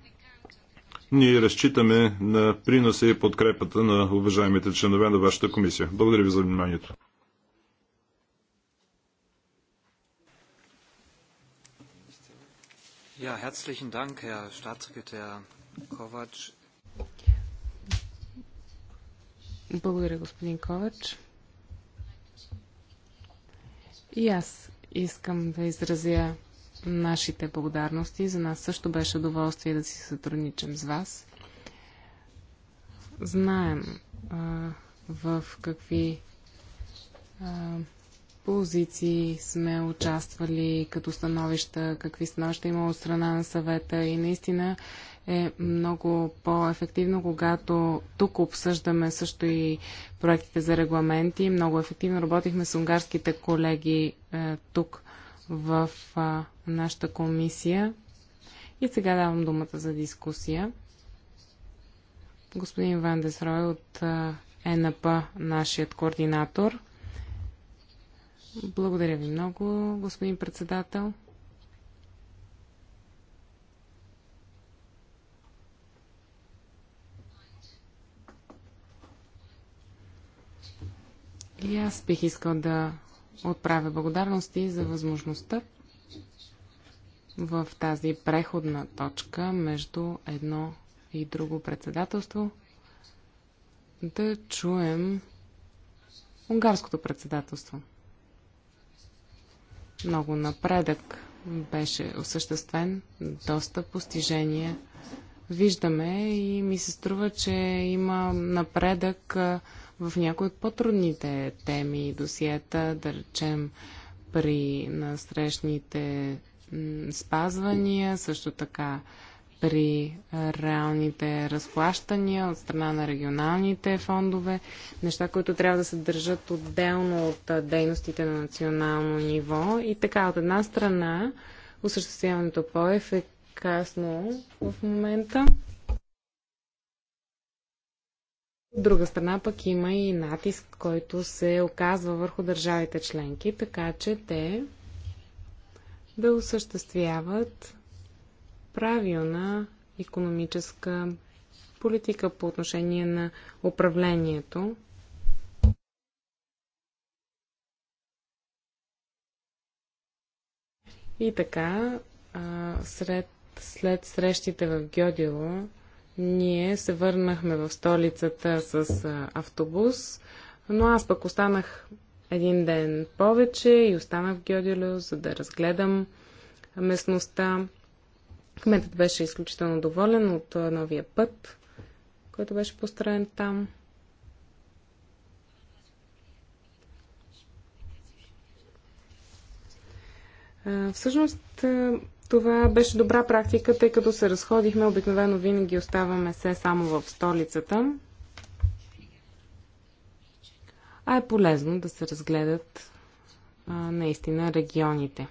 ние разчитаме на приноса и подкрепата на уважаемите членове на вашата комисия. Благодаря ви за вниманието. Ja, herzlichen Dank, Herr Staatssekretär Kovac. Благодаря, господин Ковач. И аз искам да изразя нашите благодарности. За нас също беше удоволствие да си сътрудничам с вас. Знаем а, в какви а, позиции сме участвали като становища, какви становища има от страна на съвета и наистина е много по-ефективно, когато тук обсъждаме също и проектите за регламенти. Много ефективно работихме с унгарските колеги е, тук в а, нашата комисия. И сега давам думата за дискусия. Господин Ван Десрой от а, ЕНП, нашият координатор. Благодаря ви много, господин председател. И аз бих искал да отправя благодарности за възможността в тази преходна точка между едно и друго председателство да чуем унгарското председателство. Много напредък беше осъществен, доста постижения виждаме и ми се струва, че има напредък в някои от по-трудните теми и досиета, да речем при насрещните спазвания, също така при реалните разплащания от страна на регионалните фондове, неща, които трябва да се държат отделно от дейностите на национално ниво. И така, от една страна, осъществяването по ефекасно в момента. От друга страна пък има и натиск, който се оказва върху държавите членки, така че те да осъществяват правилна економическа политика по отношение на управлението. И така, сред, след срещите в Гьодило, ние се върнахме в столицата с автобус, но аз пък останах един ден повече и останах в Гьодило, за да разгледам местността. Кметът беше изключително доволен от новия път, който беше построен там. Всъщност това беше добра практика, тъй като се разходихме, обикновено винаги оставаме се само в столицата. А е полезно да се разгледат а, наистина регионите.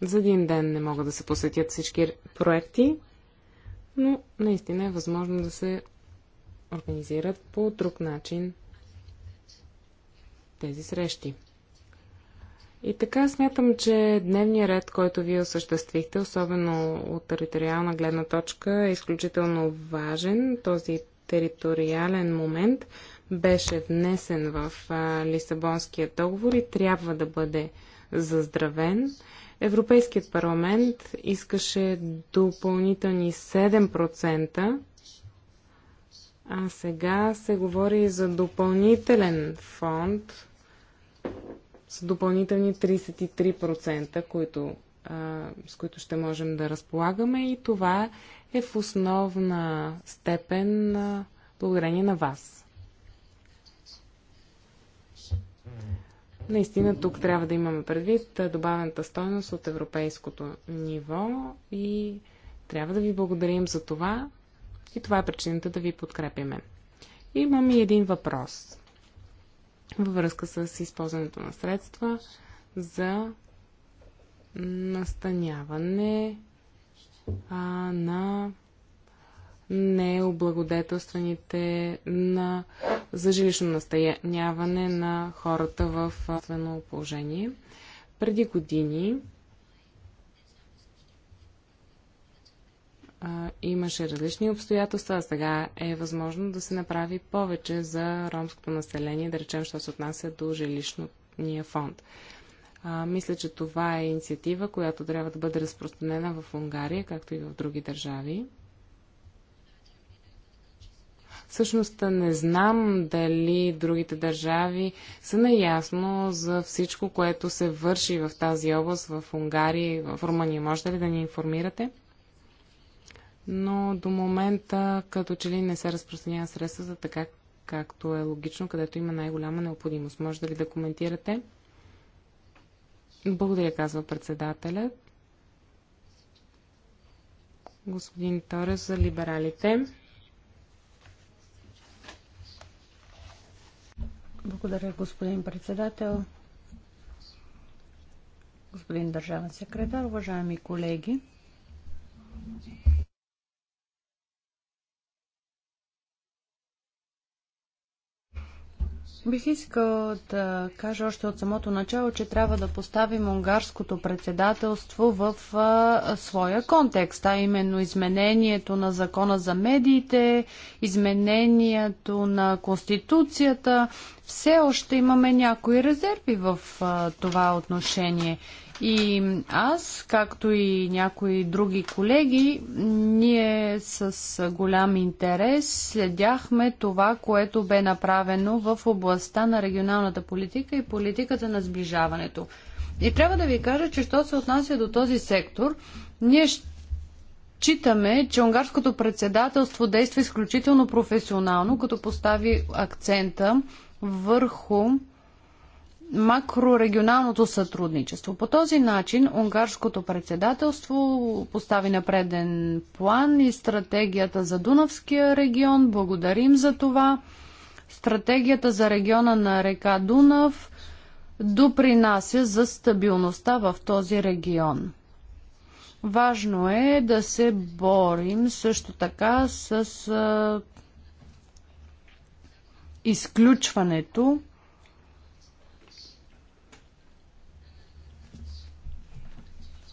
За един ден не могат да се посетят всички проекти, но наистина е възможно да се организират по друг начин тези срещи. И така смятам, че дневният ред, който вие осъществихте, особено от териториална гледна точка, е изключително важен. Този териториален момент беше внесен в Лисабонския договор и трябва да бъде заздравен. Европейският парламент искаше допълнителни 7%, а сега се говори за допълнителен фонд с допълнителни 33%, които, а, с които ще можем да разполагаме и това е в основна степен а, благодарение на вас. Наистина тук трябва да имаме предвид добавената стойност от европейското ниво и трябва да ви благодарим за това и това е причината да ви подкрепиме. Имам и един въпрос във връзка с използването на средства за настаняване а, на необлагодетелстваните на за жилищно настаняване на хората в свено положение. Преди години а, имаше различни обстоятелства, а сега е възможно да се направи повече за ромското население, да речем, що се отнася до жилищния фонд. А, мисля, че това е инициатива, която трябва да бъде разпространена в Унгария, както и в други държави. Всъщност не знам дали другите държави са наясно за всичко, което се върши в тази област, в Унгария и в Румъния. Можете ли да ни информирате? Но до момента като че ли не се разпространява средствата така, както е логично, където има най-голяма необходимост. Може да ли да коментирате? Благодаря, казва председателят. Господин Торес за либералите. Благодаря, господин председател. Господин държавен секретар, уважаеми колеги, Бих искал да кажа още от самото начало, че трябва да поставим унгарското председателство в а, своя контекст, а именно изменението на закона за медиите, изменението на конституцията. Все още имаме някои резерви в а, това отношение и аз, както и някои други колеги, ние с голям интерес следяхме това, което бе направено в областта на регионалната политика и политиката на сближаването. И трябва да ви кажа, че що се отнася до този сектор, ние Читаме, че унгарското председателство действа изключително професионално, като постави акцента върху макрорегионалното сътрудничество. По този начин унгарското председателство постави на преден план и стратегията за Дунавския регион. Благодарим за това. Стратегията за региона на река Дунав допринася за стабилността в този регион. Важно е да се борим също така с изключването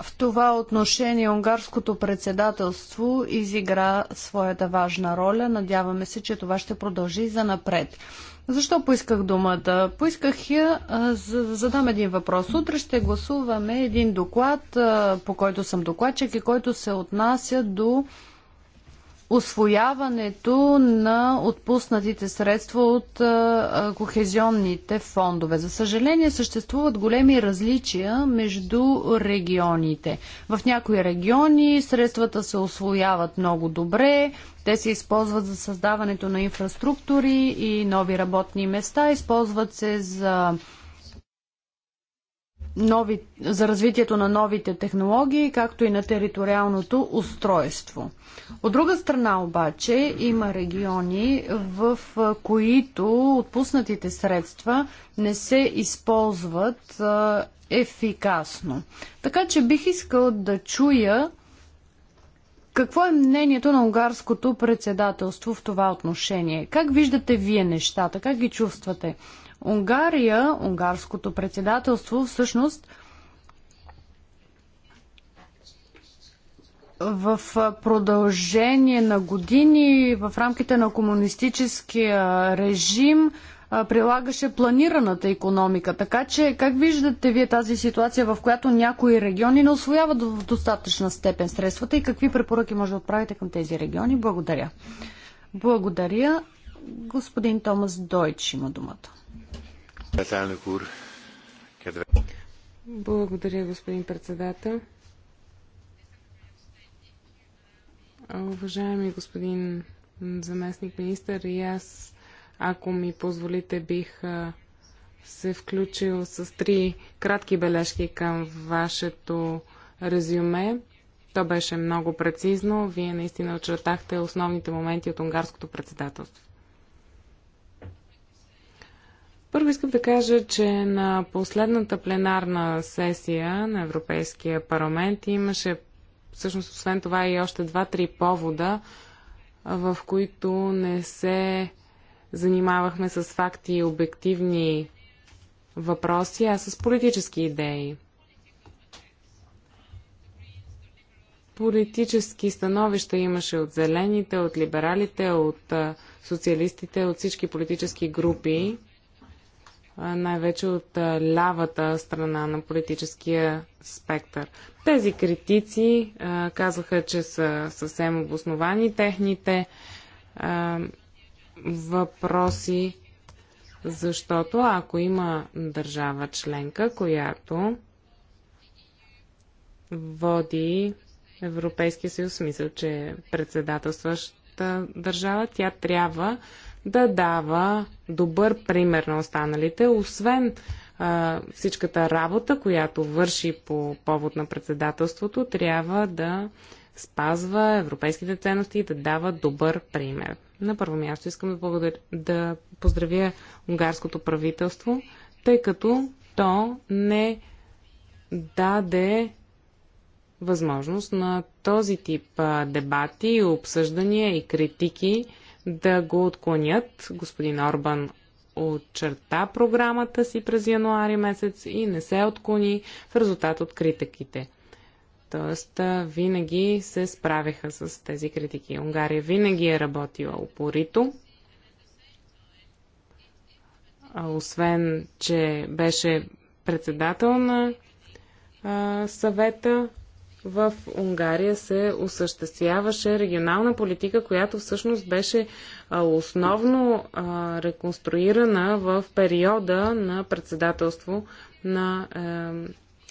В това отношение унгарското председателство изигра своята важна роля. Надяваме се, че това ще продължи и за напред. Защо поисках думата? Поисках я, за да задам един въпрос. Утре ще гласуваме един доклад, по който съм докладчик и който се отнася до освояването на отпуснатите средства от кохезионните фондове. За съжаление, съществуват големи различия между регионите. В някои региони средствата се освояват много добре, те се използват за създаването на инфраструктури и нови работни места, използват се за нови, за развитието на новите технологии, както и на териториалното устройство. От друга страна обаче има региони, в които отпуснатите средства не се използват ефикасно. Така че бих искал да чуя какво е мнението на унгарското председателство в това отношение. Как виждате вие нещата? Как ги чувствате? Унгария, унгарското председателство всъщност в продължение на години в рамките на комунистическия режим прилагаше планираната економика. Така че как виждате вие тази ситуация, в която някои региони не освояват в достатъчна степен средствата и какви препоръки може да отправите към тези региони? Благодаря. Благодаря. Господин Томас Дойч има думата. Благодаря, господин председател. Уважаеми господин заместник министър, и аз, ако ми позволите, бих се включил с три кратки бележки към вашето резюме. То беше много прецизно. Вие наистина очертахте основните моменти от унгарското председателство. Първо искам да кажа, че на последната пленарна сесия на Европейския парламент имаше, всъщност, освен това и още два-три повода, в които не се занимавахме с факти и обективни въпроси, а с политически идеи. Политически становища имаше от зелените, от либералите, от социалистите, от всички политически групи най-вече от лявата страна на политическия спектър. Тези критици казаха, че са съвсем обосновани техните въпроси, защото ако има държава членка, която води Европейския съюз, мисля, че е председателстваща държава, тя трябва да дава добър пример на останалите, освен а, всичката работа, която върши по повод на председателството, трябва да спазва европейските ценности и да дава добър пример. На първо място искам да, благодаря, да поздравя унгарското правителство, тъй като то не даде възможност на този тип дебати, обсъждания и критики да го отклонят. Господин Орбан отчерта програмата си през януари месец и не се отклони в резултат от критиките. Тоест, винаги се справяха с тези критики. Унгария винаги е работила упорито. Освен, че беше председател на съвета в Унгария се осъществяваше регионална политика, която всъщност беше основно реконструирана в периода на председателство на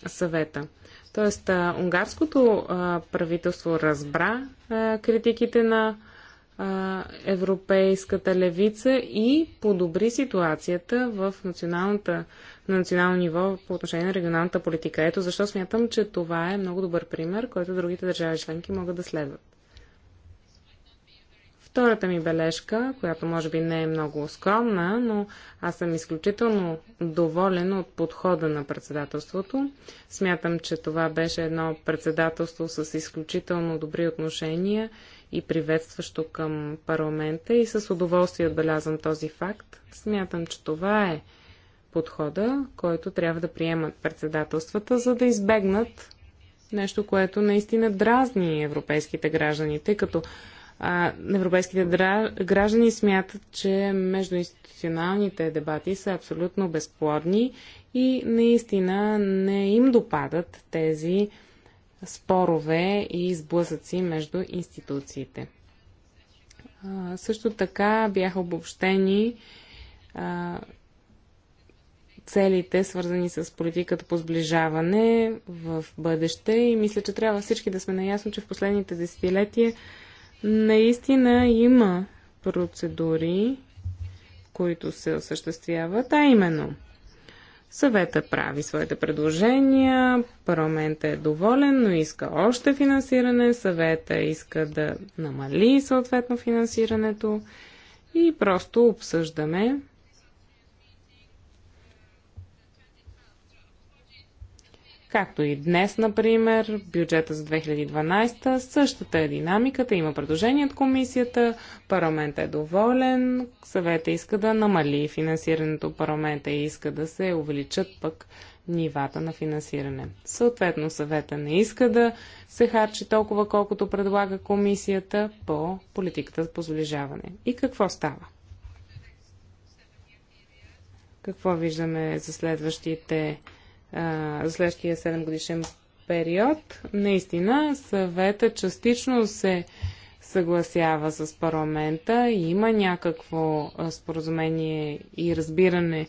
е, съвета. Тоест, унгарското правителство разбра критиките на европейската левица и подобри ситуацията в националната на национално ниво по отношение на регионалната политика. Ето защо смятам, че това е много добър пример, който другите държави членки могат да следват. Втората ми бележка, която може би не е много скромна, но аз съм изключително доволен от подхода на председателството. Смятам, че това беше едно председателство с изключително добри отношения и приветстващо към парламента и с удоволствие отбелязвам този факт. Смятам, че това е подхода, който трябва да приемат председателствата, за да избегнат нещо, което наистина дразни европейските граждани, тъй като а, европейските дра... граждани смятат, че междуинституционалните дебати са абсолютно безплодни и наистина не им допадат тези спорове и сблъсъци между институциите. А, също така бяха обобщени а, целите, свързани с политиката по сближаване в бъдеще и мисля, че трябва всички да сме наясно, че в последните десетилетия наистина има процедури, които се осъществяват, а именно съвета прави своите предложения, парламентът е доволен, но иска още финансиране, съвета иска да намали съответно финансирането и просто обсъждаме Както и днес, например, бюджета за 2012, същата е динамиката, има предложение от комисията, парламент е доволен, съвета иска да намали финансирането, парламента иска да се увеличат пък нивата на финансиране. Съответно, съвета не иска да се харчи толкова, колкото предлага комисията по политиката за сближаване. И какво става? Какво виждаме за следващите за следващия 7 годишен период, наистина съвета частично се съгласява с парламента и има някакво споразумение и разбиране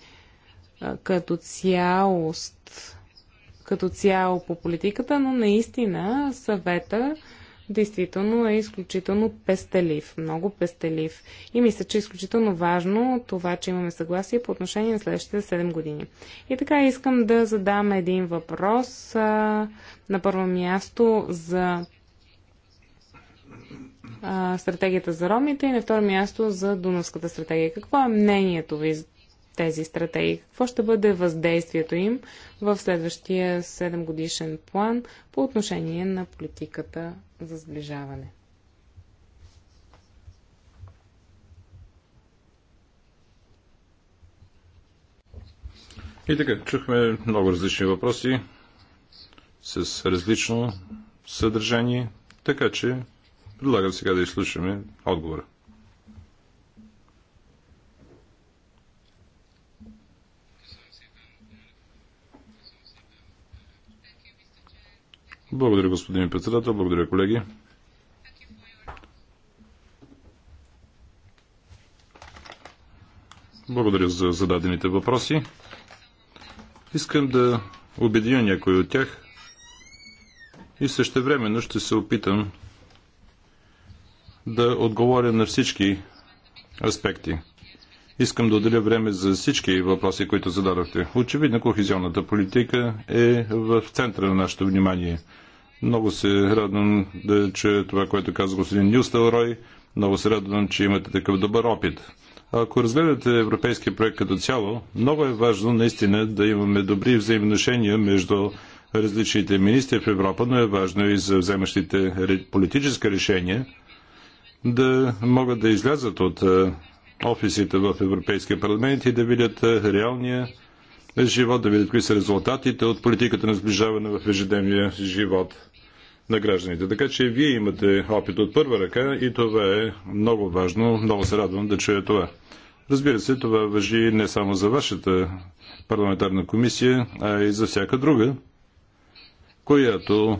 като цялост, като цяло по политиката, но наистина съвета действително е изключително пестелив, много пестелив. И мисля, че е изключително важно това, че имаме съгласие по отношение на следващите 7 години. И така искам да задам един въпрос а, на първо място за а, стратегията за ромите и на второ място за Дунавската стратегия. Какво е мнението ви тези стратегии? Какво ще бъде въздействието им в следващия 7 годишен план по отношение на политиката за сближаване? И така, чухме много различни въпроси с различно съдържание, така че предлагам сега да изслушаме отговора. Благодаря, господин председател. Благодаря, колеги. Благодаря за зададените въпроси. Искам да обединя някои от тях и същевременно ще се опитам да отговоря на всички аспекти. Искам да отделя време за всички въпроси, които зададохте. Очевидно, кохезионната политика е в центъра на нашето внимание – много се радвам да чуя това, което каза господин Нюстелрой. Много се радвам, че имате такъв добър опит. Ако разгледате европейския проект като цяло, много е важно наистина да имаме добри взаимоотношения между различните министри в Европа, но е важно и за вземащите политическа решения да могат да излязат от офисите в Европейския парламент и да видят реалния живот, да видят кои са резултатите от политиката на сближаване в ежедневния живот на гражданите. Така че вие имате опит от първа ръка и това е много важно. Много се радвам да чуя това. Разбира се, това въжи не само за вашата парламентарна комисия, а и за всяка друга, която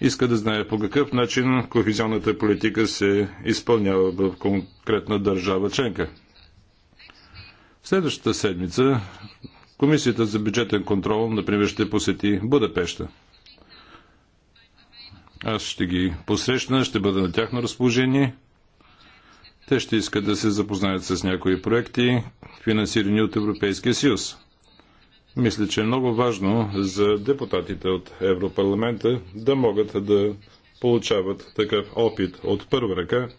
иска да знае по какъв начин кохезионната политика се изпълнява в конкретна държава членка. В следващата седмица Комисията за бюджетен контрол, например, ще посети Будапешта. Аз ще ги посрещна, ще бъда на тяхно разположение. Те ще искат да се запознаят с някои проекти, финансирани от Европейския съюз. Мисля, че е много важно за депутатите от Европарламента да могат да получават такъв опит от първа ръка –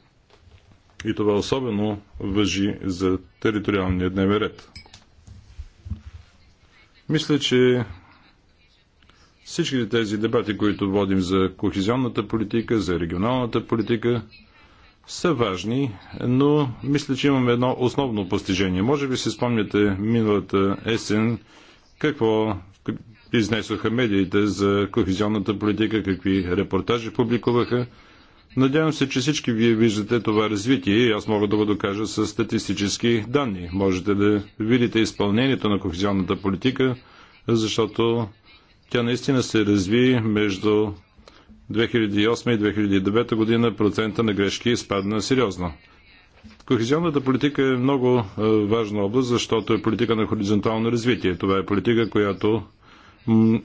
и това особено въжи за териториалния дневен ред. Мисля, че всички тези дебати, които водим за кохезионната политика, за регионалната политика, са важни, но мисля, че имаме едно основно постижение. Може би си спомняте миналата есен какво изнесоха медиите за кохезионната политика, какви репортажи публикуваха. Надявам се, че всички вие виждате това развитие и аз мога да го докажа с статистически данни. Можете да видите изпълнението на кохезионната политика, защото тя наистина се разви между 2008 и 2009 година процента на грешки изпадна сериозно. Кохезионната политика е много важна област, защото е политика на хоризонтално развитие. Това е политика, която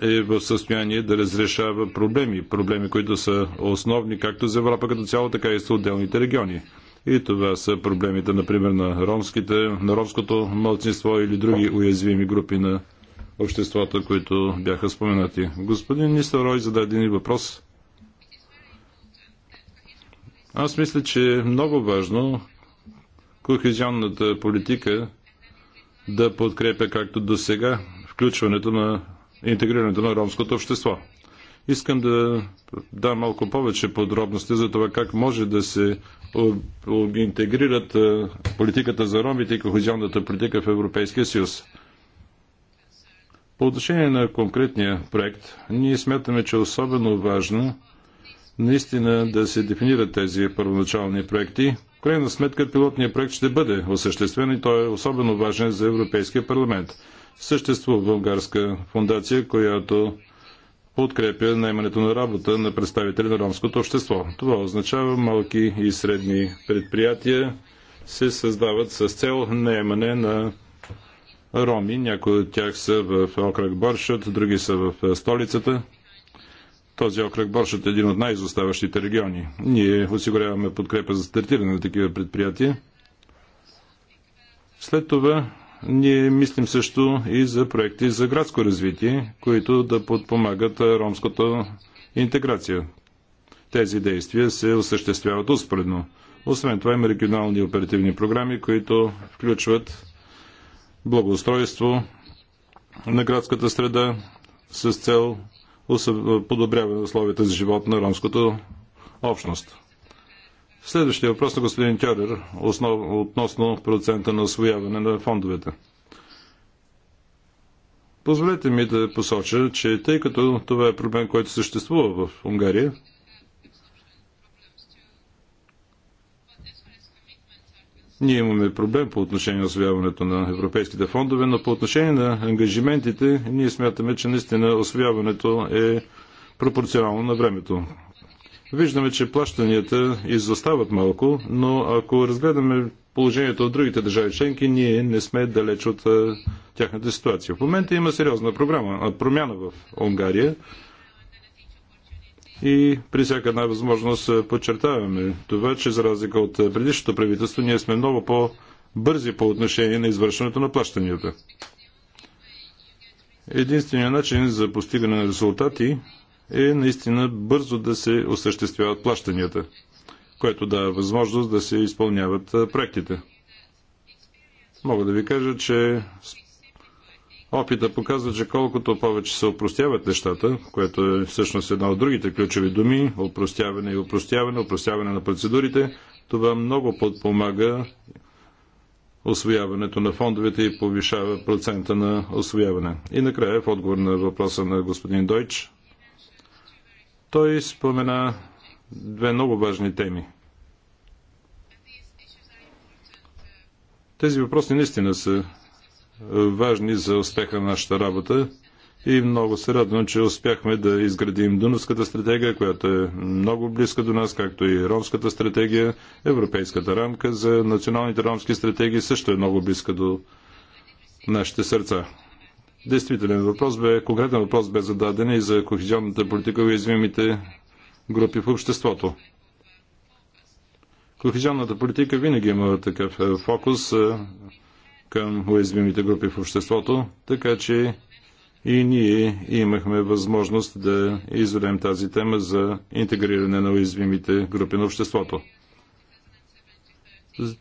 е в състояние да разрешава проблеми. Проблеми, които са основни както за Европа като цяло, така и за отделните региони. И това са проблемите, например, на ромските, на ромското младсинство или други уязвими групи на обществото, които бяха споменати. Господин Нистер Рой зададе един въпрос. Аз мисля, че е много важно кохезионната политика да подкрепя както до сега включването на интегрирането на ромското общество. Искам да дам малко повече подробности за това как може да се интегрират политиката за ромите и кохезионната политика в Европейския съюз. По отношение на конкретния проект, ние смятаме, че е особено важно наистина да се дефинират тези първоначални проекти. В крайна сметка пилотният проект ще бъде осъществен и той е особено важен за Европейския парламент съществува българска фундация, която подкрепя наймането на работа на представители на ромското общество. Това означава малки и средни предприятия се създават с цел наемане на роми. Някои от тях са в окръг Боршът, други са в е, столицата. Този окръг Боршът е един от най-изоставащите региони. Ние осигуряваме подкрепа за стартиране на такива предприятия. След това ние мислим също и за проекти за градско развитие, които да подпомагат ромската интеграция. Тези действия се осъществяват успоредно. Освен това има регионални оперативни програми, които включват благоустройство на градската среда с цел подобряване на условията за живот на ромското общност. Следващия въпрос на господин Тьорер основ, относно процента на освояване на фондовете. Позволете ми да посоча, че тъй като това е проблем, който съществува в Унгария, Ние имаме проблем по отношение на освояването на европейските фондове, но по отношение на ангажиментите ние смятаме, че наистина освояването е пропорционално на времето. Виждаме, че плащанията изостават малко, но ако разгледаме положението от другите държави членки, ние не сме далеч от тяхната ситуация. В момента има сериозна програма, промяна в Унгария и при всяка една възможност подчертаваме това, че за разлика от предишното правителство, ние сме много по-бързи по отношение на извършването на плащанията. Единственият начин за постигане на резултати е наистина бързо да се осъществяват плащанията, което дава възможност да се изпълняват проектите. Мога да ви кажа, че опита показва, че колкото повече се опростяват нещата, което е всъщност една от другите ключови думи, опростяване и опростяване, опростяване на процедурите, това много подпомага освояването на фондовете и повишава процента на освояване. И накрая, в отговор на въпроса на господин Дойч, той спомена две много важни теми. Тези въпроси наистина са важни за успеха на нашата работа и много се радвам, че успяхме да изградим Дунавската стратегия, която е много близка до нас, както и Ромската стратегия, Европейската рамка за националните ромски стратегии също е много близка до нашите сърца. Действителен въпрос бе, конкретен въпрос бе зададен и за кохезионната политика и уязвимите групи в обществото. Кохезионната политика винаги е има такъв е, фокус е, към уязвимите групи в обществото, така че и ние имахме възможност да изведем тази тема за интегриране на уязвимите групи на обществото.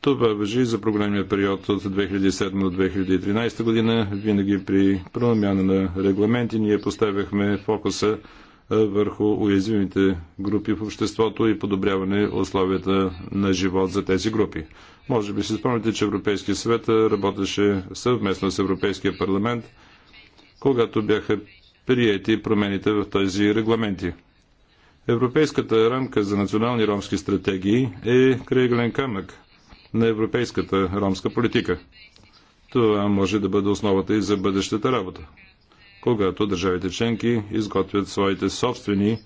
Това въжи за програмния период от 2007 до 2013 година. Винаги при промяна на регламенти ние поставяхме фокуса върху уязвимите групи в обществото и подобряване условията на живот за тези групи. Може би си спомните, че Европейския съвет работеше съвместно с Европейския парламент, когато бяха приети промените в тези регламенти. Европейската рамка за национални ромски стратегии е крайъгълен камък на европейската ромска политика. Това може да бъде основата и за бъдещата работа, когато държавите членки изготвят своите собствени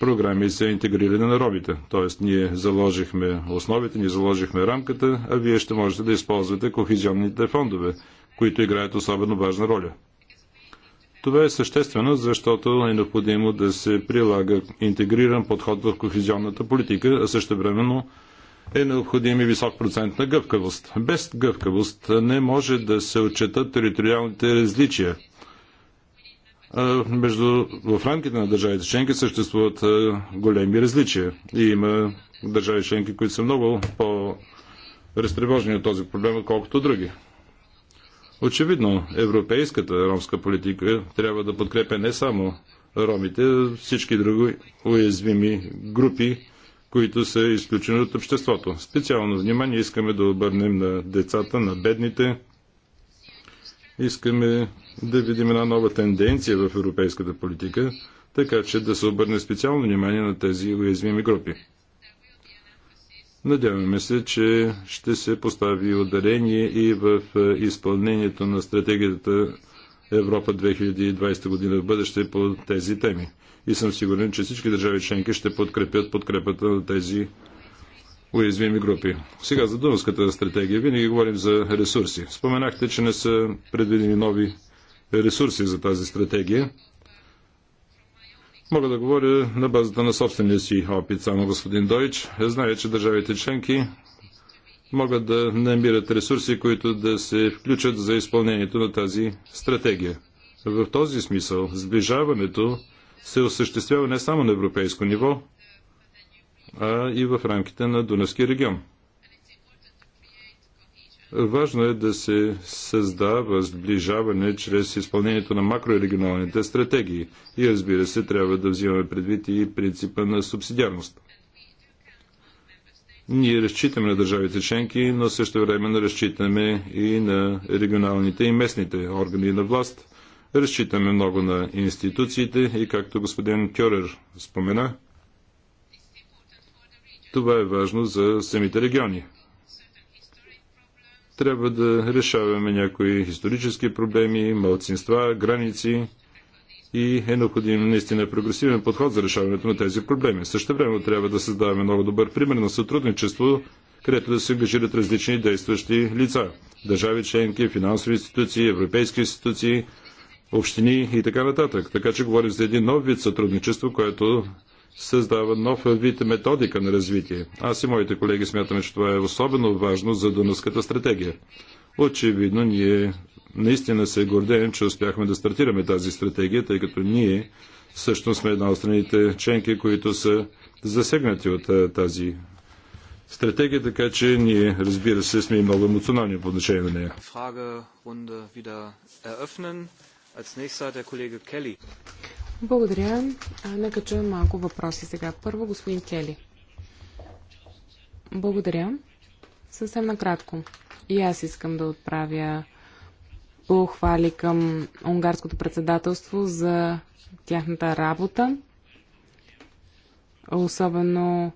програми за интегриране на робите. Тоест, ние заложихме основите, ние заложихме рамката, а вие ще можете да използвате кохезионните фондове, които играят особено важна роля. Това е съществено, защото е необходимо да се прилага интегриран подход в кохезионната политика, а също времено е необходим и висок процент на гъвкавост. Без гъвкавост не може да се отчетат териториалните различия. Между, в рамките на държавите членки съществуват големи различия. И има държави членки, които са много по-разтревожени от този проблем, отколкото други. Очевидно, европейската ромска политика трябва да подкрепя не само ромите, а всички други уязвими групи, които са изключени от обществото. Специално внимание искаме да обърнем на децата, на бедните. Искаме да видим една нова тенденция в европейската политика, така че да се обърне специално внимание на тези уязвими групи. Надяваме се, че ще се постави ударение и в е, изпълнението на стратегията Европа 2020 година в бъдеще по тези теми и съм сигурен, че всички държави членки ще подкрепят подкрепата на тези уязвими групи. Сега за Дунавската стратегия винаги говорим за ресурси. Споменахте, че не са предвидени нови ресурси за тази стратегия. Мога да говоря на базата на собствения си опит, само господин Дойч. Знае, че държавите членки могат да намират ресурси, които да се включат за изпълнението на тази стратегия. В този смисъл, сближаването се осъществява не само на европейско ниво, а и в рамките на Дунавски регион. Важно е да се създава сближаване чрез изпълнението на макрорегионалните стратегии и разбира се трябва да взимаме предвид и принципа на субсидиарност. Ние разчитаме на държавите членки, но също време разчитаме и на регионалните и местните органи на власт, Разчитаме много на институциите и както господин Кьорер спомена, това е важно за самите региони. Трябва да решаваме някои исторически проблеми, малцинства, граници и е необходим наистина прогресивен подход за решаването на тези проблеми. Също време трябва да създаваме много добър пример на сътрудничество, където да се ангажират различни действащи лица – държави членки, финансови институции, европейски институции – общини и така нататък. Така че говорим за един нов вид сътрудничество, което създава нов вид методика на развитие. Аз и моите колеги смятаме, че това е особено важно за Дунавската стратегия. Очевидно, ние наистина се гордеем, че успяхме да стартираме тази стратегия, тъй като ние всъщност сме една от страните членки, които са засегнати от тази стратегия, така че ние, разбира се, сме и много емоционални по отношение на нея. Е, благодаря. нека чуем малко въпроси сега. Първо, господин Кели. Благодаря. Съвсем накратко. И аз искам да отправя похвали към унгарското председателство за тяхната работа. Особено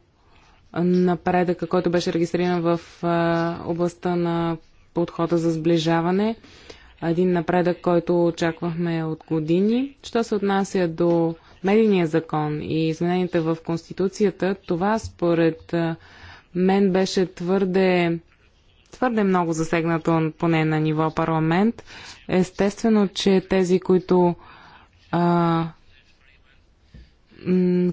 напредъка, който беше регистриран в областта на подхода за сближаване един напредък, който очаквахме от години. Що се отнася до медийния закон и измененията в Конституцията, това според мен беше твърде, твърде много засегнато поне на ниво парламент. Естествено, че тези, които а,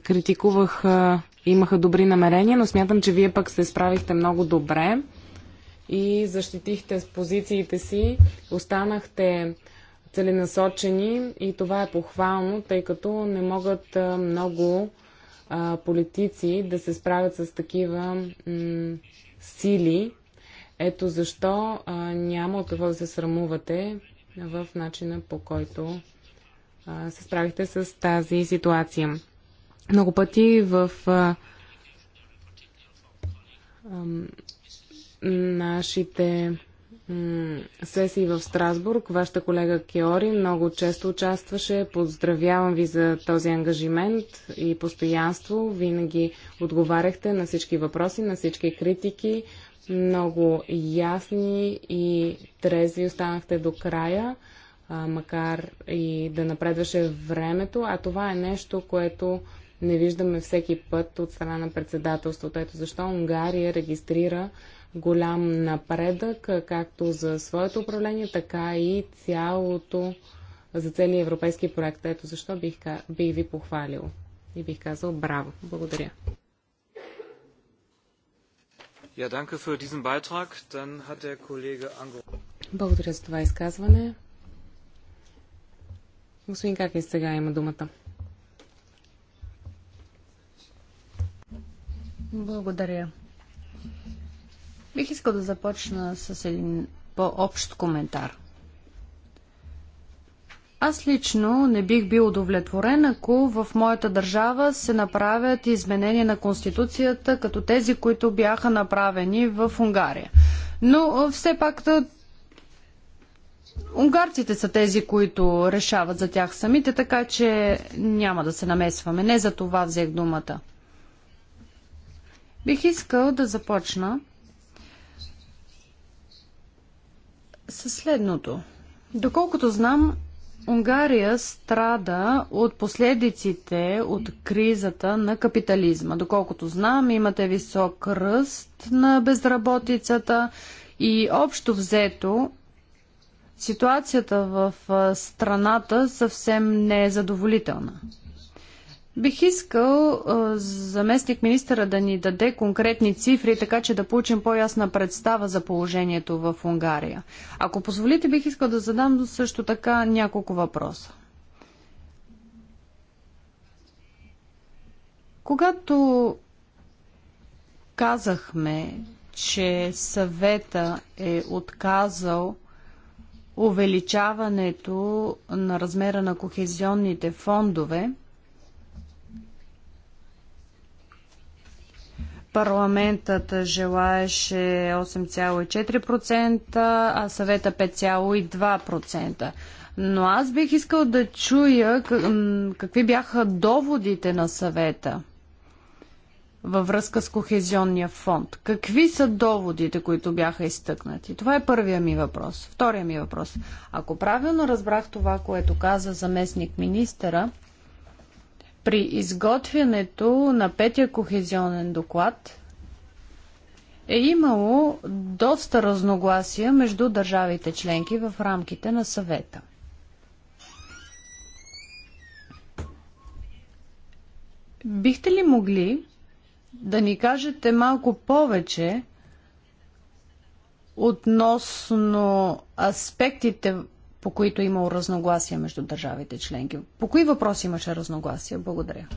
критикуваха, имаха добри намерения, но смятам, че вие пък се справихте много добре и защитихте с позициите си, останахте целенасочени и това е похвално, тъй като не могат много а, политици да се справят с такива сили. Ето защо а, няма от какво да се срамувате в начина по който а, се справихте с тази ситуация. Много пъти в а, нашите сесии в Страсбург. Вашата колега Кеори много често участваше. Поздравявам ви за този ангажимент и постоянство. Винаги отговаряхте на всички въпроси, на всички критики. Много ясни и трезви останахте до края, макар и да напредваше времето. А това е нещо, което не виждаме всеки път от страна на председателството. Ето защо Унгария регистрира голям напредък, както за своето управление, така и цялото, за целия европейски проект. Ето защо бих, бих ви похвалил и бих казал браво. Благодаря. Ja, danke für diesen Beitrag. Dann hat der Kollege Благодаря за това изказване. Господин Каки сега има думата. Благодаря. Бих искал да започна с един по-общ коментар. Аз лично не бих бил удовлетворен, ако в моята държава се направят изменения на Конституцията, като тези, които бяха направени в Унгария. Но все пак да... Унгарците са тези, които решават за тях самите, така че няма да се намесваме. Не за това взех думата. Бих искал да започна със следното. Доколкото знам, Унгария страда от последиците от кризата на капитализма. Доколкото знам, имате висок ръст на безработицата и общо взето ситуацията в страната съвсем не е задоволителна. Бих искал заместник министъра да ни даде конкретни цифри, така че да получим по-ясна представа за положението в Унгария. Ако позволите, бих искал да задам също така няколко въпроса. Когато казахме, че съвета е отказал увеличаването на размера на кохезионните фондове, Парламентът желаеше 8,4%, а съвета 5,2%. Но аз бих искал да чуя какви бяха доводите на съвета във връзка с Кохезионния фонд. Какви са доводите, които бяха изтъкнати? Това е първия ми въпрос. Втория ми въпрос. Ако правилно разбрах това, което каза заместник министъра, при изготвянето на петия кохезионен доклад е имало доста разногласия между държавите членки в рамките на съвета. Бихте ли могли да ни кажете малко повече относно аспектите по които е има разногласия между държавите членки. По кои въпроси имаше разногласия? Благодаря.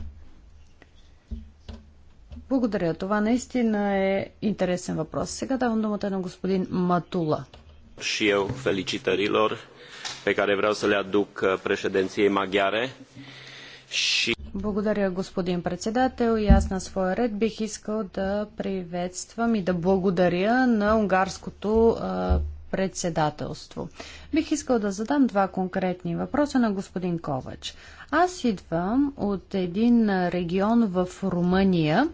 Благодаря. Това наистина е интересен въпрос. Сега давам думата на господин Матула. Și eu felicitărilor pe care vreau să le aduc uh, președinției maghiare. Și... Благодаря, господин председател. И аз на своя ред бих искал да приветствам и да благодаря на унгарското председателство. Бих искал да задам два конкретни въпроса на господин Ковач. Аз идвам от един регион в Румъния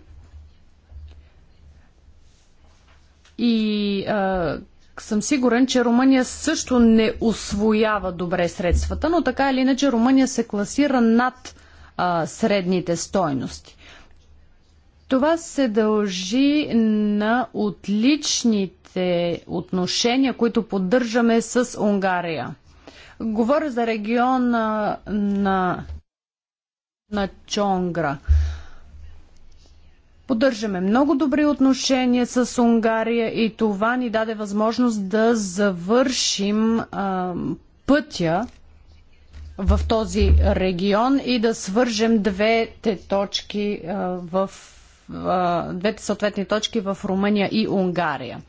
и а, съм сигурен, че Румъния също не освоява добре средствата, но така или иначе Румъния се класира над а, средните стойности. Това се дължи на отличните нашите отношения, които поддържаме с Унгария. Говоря за региона на, на Чонгра. Поддържаме много добри отношения с Унгария и това ни даде възможност да завършим а, пътя в този регион и да свържем двете точки а, в а, двете съответни точки в Румъния и Унгария.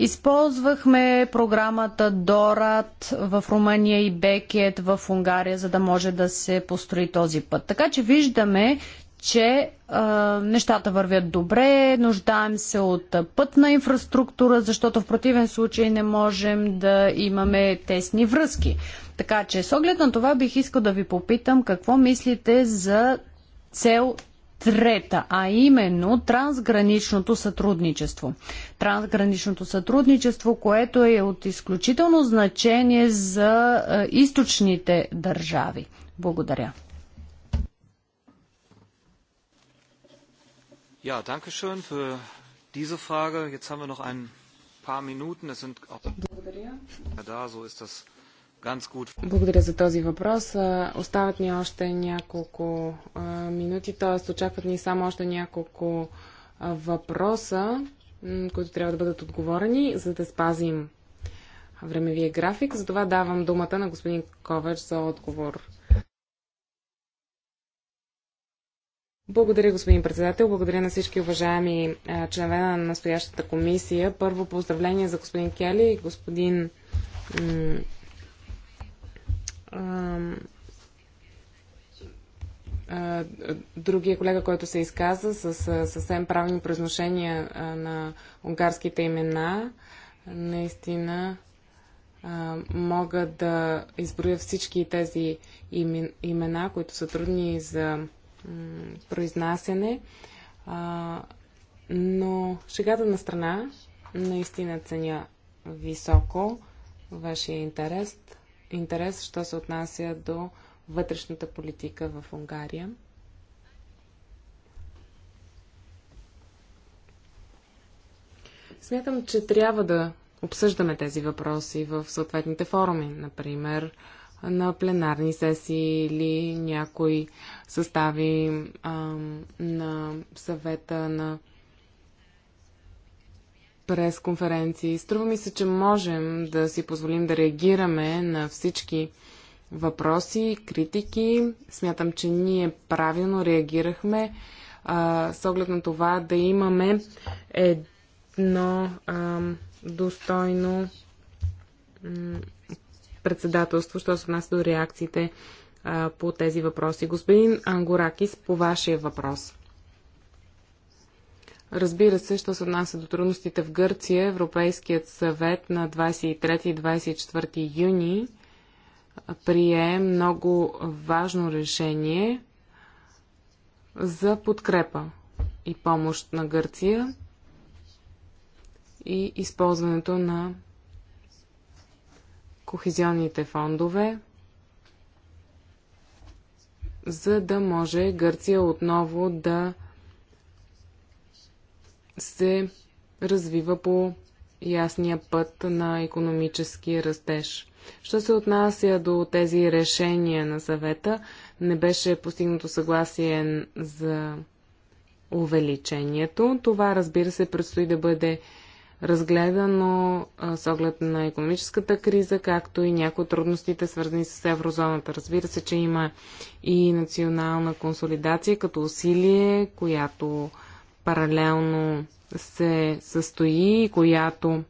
Използвахме програмата Дорат в Румъния и Бекет в Унгария, за да може да се построи този път. Така че виждаме, че а, е, нещата вървят добре, нуждаем се от пътна инфраструктура, защото в противен случай не можем да имаме тесни връзки. Така че с оглед на това бих искал да ви попитам какво мислите за цел трета, а именно трансграничното сътрудничество. Трансграничното сътрудничество, което е от изключително значение за е, източните държави. Благодаря. Ja, danke schön für diese Frage. Jetzt haben wir noch ein paar Minuten. Es sind auch. Ja, da, so ist das. Благодаря за този въпрос. Остават ни още няколко минути, т.е. очакват ни само още няколко въпроса, които трябва да бъдат отговорени, за да спазим времевия график. Затова давам думата на господин Ковач за отговор. Благодаря, господин председател. Благодаря на всички уважаеми членове на настоящата комисия. Първо поздравление за господин Кели и господин другия колега, който се изказа с съвсем правилни произношения на унгарските имена, наистина мога да изброя всички тези имена, които са трудни за произнасяне. Но шегата на страна, наистина ценя високо вашия интерес интерес, що се отнася до вътрешната политика в Унгария. Смятам, че трябва да обсъждаме тези въпроси в съответните форуми, например на пленарни сесии или някои състави а, на съвета на прес-конференции. Струва ми се, че можем да си позволим да реагираме на всички въпроси, критики. Смятам, че ние правилно реагирахме а, с оглед на това да имаме едно а, достойно председателство, що се отнася до реакциите а, по тези въпроси. Господин Ангоракис, по вашия въпрос. Разбира се, що се отнася до трудностите в Гърция, Европейският съвет на 23 и 24 юни прие много важно решение за подкрепа и помощ на Гърция и използването на кохезионните фондове, за да може Гърция отново да се развива по ясния път на економически растеж. Що се отнася до тези решения на съвета, не беше постигнато съгласие за увеличението. Това, разбира се, предстои да бъде разгледано с оглед на економическата криза, както и някои от трудностите, свързани с еврозоната. Разбира се, че има и национална консолидация като усилие, която паралелно се състои, която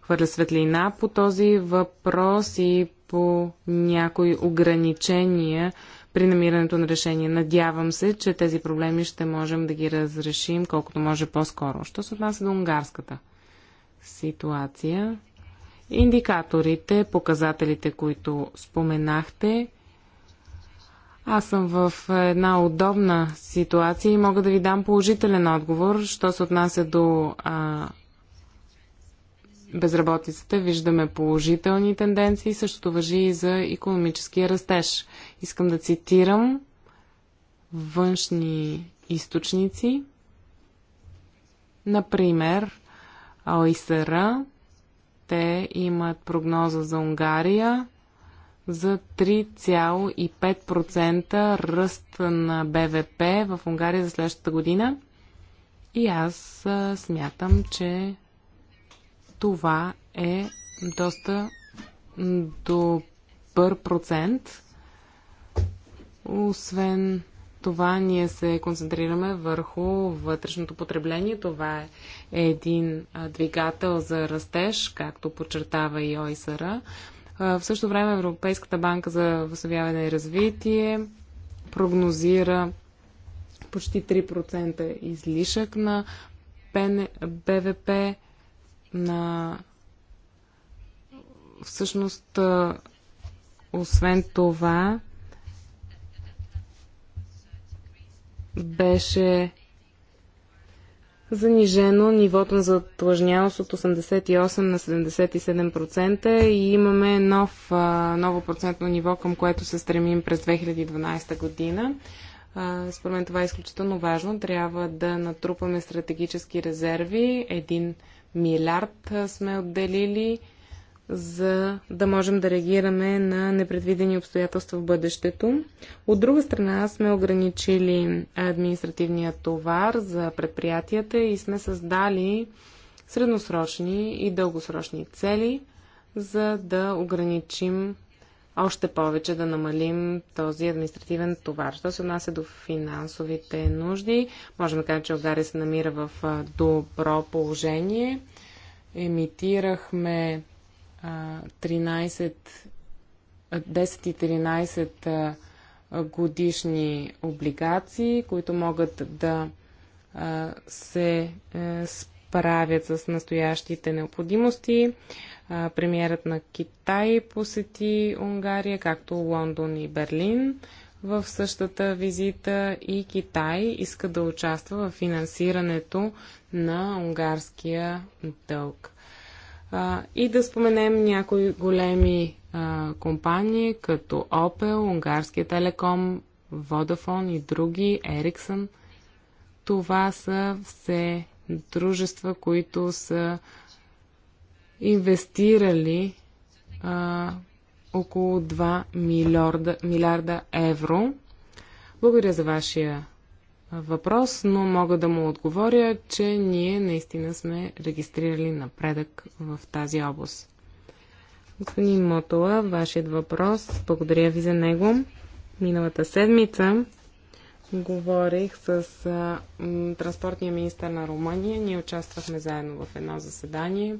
хвърля светлина по този въпрос и по някои ограничения при намирането на решение. Надявам се, че тези проблеми ще можем да ги разрешим колкото може по-скоро. Що се отнася до унгарската ситуация? Индикаторите, показателите, които споменахте, аз съм в една удобна ситуация и мога да ви дам положителен отговор, що се отнася до а, безработицата. Виждаме положителни тенденции, същото въжи и за економическия растеж. Искам да цитирам външни източници, например ОИСР, те имат прогноза за Унгария за 3,5% ръст на БВП в Унгария за следващата година. И аз смятам, че това е доста добър процент. Освен това, ние се концентрираме върху вътрешното потребление. Това е един двигател за растеж, както подчертава и ОИСР. В същото време Европейската банка за възстановяване и развитие прогнозира почти 3% излишък на БВП на всъщност освен това беше занижено нивото на задлъжнялост от 88 на 77% и имаме нов, ново процентно ниво, към което се стремим през 2012 година. Според мен това е изключително важно. Трябва да натрупаме стратегически резерви. Един милиард сме отделили за да можем да реагираме на непредвидени обстоятелства в бъдещето. От друга страна сме ограничили административния товар за предприятията и сме създали средносрочни и дългосрочни цели, за да ограничим още повече да намалим този административен товар. Що се отнася до финансовите нужди, можем да кажем, че Огария се намира в добро положение. Емитирахме 13, 10 и 13 годишни облигации, които могат да се е, справят с настоящите необходимости. Премьерът на Китай посети Унгария, както Лондон и Берлин. В същата визита и Китай иска да участва в финансирането на унгарския дълг и да споменем някои големи а, компании, като Opel, Унгарския телеком, Vodafone и други, Ericsson. Това са все дружества, които са инвестирали а, около 2 милиарда, милиарда евро. Благодаря за вашия въпрос, но мога да му отговоря, че ние наистина сме регистрирали напредък в тази област. Господин Мотола, вашият въпрос, благодаря ви за него. Миналата седмица говорих с а, м, транспортния министр на Румъния. Ние участвахме заедно в едно заседание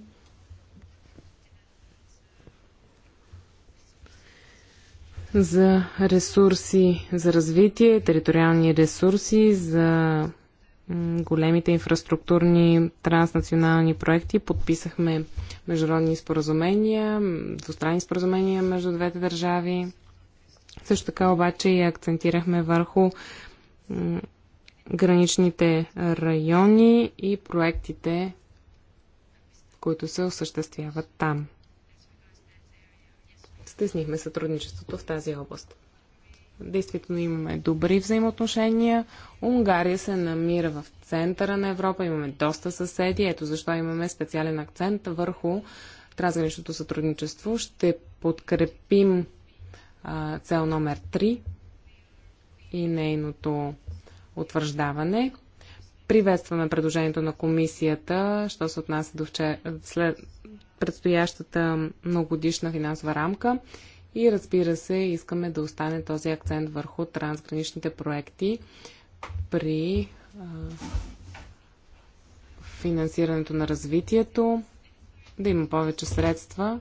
за ресурси за развитие, териториални ресурси, за големите инфраструктурни транснационални проекти. Подписахме международни споразумения, двустранни споразумения между двете държави. Също така обаче и акцентирахме върху граничните райони и проектите, които се осъществяват там стеснихме сътрудничеството в тази област. Действително имаме добри взаимоотношения. Унгария се намира в центъра на Европа, имаме доста съседи, ето защо имаме специален акцент върху трансграничното сътрудничество. Ще подкрепим а, цел номер 3 и нейното утвърждаване. Приветстваме предложението на комисията, що се отнася до вчера, след, предстоящата многогодишна финансова рамка и разбира се, искаме да остане този акцент върху трансграничните проекти при а, финансирането на развитието, да има повече средства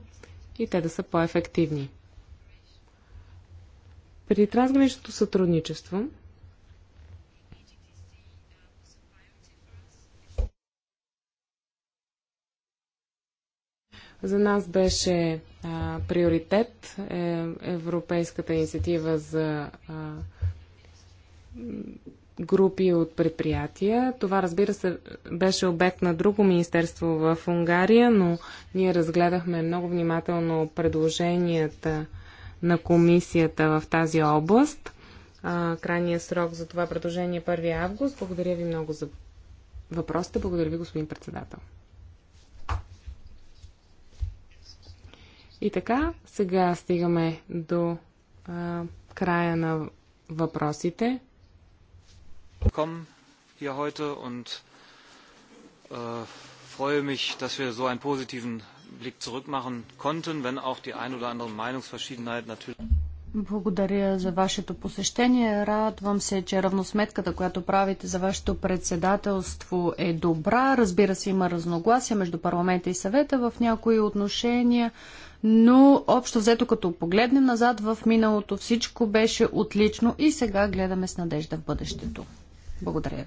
и те да са по-ефективни. При трансграничното сътрудничество За нас беше а, приоритет е, Европейската инициатива за а, групи от предприятия. Това, разбира се, беше обект на друго министерство в Унгария, но ние разгледахме много внимателно предложенията на комисията в тази област. А, крайният срок за това предложение е 1 август. Благодаря ви много за въпросите. Благодаря ви, господин председател. И така, сега стигаме до а, края на въпросите. Kommen hier heute und äh, freue mich, dass wir so einen positiven Blick zurück machen konnten, wenn auch die ein oder andere Meinungsverschiedenheit natürlich. Благодаря за вашето посещение. Радвам се, че равносметката, която правите за вашето председателство е добра. Разбира се, има разногласия между парламента и съвета в някои отношения, но общо взето като погледнем назад в миналото, всичко беше отлично и сега гледаме с надежда в бъдещето. Благодаря ви.